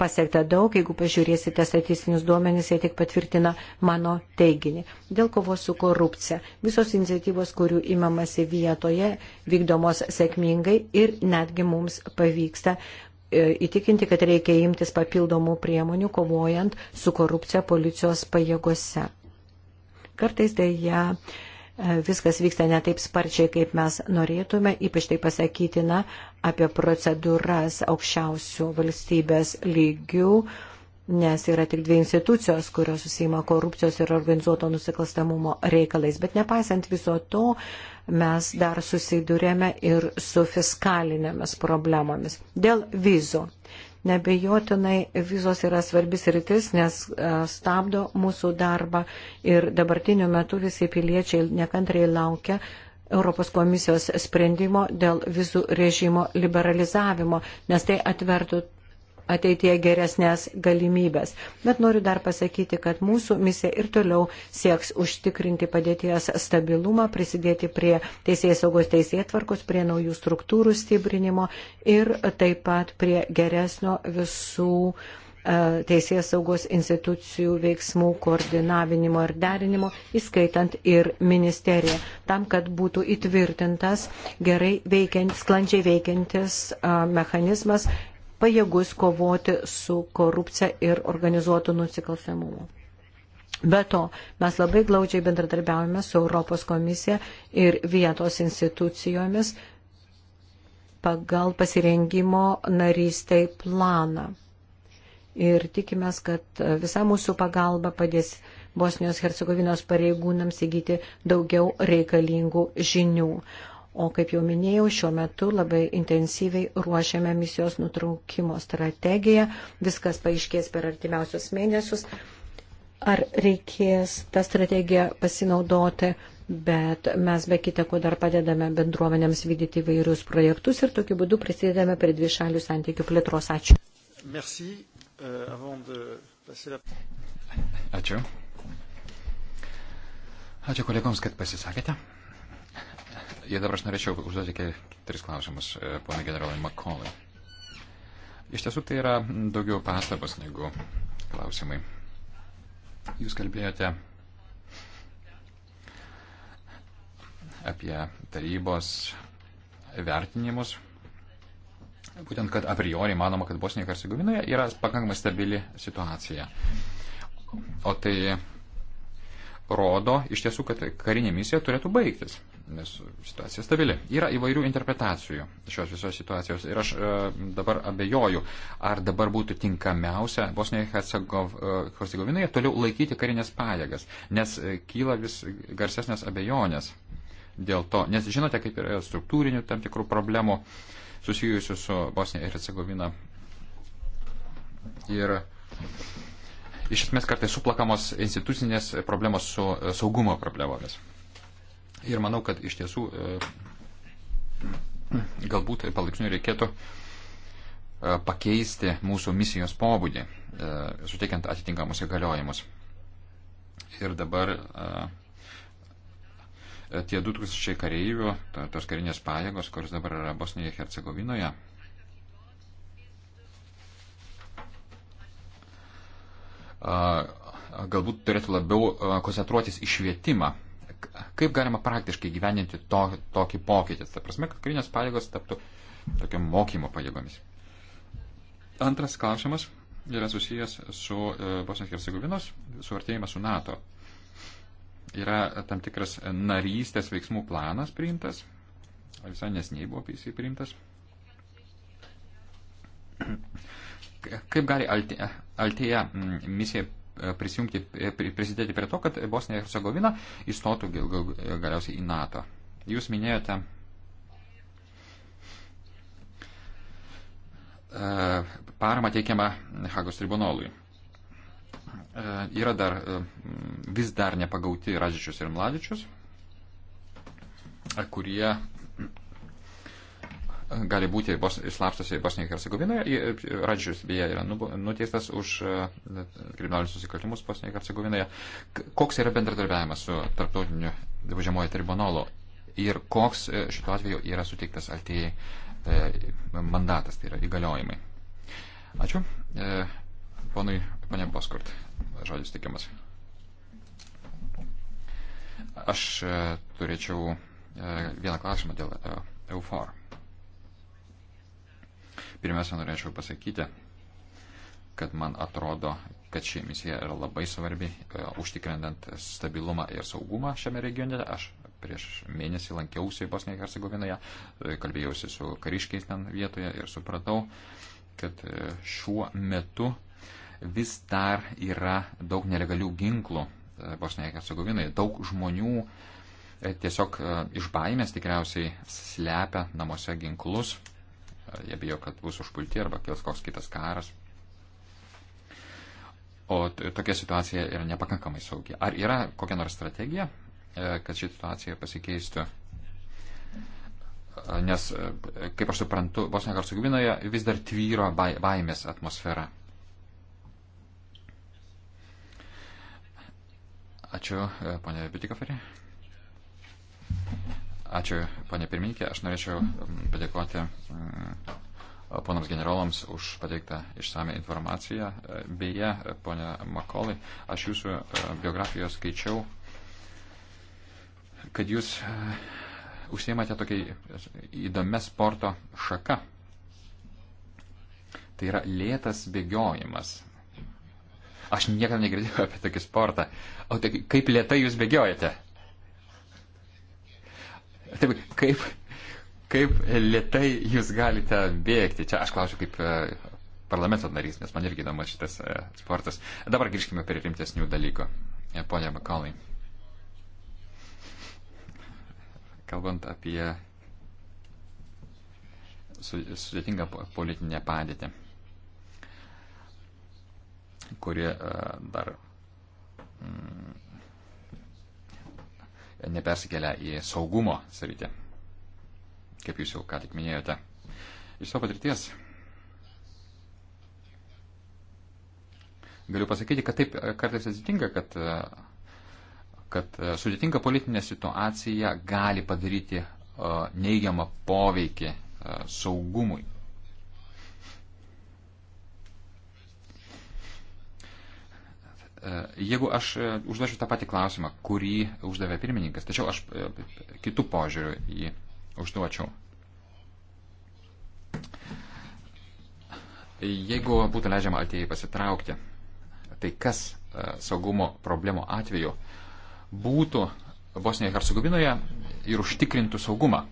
pasiekta daug, jeigu pažiūrėsite statistinius duomenys, jie tik patvirtina mano teiginį. Dėl kovos su korupcija. Visos iniciatyvos, kurių imamasi vietoje, vykdomos sėkmingai ir netgi mums pavyksta e, įtikinti, kad reikia imtis papildomų priemonių kovojant su korupcija policijos pajėgose. Kartais dėja. Tai viskas vyksta ne taip sparčiai, kaip mes norėtume, ypač tai pasakytina apie procedūras aukščiausių valstybės lygių, nes yra tik dvi institucijos, kurios susima korupcijos ir organizuoto nusikalstamumo reikalais. Bet nepaisant viso to, mes dar susidurėme ir su fiskalinėmis problemomis. Dėl vizų Nebejotinai vizos yra svarbis rytis, nes e, stabdo mūsų darbą ir dabartiniu metu visi piliečiai nekantrai laukia Europos komisijos sprendimo dėl vizų režimo liberalizavimo, nes tai atvertų ateitie geresnės galimybės. Bet noriu dar pasakyti, kad mūsų misija ir toliau sieks užtikrinti padėties stabilumą, prisidėti prie teisėjai saugos teisėtvarkos, prie naujų struktūrų stiprinimo ir taip pat prie geresnio visų e, teisės saugos institucijų veiksmų koordinavimo ir derinimo, įskaitant ir ministeriją, tam, kad būtų įtvirtintas gerai veikiant, sklandžiai veikiantis e, mechanizmas pajėgus kovoti su korupcija ir organizuotų nusikalstamumu. Be to, mes labai glaudžiai bendradarbiaujame su Europos komisija ir vietos institucijomis pagal pasirengimo narystai planą. Ir tikimės, kad visa mūsų pagalba padės Bosnijos Hercegovinos pareigūnams įgyti daugiau reikalingų žinių. O kaip jau minėjau, šiuo metu labai intensyviai ruošiame misijos nutraukimo strategiją. Viskas paaiškės per artimiausius mėnesius. Ar reikės tą strategiją pasinaudoti, bet mes be kita ko dar padedame bendruomenėms vykdyti įvairius projektus ir tokiu būdu prisidedame prie dvišalių santykių plėtros. Ačiū. Merci, uh, Ačiū. Ačiū kolegoms, kad pasisakėte. Ir dabar aš norėčiau užduoti tris klausimus e, ponai generolai Makolai. Iš tiesų tai yra daugiau pastabas negu klausimai. Jūs kalbėjote apie tarybos vertinimus. Būtent, kad a priori manoma, kad Bosnijoje ir Hercegovinoje yra pakankamai stabili situacija. O tai rodo iš tiesų, kad karinė misija turėtų baigtis nes situacija stabili. Yra įvairių interpretacijų šios visos situacijos ir aš e, dabar abejoju, ar dabar būtų tinkamiausia Bosnijoje Hercegovinoje toliau laikyti karinės pajėgas, nes e, kyla vis garsesnės abejonės dėl to, nes žinote, kaip yra struktūrinių tam tikrų problemų susijusių su Bosnija ir Hercegovina. Ir iš esmės kartais suplakamos institucinės problemos su saugumo problemomis. Ir manau, kad iš tiesų e, galbūt palaipsniui reikėtų e, pakeisti mūsų misijos pobūdį, e, suteikiant atitinkamus įgaliojimus. Ir dabar tie 2000 kareivių, tos karinės pajėgos, kuris dabar yra Bosnijoje Hercegovinoje, galbūt turėtų labiau koncentruotis į švietimą kaip galima praktiškai gyveninti to, tokį pokytį. Ta prasme, kad karinės pajėgos taptų tokio mokymo pajėgomis. Antras klausimas yra susijęs su e, Bosnijos Hercegovinos suartėjimas su NATO. Yra tam tikras narystės veiksmų planas priimtas, visai nesniai buvo jisai priimtas. Kaip gali Altėja misija E, prisijungti, e, prisidėti prie to, kad Bosnija ir Hercegovina įstotų gal, gal, galiausiai į NATO. Jūs minėjote e, paramą teikiamą Hagos tribunolui. Yra dar vis dar nepagauti Radžičius ir Mladičius, kurie gali būti bos, slapstosi Bosnijoje ir Hercegovinoje. Radžius beje yra nuteistas už e, kriminalinius nusikaltimus Bosnijoje ir Hercegovinoje. Koks yra bendradarbiavimas su tarptautiniu važiuojamojo tribunolu ir koks e, šituo atveju yra suteiktas altėjai e, mandatas, tai yra įgaliojimai. Ačiū. Ponui, ponė Boskurt, žodis tikimas. Aš turėčiau vieną klausimą dėl EUFOR. E Pirmiausia, norėčiau pasakyti, kad man atrodo, kad ši misija yra labai svarbi, e, užtikrinant stabilumą ir saugumą šiame regione. Aš prieš mėnesį lankiausi Bosnijoje ir Hercegovinoje, e, kalbėjausi su kariškiais ten vietoje ir supratau, kad e, šiuo metu vis dar yra daug nelegalių ginklų Bosnijoje ir Hercegovinoje. Daug žmonių tiesiog iš baimės tikriausiai slepia namuose ginklus jie bijo, kad bus užpulti arba kils koks kitas karas. O tokia situacija yra nepakankamai saugi. Ar yra kokia nors strategija, e, kad ši situacija pasikeistų? E, nes, e, kaip aš suprantu, Bosnijoje Hercegovinoje vis dar tvyro baimės atmosfera. Ačiū, ponė Bitikaferė. Ačiū, ponė pirmininkė. Aš norėčiau mm, padėkoti mm, ponams generolams už pateiktą išsame informaciją. Beje, ponė Makolai, aš jūsų e, biografijos skaičiau, kad jūs e, užsiemate tokiai įdomia sporto šaka. Tai yra lėtas bėgiojimas. Aš niekada negirdėjau apie tokį sportą. O tai kaip lėtai jūs bėgiojate? Taip, kaip, kaip lietai jūs galite bėgti? Čia aš klausiu kaip e, parlamento narys, nes man irgi įdomus šitas e, sportas. Dabar grįžkime prie rimtesnių dalykų. E, Pone Makalai. Kalbant apie sudėtingą politinę padėtį, kuri dar mm, nepersikelia į saugumo sritį, kaip jūs jau ką tik minėjote. Iš savo patirties galiu pasakyti, kad taip e, kartais atsitinka, kad, e, kad e, sudėtinga politinė situacija gali padaryti neigiamą poveikį saugumui. E, jeigu aš e, užduočiau tą patį klausimą, kurį uždavė pirmininkas, tačiau aš e, kitų požiūrių jį užduočiau. Jeigu būtų leidžiama atėjai pasitraukti, tai kas saugumo problemų atveju būtų Bosnijoje ir Hercegovinoje ir užtikrintų saugumą?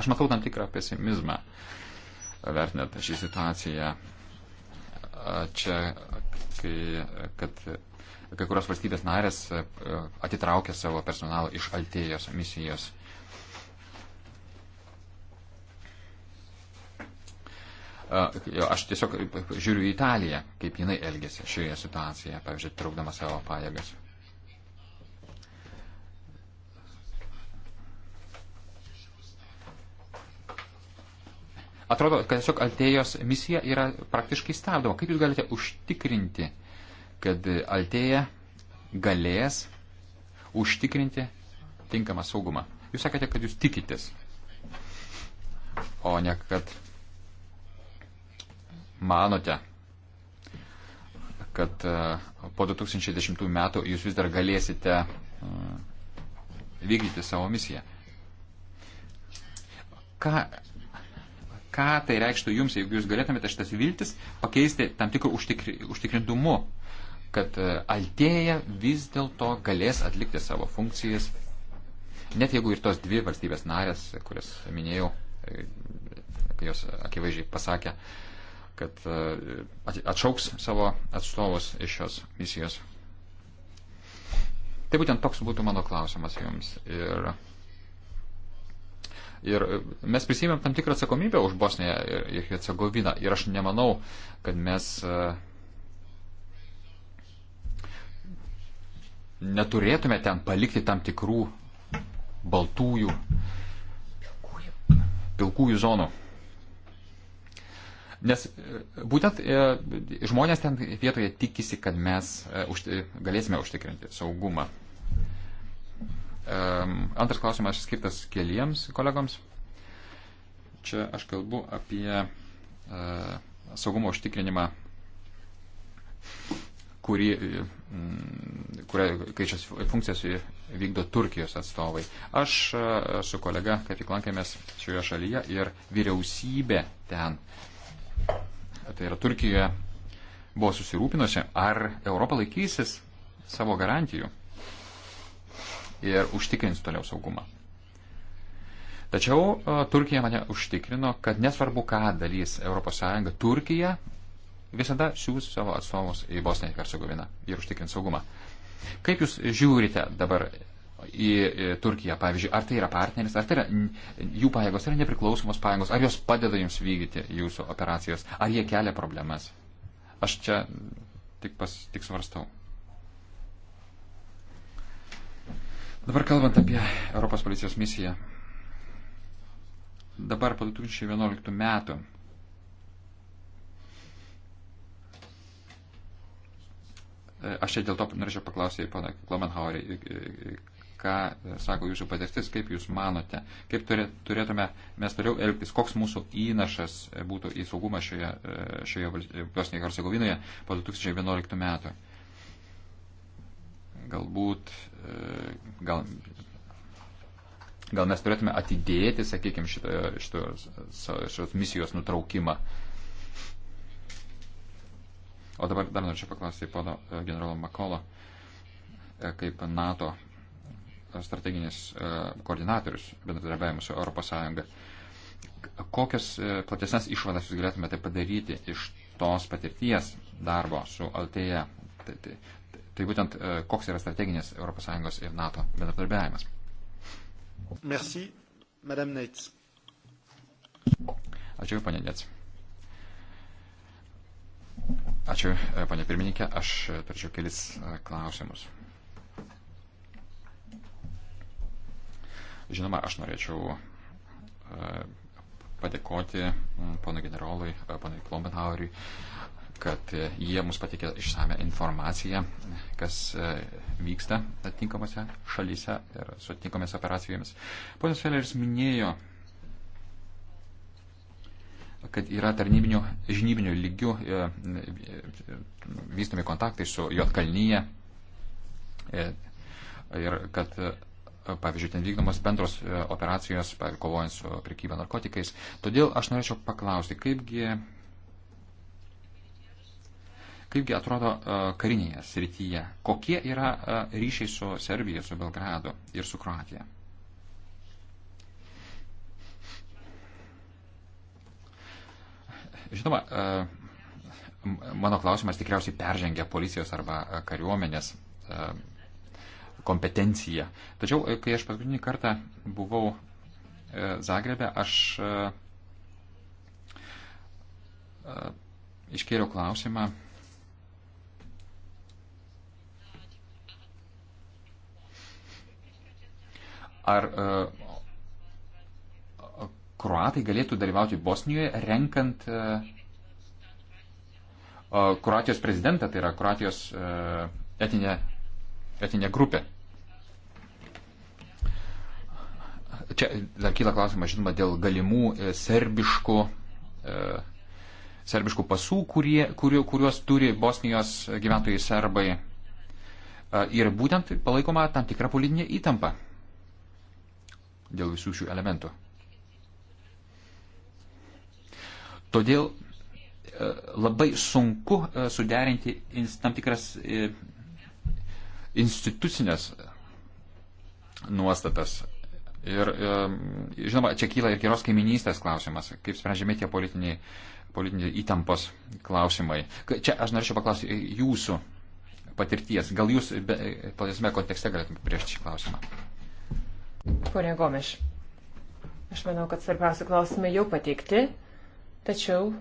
Aš matau tam tikrą pesimizmą vertinant šį situaciją čia, kai, kad kai kurios valstybės narės e, atitraukė savo personalą iš Altėjos misijos. Aš tiesiog žiūriu į Italiją, kaip jinai elgėsi šioje situacijoje, pavyzdžiui, traukdama savo pajėgas. Atrodo, kad tiesiog Altėjos misija yra praktiškai stabdoma. Kaip jūs galite užtikrinti, kad Altėja galės užtikrinti tinkamą saugumą? Jūs sakėte, kad jūs tikitės, o ne kad manote, kad e, po 2010 metų jūs vis dar galėsite e, vykdyti savo misiją. Ką ką tai reikštų jums, jeigu jūs galėtumėte šitas viltis pakeisti tam tikrų užtikri, užtikrintumu, kad e, Altėja vis dėlto galės atlikti savo funkcijas, net jeigu ir tos dvi valstybės narės, kurias minėjau, e, jos akivaizdžiai pasakė, kad e, atšauks savo atstovus iš šios misijos. Tai būtent toks būtų mano klausimas jums. Ir Ir e, mes prisėmėm tam tikrą atsakomybę už Bosniją ir Hercegoviną. Ir aš nemanau, kad mes e, neturėtume ten palikti tam tikrų baltųjų, pilkųjų zonų. Nes e, būtent žmonės ten vietoje tikisi, kad mes galėsime užtikrinti saugumą. Antras klausimas skirtas keliems kolegoms. Čia aš kalbu apie e, saugumo užtikrinimą, kurį, kurią keičias funkcijas vykdo Turkijos atstovai. Aš e, su kolega, kaip tik lankėmės šioje šalyje ir vyriausybė ten, tai yra Turkijoje, buvo susirūpinusi, ar Europa laikysis savo garantijų ir užtikrins toliau saugumą. Tačiau e, Turkija mane užtikrino, kad nesvarbu, ką darys ES, Turkija visada siūs savo atstovus į Bosniją ir Hercegoviną ir užtikrins saugumą. Kaip Jūs žiūrite dabar į Turkiją, pavyzdžiui, ar tai yra partneris, ar tai yra jų pajėgos, ar nepriklausomos pajėgos, ar jos padeda Jums vykdyti Jūsų operacijos, ar jie kelia problemas? Aš čia tik, pas, tik svarstau. Dabar kalbant apie Europos policijos misiją. Dabar po 2011 metų e, Aš čia dėl to norėčiau paklausyti, pana Klomenhauerį, e, e, ką sako jūsų patirtis, kaip jūs manote, kaip turėtume mes toliau elgtis, koks mūsų įnašas būtų į saugumą šioje, šioje Bosnijoje ir Hercegovinoje po 2011 metų galbūt, e, gal, gal mes turėtume atidėti, sakykime, šito, šito, šios misijos nutraukimą. O dabar dar norėčiau paklausyti pono e, generolo Makolo, e, kaip NATO strateginis koordinatorius bendradarbiavimas su ES. Kokias platesnės išvadas jūs galėtumėte padaryti iš tos patirties darbo su Altėje? Tai, tai, Tai būtent e, koks yra strateginis ES ir NATO bendradarbiavimas. Merci, Madame Neitz. Ačiū, panė Nets. Ačiū, e, panė pirmininkė. Aš e, turėčiau kelis klausimus. Žinoma, aš norėčiau padėkoti pono generolui, ponui Klombenhauriui kad jie mus patikė išsame informaciją, kas e, vyksta atinkamose šalyse ir su atinkamomis operacijomis. Ponas Feleris minėjo, kad yra tarnybinių, žinybinių lygių e, e, vystomi kontaktai su Jotkalnyje ir kad pavyzdžiui, ten vykdomos bendros operacijos, kovojant su prekyba narkotikais. Todėl aš norėčiau paklausti, kaipgi kaipgi atrodo e, karinėje srityje, kokie yra e, ryšiai su Serbija, su Belgradu ir su Kroatija. Žinoma, e, mano klausimas tikriausiai peržengia policijos arba kariuomenės kompetenciją. Tačiau, kai aš paskutinį kartą buvau Zagrebė, aš iškėliau klausimą ar e, kruatai galėtų dalyvauti Bosnijoje, renkant e, e, Kroatijos prezidentą, tai yra Kroatijos etinė, etinė grupė. Čia dar kyla klausimas, žinoma, dėl galimų serbiškų, serbiškų pasų, kurie, kuriuos turi Bosnijos gyventojai serbai. Ir būtent palaikoma tam tikra politinė įtampa dėl visų šių elementų. Todėl e, labai sunku e, suderinti tam tikras e, institucinės nuostatas. Ir, žinoma, čia kyla ir geros kaiminystės klausimas, kaip sprendžiami tie politiniai, politiniai įtampos klausimai. Čia aš norėčiau paklausyti jūsų patirties. Gal jūs platesnėme kontekste galėtumėte prieš šį klausimą? Pone Gomeš, aš manau, kad svarbiausi klausimai jau pateikti, tačiau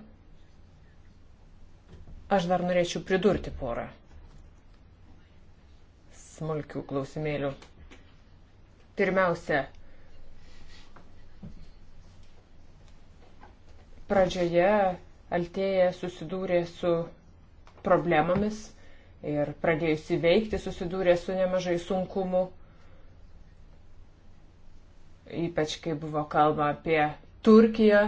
aš dar norėčiau pridurti porą smulkių klausimėlių. Pirmiausia, pradžioje Altėja susidūrė su problemomis ir pradėjusi veikti susidūrė su nemažai sunkumu ypač kai buvo kalba apie Turkiją.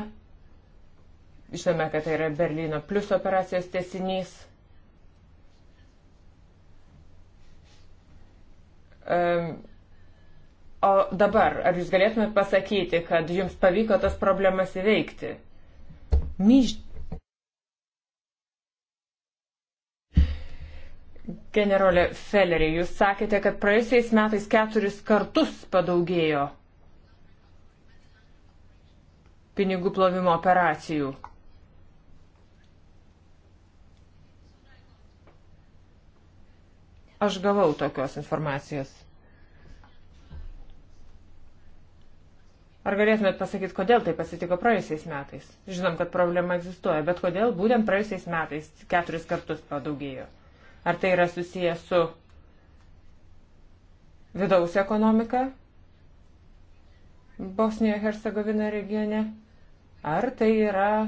Žinome, kad tai yra Berlyno plus operacijos tesinys. Um, o dabar, ar jūs galėtumėt pasakyti, kad jums pavyko tas problemas įveikti? Myž... Generolė Felerį, jūs sakėte, kad praėjusiais metais keturis kartus padaugėjo pinigų plovimo operacijų. Aš gavau tokios informacijos. Ar galėtumėt pasakyti, kodėl tai pasitiko praėjusiais metais? Žinom, kad problema egzistuoja, bet kodėl būtent praėjusiais metais keturis kartus padaugėjo? Ar tai yra susiję su vidaus ekonomika Bosnijoje Hercegovina regione? Ar tai yra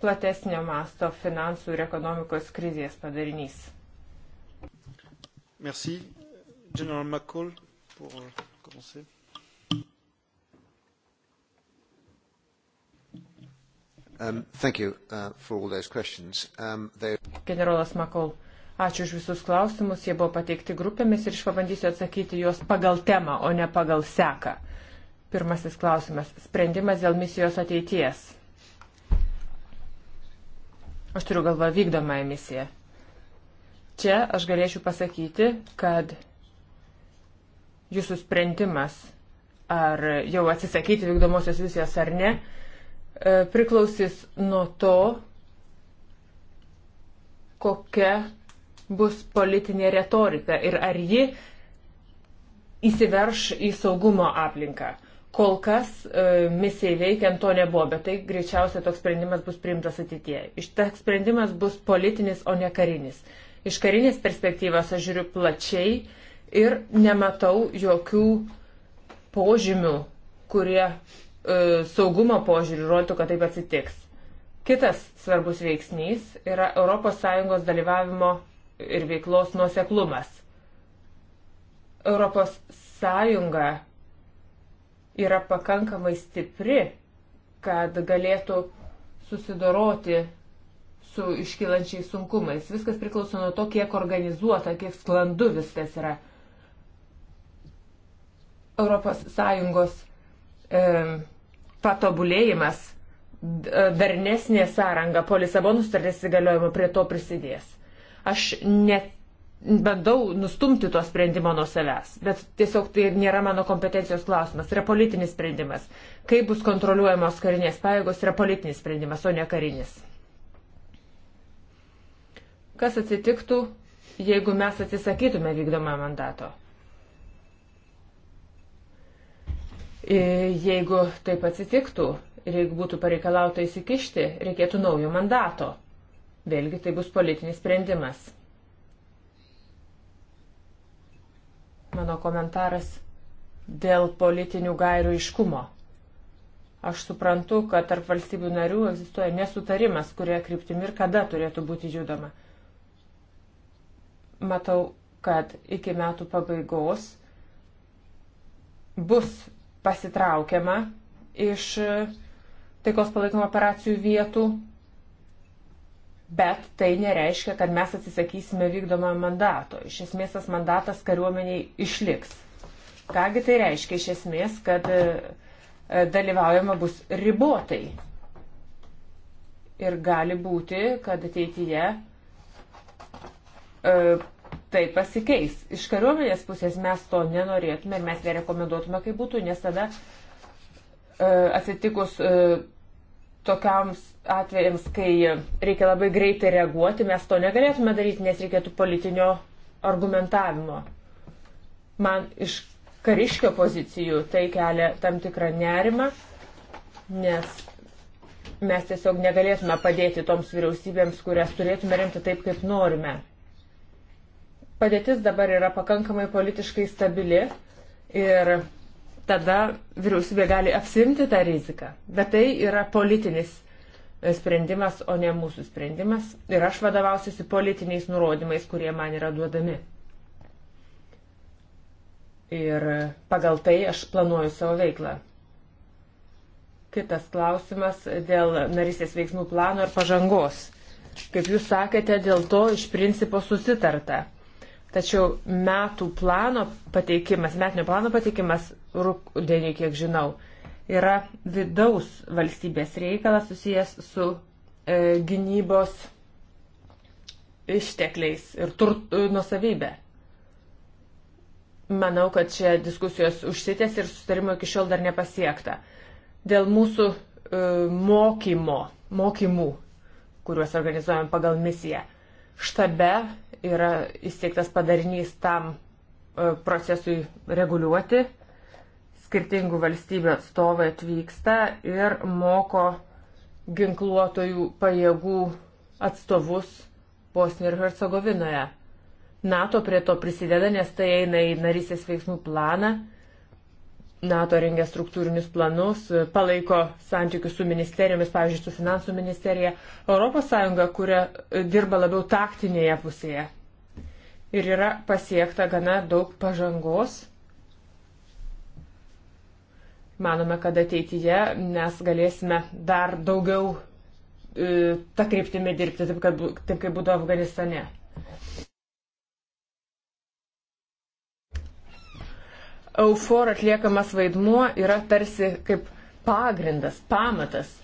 platesnio masto finansų ir ekonomikos krizės padarinys? Merci. General McCall, pour commencer. Um, thank you uh, for all those questions. Um, they... Generolas McCall, ačiū už visus klausimus. Jie buvo pateikti grupėmis ir aš pabandysiu atsakyti juos pagal temą, o ne pagal seką. Uh, Pirmasis klausimas. Sprendimas dėl misijos ateities. Aš turiu galvą vykdomąją misiją. Čia aš galėčiau pasakyti, kad jūsų sprendimas, ar jau atsisakyti vykdomosios misijos ar ne, e, priklausys nuo to, kokia bus politinė retorika ir ar ji įsiverš į saugumo aplinką. Kol kas e, misijai veikiant to nebuvo, bet tai greičiausiai toks sprendimas bus priimtas ateitie. Iš toks sprendimas bus politinis, o ne karinis. Iš karinės perspektyvos aš žiūriu plačiai ir nematau jokių požymių, kurie e, saugumo požiūrį rodytų, kad taip atsitiks. Kitas svarbus veiksnys yra ES dalyvavimo ir veiklos nuoseklumas. ES yra pakankamai stipri, kad galėtų susidoroti su iškilančiais sunkumais. Viskas priklauso nuo to, kiek organizuota, kiek sklandu viskas yra. ES e, patobulėjimas, darnesnė sąranga po Lisabonų starties įgaliojimo prie to prisidės. Aš net bandau nustumti to sprendimo nuo savęs, bet tiesiog tai nėra mano kompetencijos klausimas, yra politinis sprendimas. Kaip bus kontroliuojamos karinės pajėgos, yra politinis sprendimas, o ne karinis. Kas atsitiktų, jeigu mes atsisakytume vykdomą mandato? E, jeigu taip atsitiktų ir jeigu būtų pareikalauta įsikišti, reikėtų naujo mandato. Vėlgi tai bus politinis sprendimas. Mano komentaras dėl politinių gairių iškumo. Aš suprantu, kad tarp valstybių narių egzistuoja nesutarimas, kurie kryptimi ir kada turėtų būti judama. Matau, kad iki metų pabaigos bus pasitraukiama iš taikos palaikymo operacijų vietų bet tai nereiškia, kad mes atsisakysime vykdomą mandato. Iš esmės tas mandatas kariuomeniai išliks. Kągi tai reiškia iš esmės, kad e, e, dalyvaujama bus ribotai. Ir gali būti, kad ateityje e, tai pasikeis. Iš kariuomenės pusės mes to nenorėtume ir mes nerekomenduotume, kaip būtų, nes tada atsitikus tokiams atvejams, kai reikia labai greitai reaguoti, mes to negalėtume daryti, nes reikėtų politinio argumentavimo. Man iš kariškio pozicijų tai kelia tam tikrą nerimą, nes mes tiesiog negalėtume padėti toms vyriausybėms, kurias turėtume remti taip, kaip norime. Padėtis dabar yra pakankamai politiškai stabili ir tada vyriausybė gali apsimti tą riziką. Bet tai yra politinis e, sprendimas, o ne mūsų sprendimas. Ir aš vadovausiuosi politiniais nurodymais, kurie man yra duodami. Ir pagal tai aš planuoju savo veiklą. Kitas klausimas dėl narysės veiksmų plano ir pažangos. Kaip jūs sakėte, dėl to iš principo susitarta. Tačiau metų plano pateikimas, metinio plano pateikimas Rukderį, kiek žinau, yra vidaus valstybės reikalas susijęs su e, gynybos ištekliais ir turt, e, nusavybė. Manau, kad čia diskusijos užsitęs ir sustarimo iki šiol dar nepasiekta. Dėl mūsų e, mokymo, mokymų, kuriuos organizuojam pagal misiją, štabe yra įsteigtas padarinys tam e, procesui reguliuoti skirtingų valstybių atstovai atvyksta ir moko ginkluotojų pajėgų atstovus Bosnijoje ir Hercegovinoje. NATO prie to prisideda, nes tai eina į narysės veiksmų planą. NATO rengia struktūrinius planus, palaiko santykius su ministerijomis, pavyzdžiui, su finansų ministerija. ES, kuria dirba labiau taktinėje pusėje. Ir yra pasiekta gana daug pažangos Manome, kad ateityje mes galėsime dar daugiau e, tą kryptimį dirbti, taip, kad, taip kaip būtų Afganistane. Eufor atliekamas vaidmuo yra tarsi kaip pagrindas, pamatas,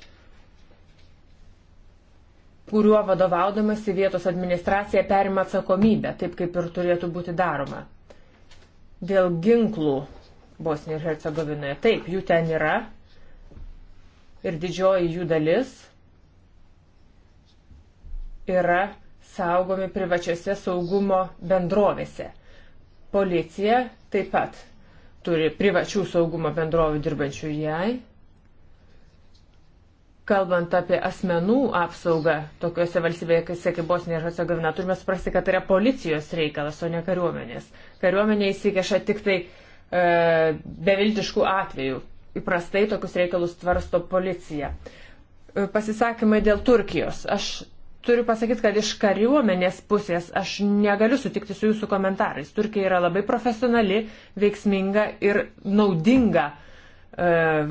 kuriuo vadovaudamasi vietos administracija perima atsakomybę, taip kaip ir turėtų būti daroma. Dėl ginklų Bosnijoje ir Hercegovinoje. Taip, jų ten yra ir didžioji jų dalis yra saugomi privačiose saugumo bendrovėse. Policija taip pat turi privačių saugumo bendrovių dirbančių jai. Kalbant apie asmenų apsaugą tokiuose valstybėse kaip Bosnija ir Hercegovina, turime suprasti, kad tai yra policijos reikalas, o ne kariuomenės. Kariuomenė įsikeša tik tai uh, E, beviltiškų atvejų. Įprastai tokius reikalus tvarsto policija. E, pasisakymai dėl Turkijos. Aš turiu pasakyti, kad iš kariuomenės pusės aš negaliu sutikti su jūsų komentarais. Turkija yra labai profesionali, veiksminga ir naudinga e,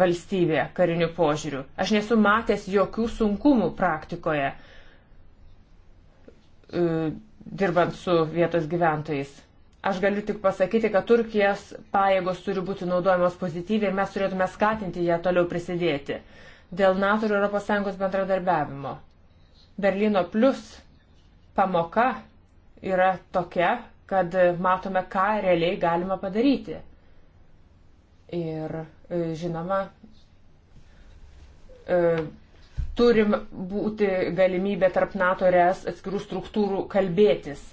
valstybė kariniu požiūriu. Aš nesu matęs jokių sunkumų praktikoje e, dirbant su vietos gyventojais. Aš galiu tik pasakyti, kad Turkijos pajėgos turi būti naudojamos pozityviai ir mes turėtume skatinti ją toliau prisidėti. Dėl NATO ir ES bendradarbiavimo. Berlyno plus pamoka yra tokia, kad matome, ką realiai galima padaryti. Ir e, žinoma, e, turim būti galimybė tarp NATO ir ES atskirų struktūrų kalbėtis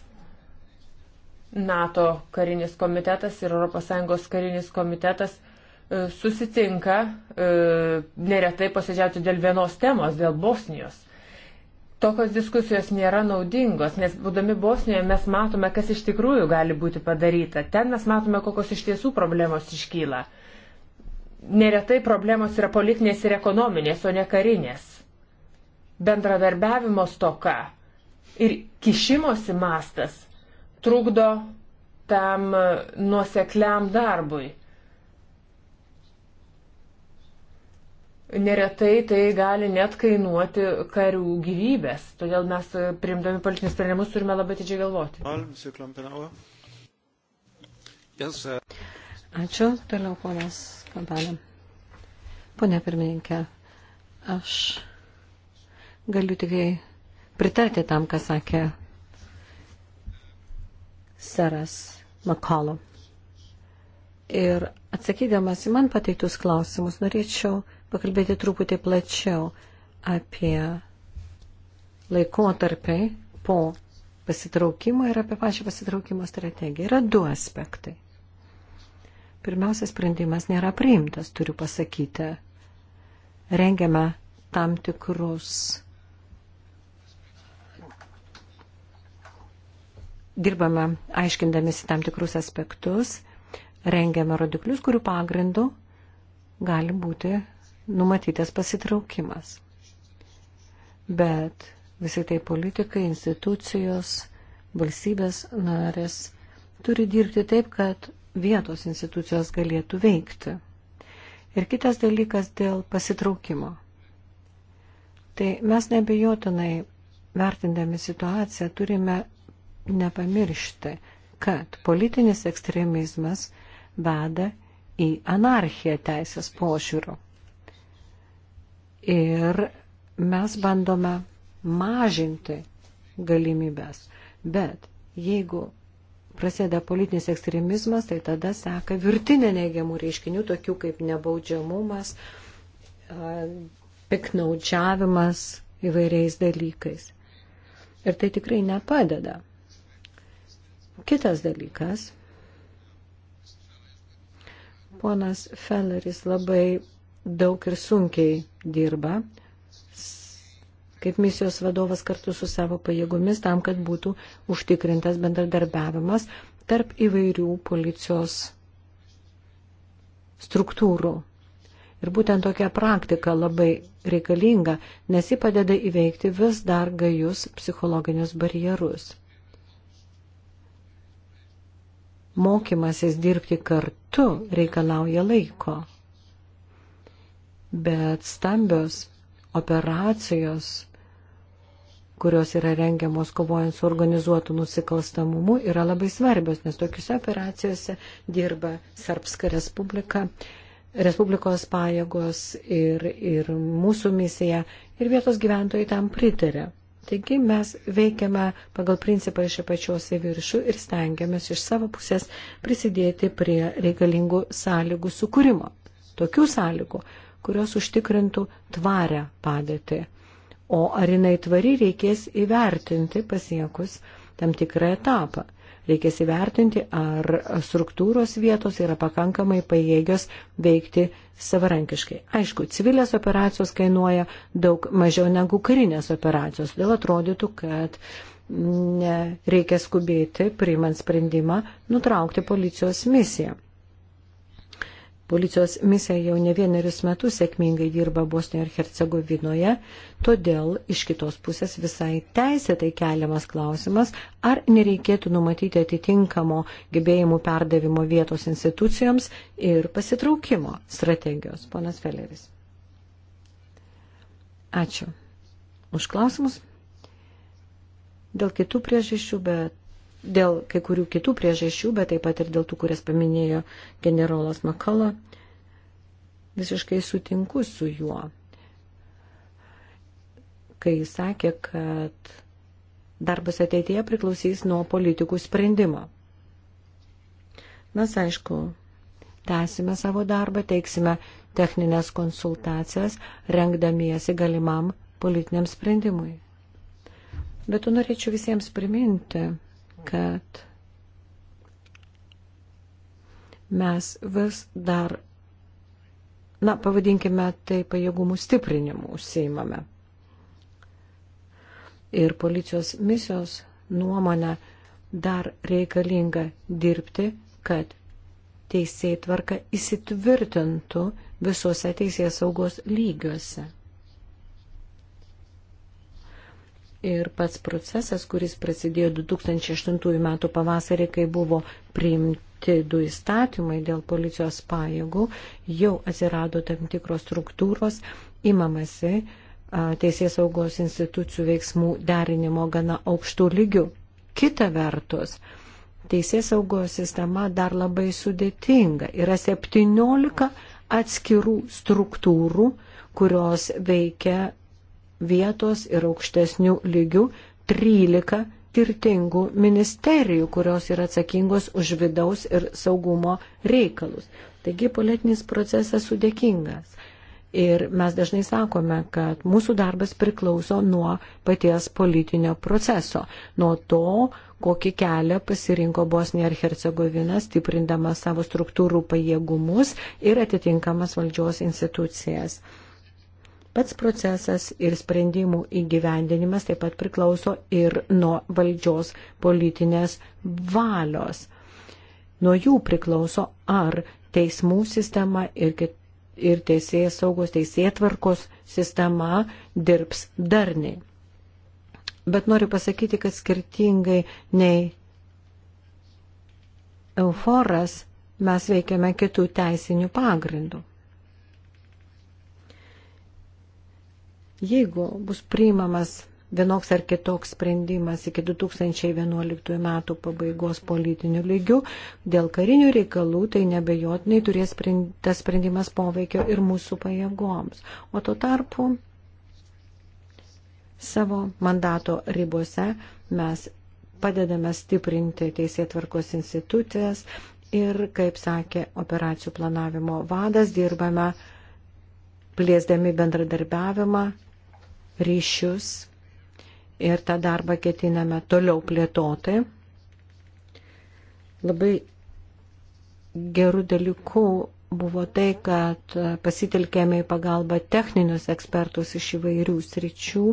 NATO karinis komitetas ir ES karinis komitetas e, susitinka e, neretai posėdžiauti dėl vienos temos, dėl Bosnijos. Tokios diskusijos nėra naudingos, nes būdami Bosnijoje mes matome, kas iš tikrųjų gali būti padaryta. Ten mes matome, kokios iš tiesų problemos iškyla. Neretai problemos yra politinės ir ekonominės, o ne karinės. Bendradarbiavimo stoka ir kišimosi mastas trukdo tam nuosekliam darbui. Neretai tai gali net kainuoti karių gyvybės, todėl mes priimdami politinius sprendimus turime labai didžiai galvoti. Uh, Ačiū, toliau ponas Kampanė. Pone pirmininkė, aš galiu tikrai pritarti tam, ką sakė seras McCollum. Ir atsakydamas į man pateiktus klausimus, norėčiau pakalbėti truputį plačiau apie laikotarpį po pasitraukimo ir apie pačią pasitraukimo strategiją. Yra du aspektai. Pirmiausia, sprendimas nėra priimtas, turiu pasakyti. Rengiame tam tikrus dirbame aiškindamėsi tam tikrus aspektus, rengiame rodiklius, kurių pagrindų gali būti numatytas pasitraukimas. Bet visai tai politikai, institucijos, valstybės narės turi dirbti taip, kad vietos institucijos galėtų veikti. Ir kitas dalykas dėl pasitraukimo. Tai mes nebejotinai, vertindami situaciją, turime nepamiršti, kad politinis ekstremizmas veda į anarchiją teisės požiūrių. Ir mes bandome mažinti galimybės. Bet jeigu prasideda politinis ekstremizmas, tai tada seka virtinė neigiamų reiškinių, tokių kaip nebaudžiamumas, piknaudžiavimas įvairiais dalykais. Ir tai tikrai nepadeda. Kitas dalykas. Ponas Felleris labai daug ir sunkiai dirba kaip misijos vadovas kartu su savo pajėgomis tam, kad būtų užtikrintas bendradarbiavimas tarp įvairių policijos struktūrų. Ir būtent tokia praktika labai reikalinga, nes ji padeda įveikti vis dar gajus psichologinius barjerus. mokymasis dirbti kartu reikalauja laiko. Bet stambios operacijos, kurios yra rengiamos kovojant su organizuotu nusikalstamumu, yra labai svarbios, nes tokiuose operacijose dirba Sarbska Respublika, Respublikos pajėgos ir, ir mūsų misija ir vietos gyventojai tam pritarė. Taigi mes veikiame pagal principą iš apačios į viršų ir stengiamės iš savo pusės prisidėti prie reikalingų sąlygų sukūrimo. Tokių sąlygų, kurios užtikrintų tvarę padėtį. O ar jinai tvari reikės įvertinti pasiekus tam tikrą etapą. Reikės įvertinti, ar struktūros vietos yra pakankamai pajėgios veikti savarankiškai. Aišku, civilės operacijos kainuoja daug mažiau negu karinės operacijos, todėl atrodytų, kad reikia skubėti, priimant sprendimą, nutraukti policijos misiją. Policijos misija jau ne vienerius metus sėkmingai dirba Bosnijoje ir Hercegovinoje, todėl iš kitos pusės visai teisėtai keliamas klausimas, ar nereikėtų numatyti atitinkamo gebėjimų perdavimo vietos institucijoms ir pasitraukimo strategijos. Ponas Feleris. Ačiū už klausimus. Dėl kitų priežasčių, bet dėl kai kurių kitų priežasčių, bet taip pat ir dėl tų, kurias paminėjo generolas Makala, visiškai sutinku su juo, kai jis sakė, kad darbas ateityje priklausys nuo politikų sprendimo. Mes, aišku, tęsime savo darbą, teiksime techninės konsultacijas, rengdamiesi galimam politiniam sprendimui. Bet tu norėčiau visiems priminti, kad mes vis dar, na, pavadinkime tai pajėgumų stiprinimu užsieimame. Ir policijos misijos nuomonę dar reikalinga dirbti, kad teisėjai tvarka įsitvirtintų visuose teisės saugos lygiuose. ir pats procesas, kuris prasidėjo 2008 metų pavasarį, kai buvo priimti du įstatymai dėl policijos pajėgų, jau atsirado tam tikros struktūros, imamasi teisės saugos institucijų veiksmų derinimo gana aukštų lygių. Kita vertus, teisės saugos sistema dar labai sudėtinga. Yra 17 atskirų struktūrų, kurios veikia vietos ir aukštesnių lygių 13 skirtingų ministerijų, kurios yra atsakingos už vidaus ir saugumo reikalus. Taigi politinis procesas sudėkingas. Ir mes dažnai sakome, kad mūsų darbas priklauso nuo paties politinio proceso, nuo to, kokį kelią pasirinko Bosnija ir Hercegovina, stiprindama savo struktūrų pajėgumus ir atitinkamas valdžios institucijas. Pats procesas ir sprendimų įgyvendinimas taip pat priklauso ir nuo valdžios politinės valios. Nuo jų priklauso ar teismų sistema ir, ir teisėjas saugos teisėtvarkos sistema dirbs darniai. Bet noriu pasakyti, kad skirtingai nei euforas mes veikiame kitų teisinių pagrindų. Jeigu bus priimamas vienoks ar kitoks sprendimas iki 2011 metų pabaigos politinių lygių dėl karinių reikalų, tai nebejotinai turės sprendi, tas sprendimas poveikio ir mūsų pajėgoms. O tuo tarpu savo mandato ribose mes padedame stiprinti teisėtvarkos institucijas ir, kaip sakė operacijų planavimo vadas, dirbame plėsdami bendradarbiavimą ryšius ir tą darbą ketiname toliau plėtoti. Labai gerų dalykų buvo tai, kad pasitelkėme į pagalbą techninius ekspertus iš įvairių sričių,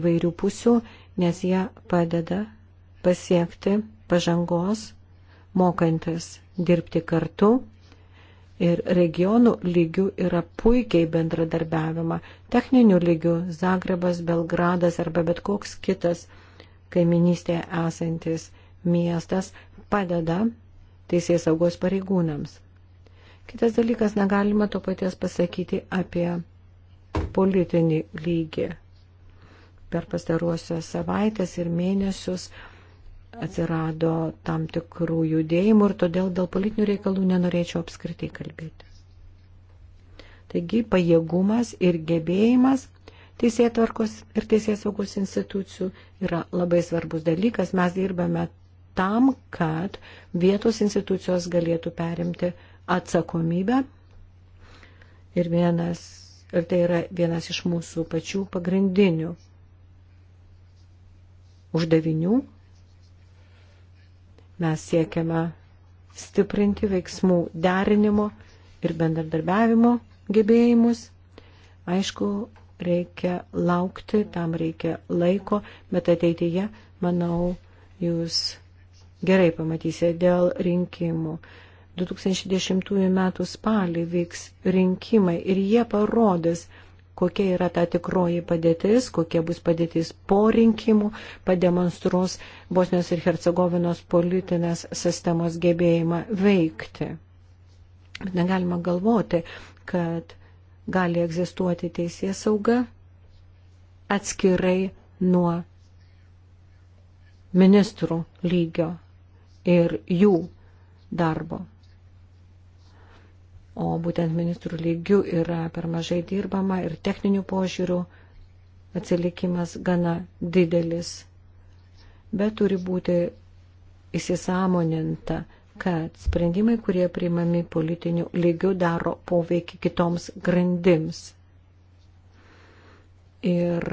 įvairių pusių, nes jie padeda pasiekti pažangos, mokantis dirbti kartu ir regionų lygių yra puikiai bendradarbiavima. Techninių lygių Zagrebas, Belgradas arba bet koks kitas kaiminystėje esantis miestas padeda teisės saugos pareigūnams. Kitas dalykas, negalima to paties pasakyti apie politinį lygį. Per pastaruosios savaitės ir mėnesius uh, atsirado tam tikrų judėjimų ir todėl dėl politinių reikalų nenorėčiau apskritai kalbėti. Taigi pajėgumas ir gebėjimas teisėtvarkos ir teisėsaugos institucijų yra labai svarbus dalykas. Mes dirbame tam, kad vietos institucijos galėtų perimti atsakomybę. Ir, vienas, ir tai yra vienas iš mūsų pačių pagrindinių uždavinių Mes siekiame stiprinti veiksmų derinimo ir bendradarbiavimo gebėjimus. Aišku, reikia laukti, tam reikia laiko, bet ateityje, manau, jūs gerai pamatysite dėl rinkimų. 2010 m. spalį vyks rinkimai ir jie parodys, kokia yra ta tikroji padėtis, kokia bus padėtis po rinkimų, pademonstruos Bosnijos ir Hercegovinos politinės sistemos gebėjimą veikti. Bet negalima galvoti, kad gali egzistuoti teisė sauga atskirai nuo ministrų lygio ir jų darbo o būtent ministrų lygių yra per mažai dirbama ir techninių požiūrių atsilikimas gana didelis. Bet turi būti įsisamoninta, kad sprendimai, kurie priimami politinių lygių, daro poveikį kitoms grandims. Ir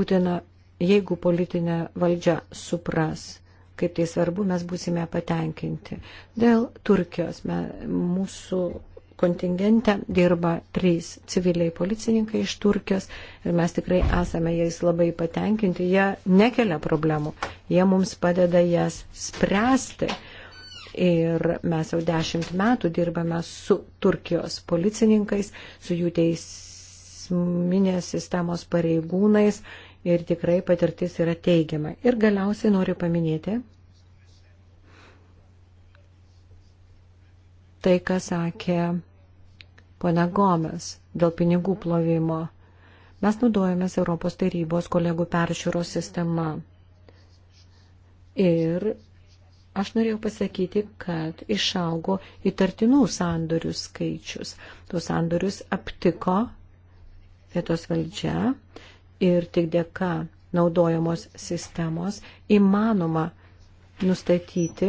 būtina, jeigu politinė valdžia supras, kaip tai svarbu, mes būsime patenkinti. Dėl Turkijos me, mūsų kontingente dirba trys civiliai policininkai iš Turkijos ir mes tikrai esame jais labai patenkinti. Jie nekelia problemų, jie mums padeda jas spręsti. Ir mes jau dešimt metų dirbame su Turkijos policininkais, su jų teisminės sistemos pareigūnais ir tikrai patirtis yra teigiama. Ir galiausiai noriu paminėti tai, ką sakė pona Gomes dėl pinigų plovimo. Mes naudojamės Europos tarybos kolegų peržiūros sistema. Ir aš norėjau pasakyti, kad išaugo įtartinų sandorių skaičius. Tuos sandorius aptiko vietos valdžia ir tik dėka naudojamos sistemos įmanoma nustatyti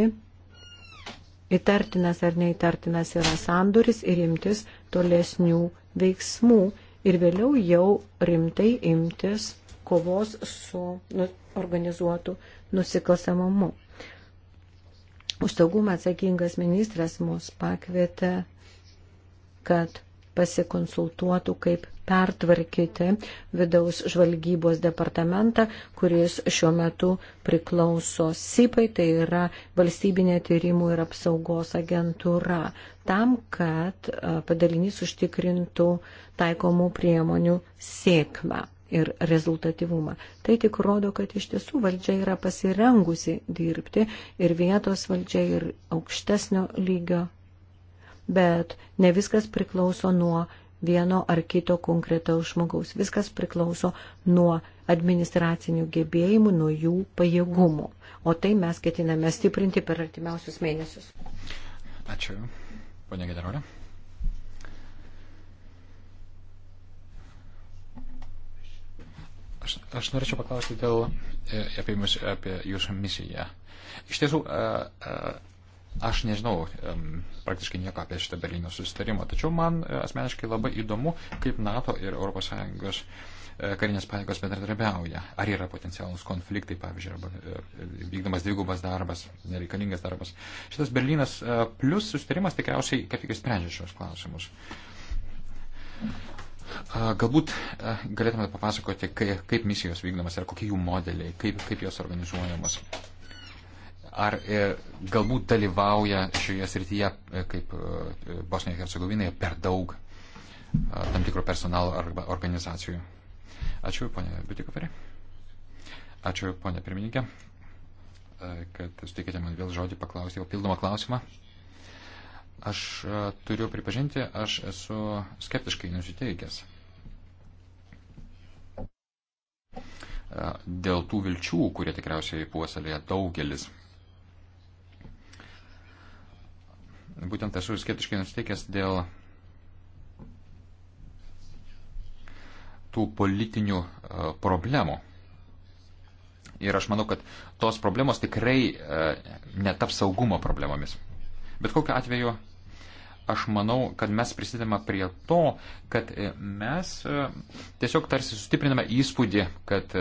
įtartinas ar neįtartinas yra sanduris ir imtis tolesnių veiksmų ir vėliau jau rimtai imtis kovos su nu, organizuotu nusikalstamumu. Už saugumą atsakingas ministras mus pakvietė, kad pasikonsultuotų, kaip pertvarkyti vidaus žvalgybos departamentą, kuris šiuo metu priklauso SIPAI, tai yra valstybinė tyrimų ir apsaugos agentūra, tam, kad padalinys užtikrintų taikomų priemonių sėkmę ir rezultatyvumą. Tai tik rodo, kad iš tiesų valdžia yra pasirengusi dirbti ir vietos valdžia ir aukštesnio lygio bet ne viskas priklauso nuo vieno ar kito konkretaus žmogaus. Viskas priklauso nuo administracinių gebėjimų, nuo jų pajėgumų. O tai mes ketiname stiprinti per artimiausius mėnesius. Ačiū. Pane generolė. Aš, aš norėčiau paklausti dėl e, apie, apie jūsų misiją. Iš tiesų, e, e, Aš nežinau um, praktiškai nieko apie šitą Berlyno susitarimą, tačiau man e, asmeniškai labai įdomu, kaip NATO ir ES e, karinės pajėgos bendradarbiauja. Ar yra potencialus konfliktai, pavyzdžiui, arba e, vykdomas dvigubas darbas, nereikalingas darbas. Šitas Berlynas plus susitarimas tikriausiai kaip tik sprendžia šios klausimus. Galbūt galėtumėte papasakoti, kaip misijos vykdomas ir kokie jų modeliai, kaip, kaip jos organizuojamos ar e, galbūt dalyvauja šioje srityje, e, kaip e, Bosnijoje ir Hercegovinoje, per daug tam tikro personalo arba organizacijų. Ačiū, ponė Biutikoferė. Ačiū, ponė pirmininkė, kad sutikėte man vėl žodį paklausti, o pildomą klausimą. Aš turiu pripažinti, aš esu skeptiškai nusiteikęs dėl tų vilčių, kurie tikriausiai puoselėja daugelis būtent esu skeptiškai nusteikęs dėl tų politinių e, problemų. Ir aš manau, kad tos problemos tikrai e, netaps saugumo problemomis. Bet kokiu atveju, aš manau, kad mes prisidame prie to, kad e, mes tiesiog tarsi sustipriname įspūdį, kad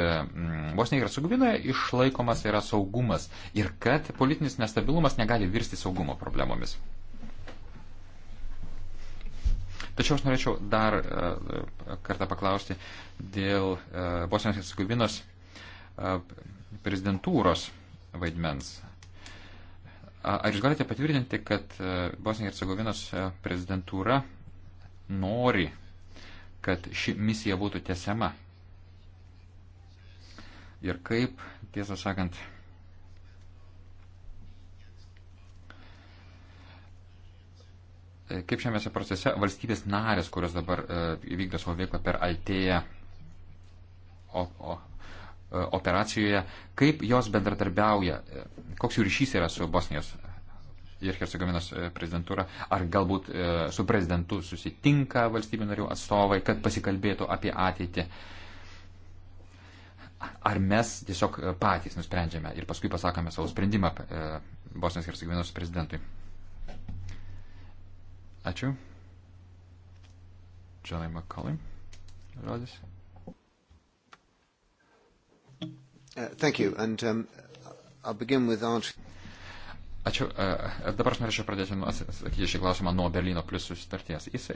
Bosnija ir Sugvinoje išlaikomas yra saugumas ir kad politinis nestabilumas negali virsti saugumo problemomis. Tačiau aš norėčiau dar e, kartą paklausti dėl e, Bosnijos ir Skubinos e, prezidentūros vaidmens. Ar jūs galite patvirtinti, kad Bosnijos ir Skubinos prezidentūra nori, kad ši misija būtų tęsiama? Ir kaip, tiesą sakant, Kaip šiame procese valstybės narės, kurios dabar e, vykdo savo veiklą per Altėją o, o, e, operacijoje, kaip jos bendradarbiauja, e, koks jų ryšys yra su Bosnijos ir Hercegovinos prezidentūra, ar galbūt su prezidentu susitinka valstybių narių atstovai, kad pasikalbėtų apie ateitį. Ar mes tiesiog patys nusprendžiame ir paskui pasakome savo sprendimą Bosnijos ir Hercegovinos prezidentui. Ačiū. Džonai Makalai. Rodys. Uh, um, Ačiū. Uh, uh, dabar aš norėčiau pradėti atsakyti šį klausimą nuo Berlyno plus sutarties. Jis,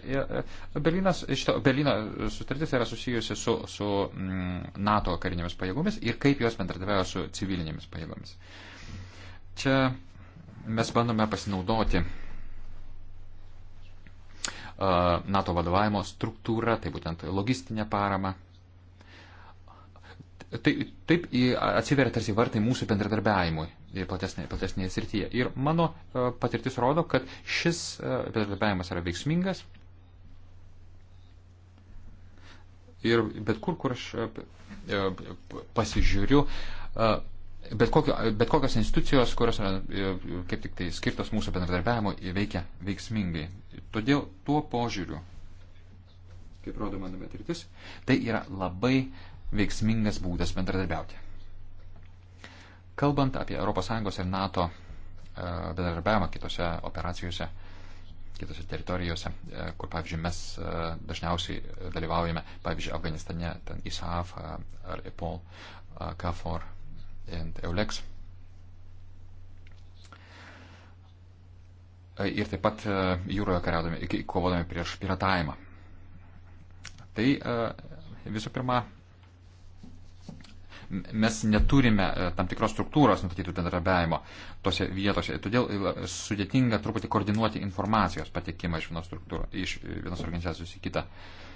Berlynas, šito, Berlyno sutartis yra susijusi su, su mm, NATO karinėmis pajėgomis ir kaip jos bendradarbiavo su civilinėmis pajėgomis. Čia mes bandome pasinaudoti uh, NATO vadovavimo struktūrą, tai būtent logistinę paramą. Tai taip, taip atsiveria tarsi vartai mūsų bendradarbiavimui platesnėje, platesnėje srityje. Ir mano patirtis rodo, kad šis bendradarbiavimas yra veiksmingas. Ir bet kur, kur aš pasižiūriu, bet, kokio, bet kokios institucijos, kurios yra e, e, kaip tik tai skirtos mūsų bendradarbiavimo, veikia veiksmingai. Todėl tuo požiūriu, kaip rodo mano patirtis, tai yra labai veiksmingas būdas bendradarbiauti. Kalbant apie ES ir NATO e, bendradarbiavimą kitose operacijose, kitose teritorijose, kur, pavyzdžiui, mes dažniausiai dalyvaujame, pavyzdžiui, Afganistane, ten ISAF ar EPOL, KFOR and Eulex. Ir taip pat e, jūroje kariaudami, kovodami prieš piratavimą. Tai e, visų pirma, mes neturime e, tam tikros struktūros nustatytų bendrabiavimo tose vietose. Todėl sudėtinga truputį koordinuoti informacijos patekimą iš vienos, iš vienos organizacijos į kitą. Uh,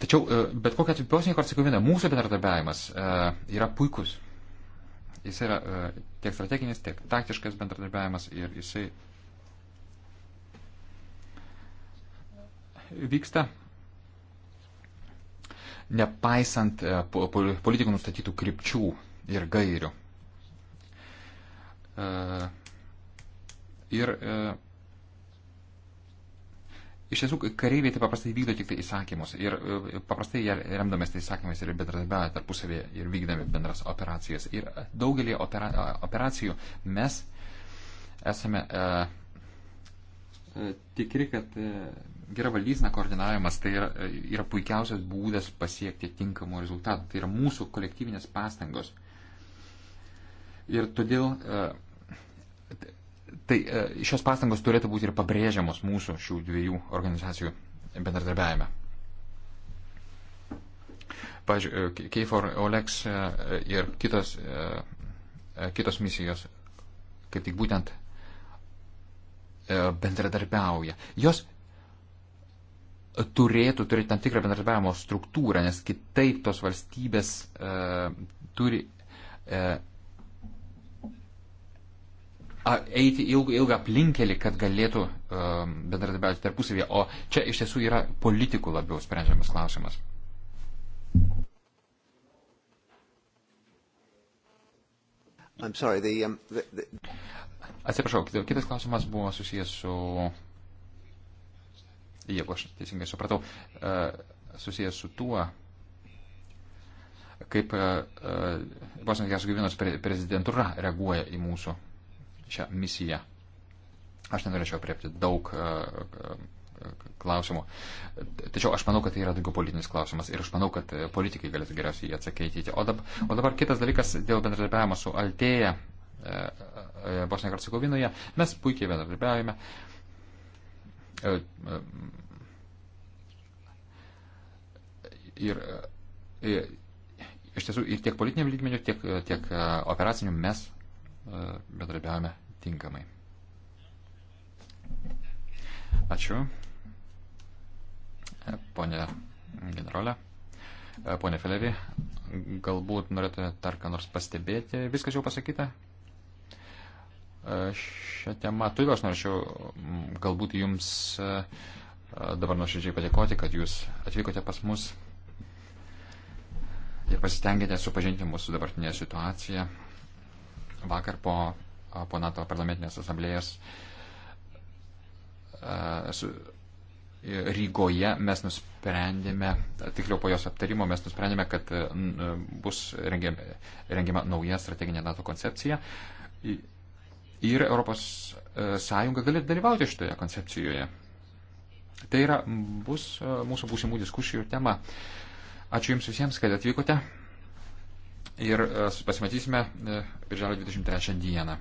Tačiau, e, bet kokia atveju, Bosnija ir Hercegovina, mūsų bendradarbiavimas e, yra puikus. Jis yra e, tiek strateginis, tiek taktiškas bendradarbiavimas ir jisai vyksta nepaisant politikų nustatytų krypčių ir gairių. Ir Iš tiesų, kareiviai tai paprastai vykdo tik tai įsakymus ir e, paprastai jie remdamės tai įsakymais ir bendradarbiavę tarpusavėje ir vykdami bendras operacijas. Ir daugelį opera, e, operacijų mes esame e, e, tikri, kad e, gera valdysna koordinavimas tai yra, e, yra puikiausias būdas pasiekti tinkamų rezultatų. Tai yra mūsų kolektyvinės pastangos. Ir todėl e, Tai e, šios pastangos turėtų būti ir pabrėžiamos mūsų šių dviejų organizacijų bendradarbiavime. Pavyzdžiui, e, KFOR, OLEX e, ir kitos, kitos misijos kaip tik būtent bendradarbiauja. Jos turėtų turėti tam tikrą bendradarbiavimo struktūrą, nes kitaip tos valstybės turi eiti ilgą, ilgą aplinkelį, kad galėtų um, bendradarbiauti tarpusavėje, o čia iš tiesų yra politikų labiau sprendžiamas klausimas. I'm sorry, the, um, the, the... Atsiprašau, kitas klausimas buvo susijęs su, jeigu aš teisingai supratau, uh, susijęs su tuo, kaip uh, uh Bosnijos Hercegovinos pre prezidentūra reaguoja į mūsų šią misiją. Aš nenorėčiau apriepti daug e, e, klausimų. Tačiau aš manau, kad tai yra daugiau politinis klausimas ir aš manau, kad e, politikai galėtų geriausiai jį atsakyti. O dabar, o dabar kitas dalykas dėl bendradarbiavimo su Altėja Bosnijoje ir Hercegovinoje. Mes puikiai bendradarbiavime. Ir, ir iš tiesų ir tiek politiniam lygmeniu, tiek, tiek operaciniu mes bendrabiavome tinkamai. Ačiū. Pone generolė. Pone Felevi, galbūt norėtumėte dar ką nors pastebėti. Viskas jau pasakyta? Šią temą turiu, aš norėčiau galbūt jums e, dabar nuoširdžiai padėkoti, kad jūs atvykote pas mus ir pasistengėte supažinti mūsų dabartinę situaciją. Vakar po, po NATO parlamentinės asamblėjos e, su, Rygoje mes nusprendėme, tikliau po jos aptarimo mes nusprendėme, kad e, e, bus rengiama, rengiama nauja strateginė NATO koncepcija ir Europos Sąjunga galėtų dalyvauti šitoje koncepcijoje. Tai yra, bus mūsų būsimų diskusijų tema. Ačiū Jums visiems, kad atvykote ir e, pasimatysime e, birželio 23 dieną.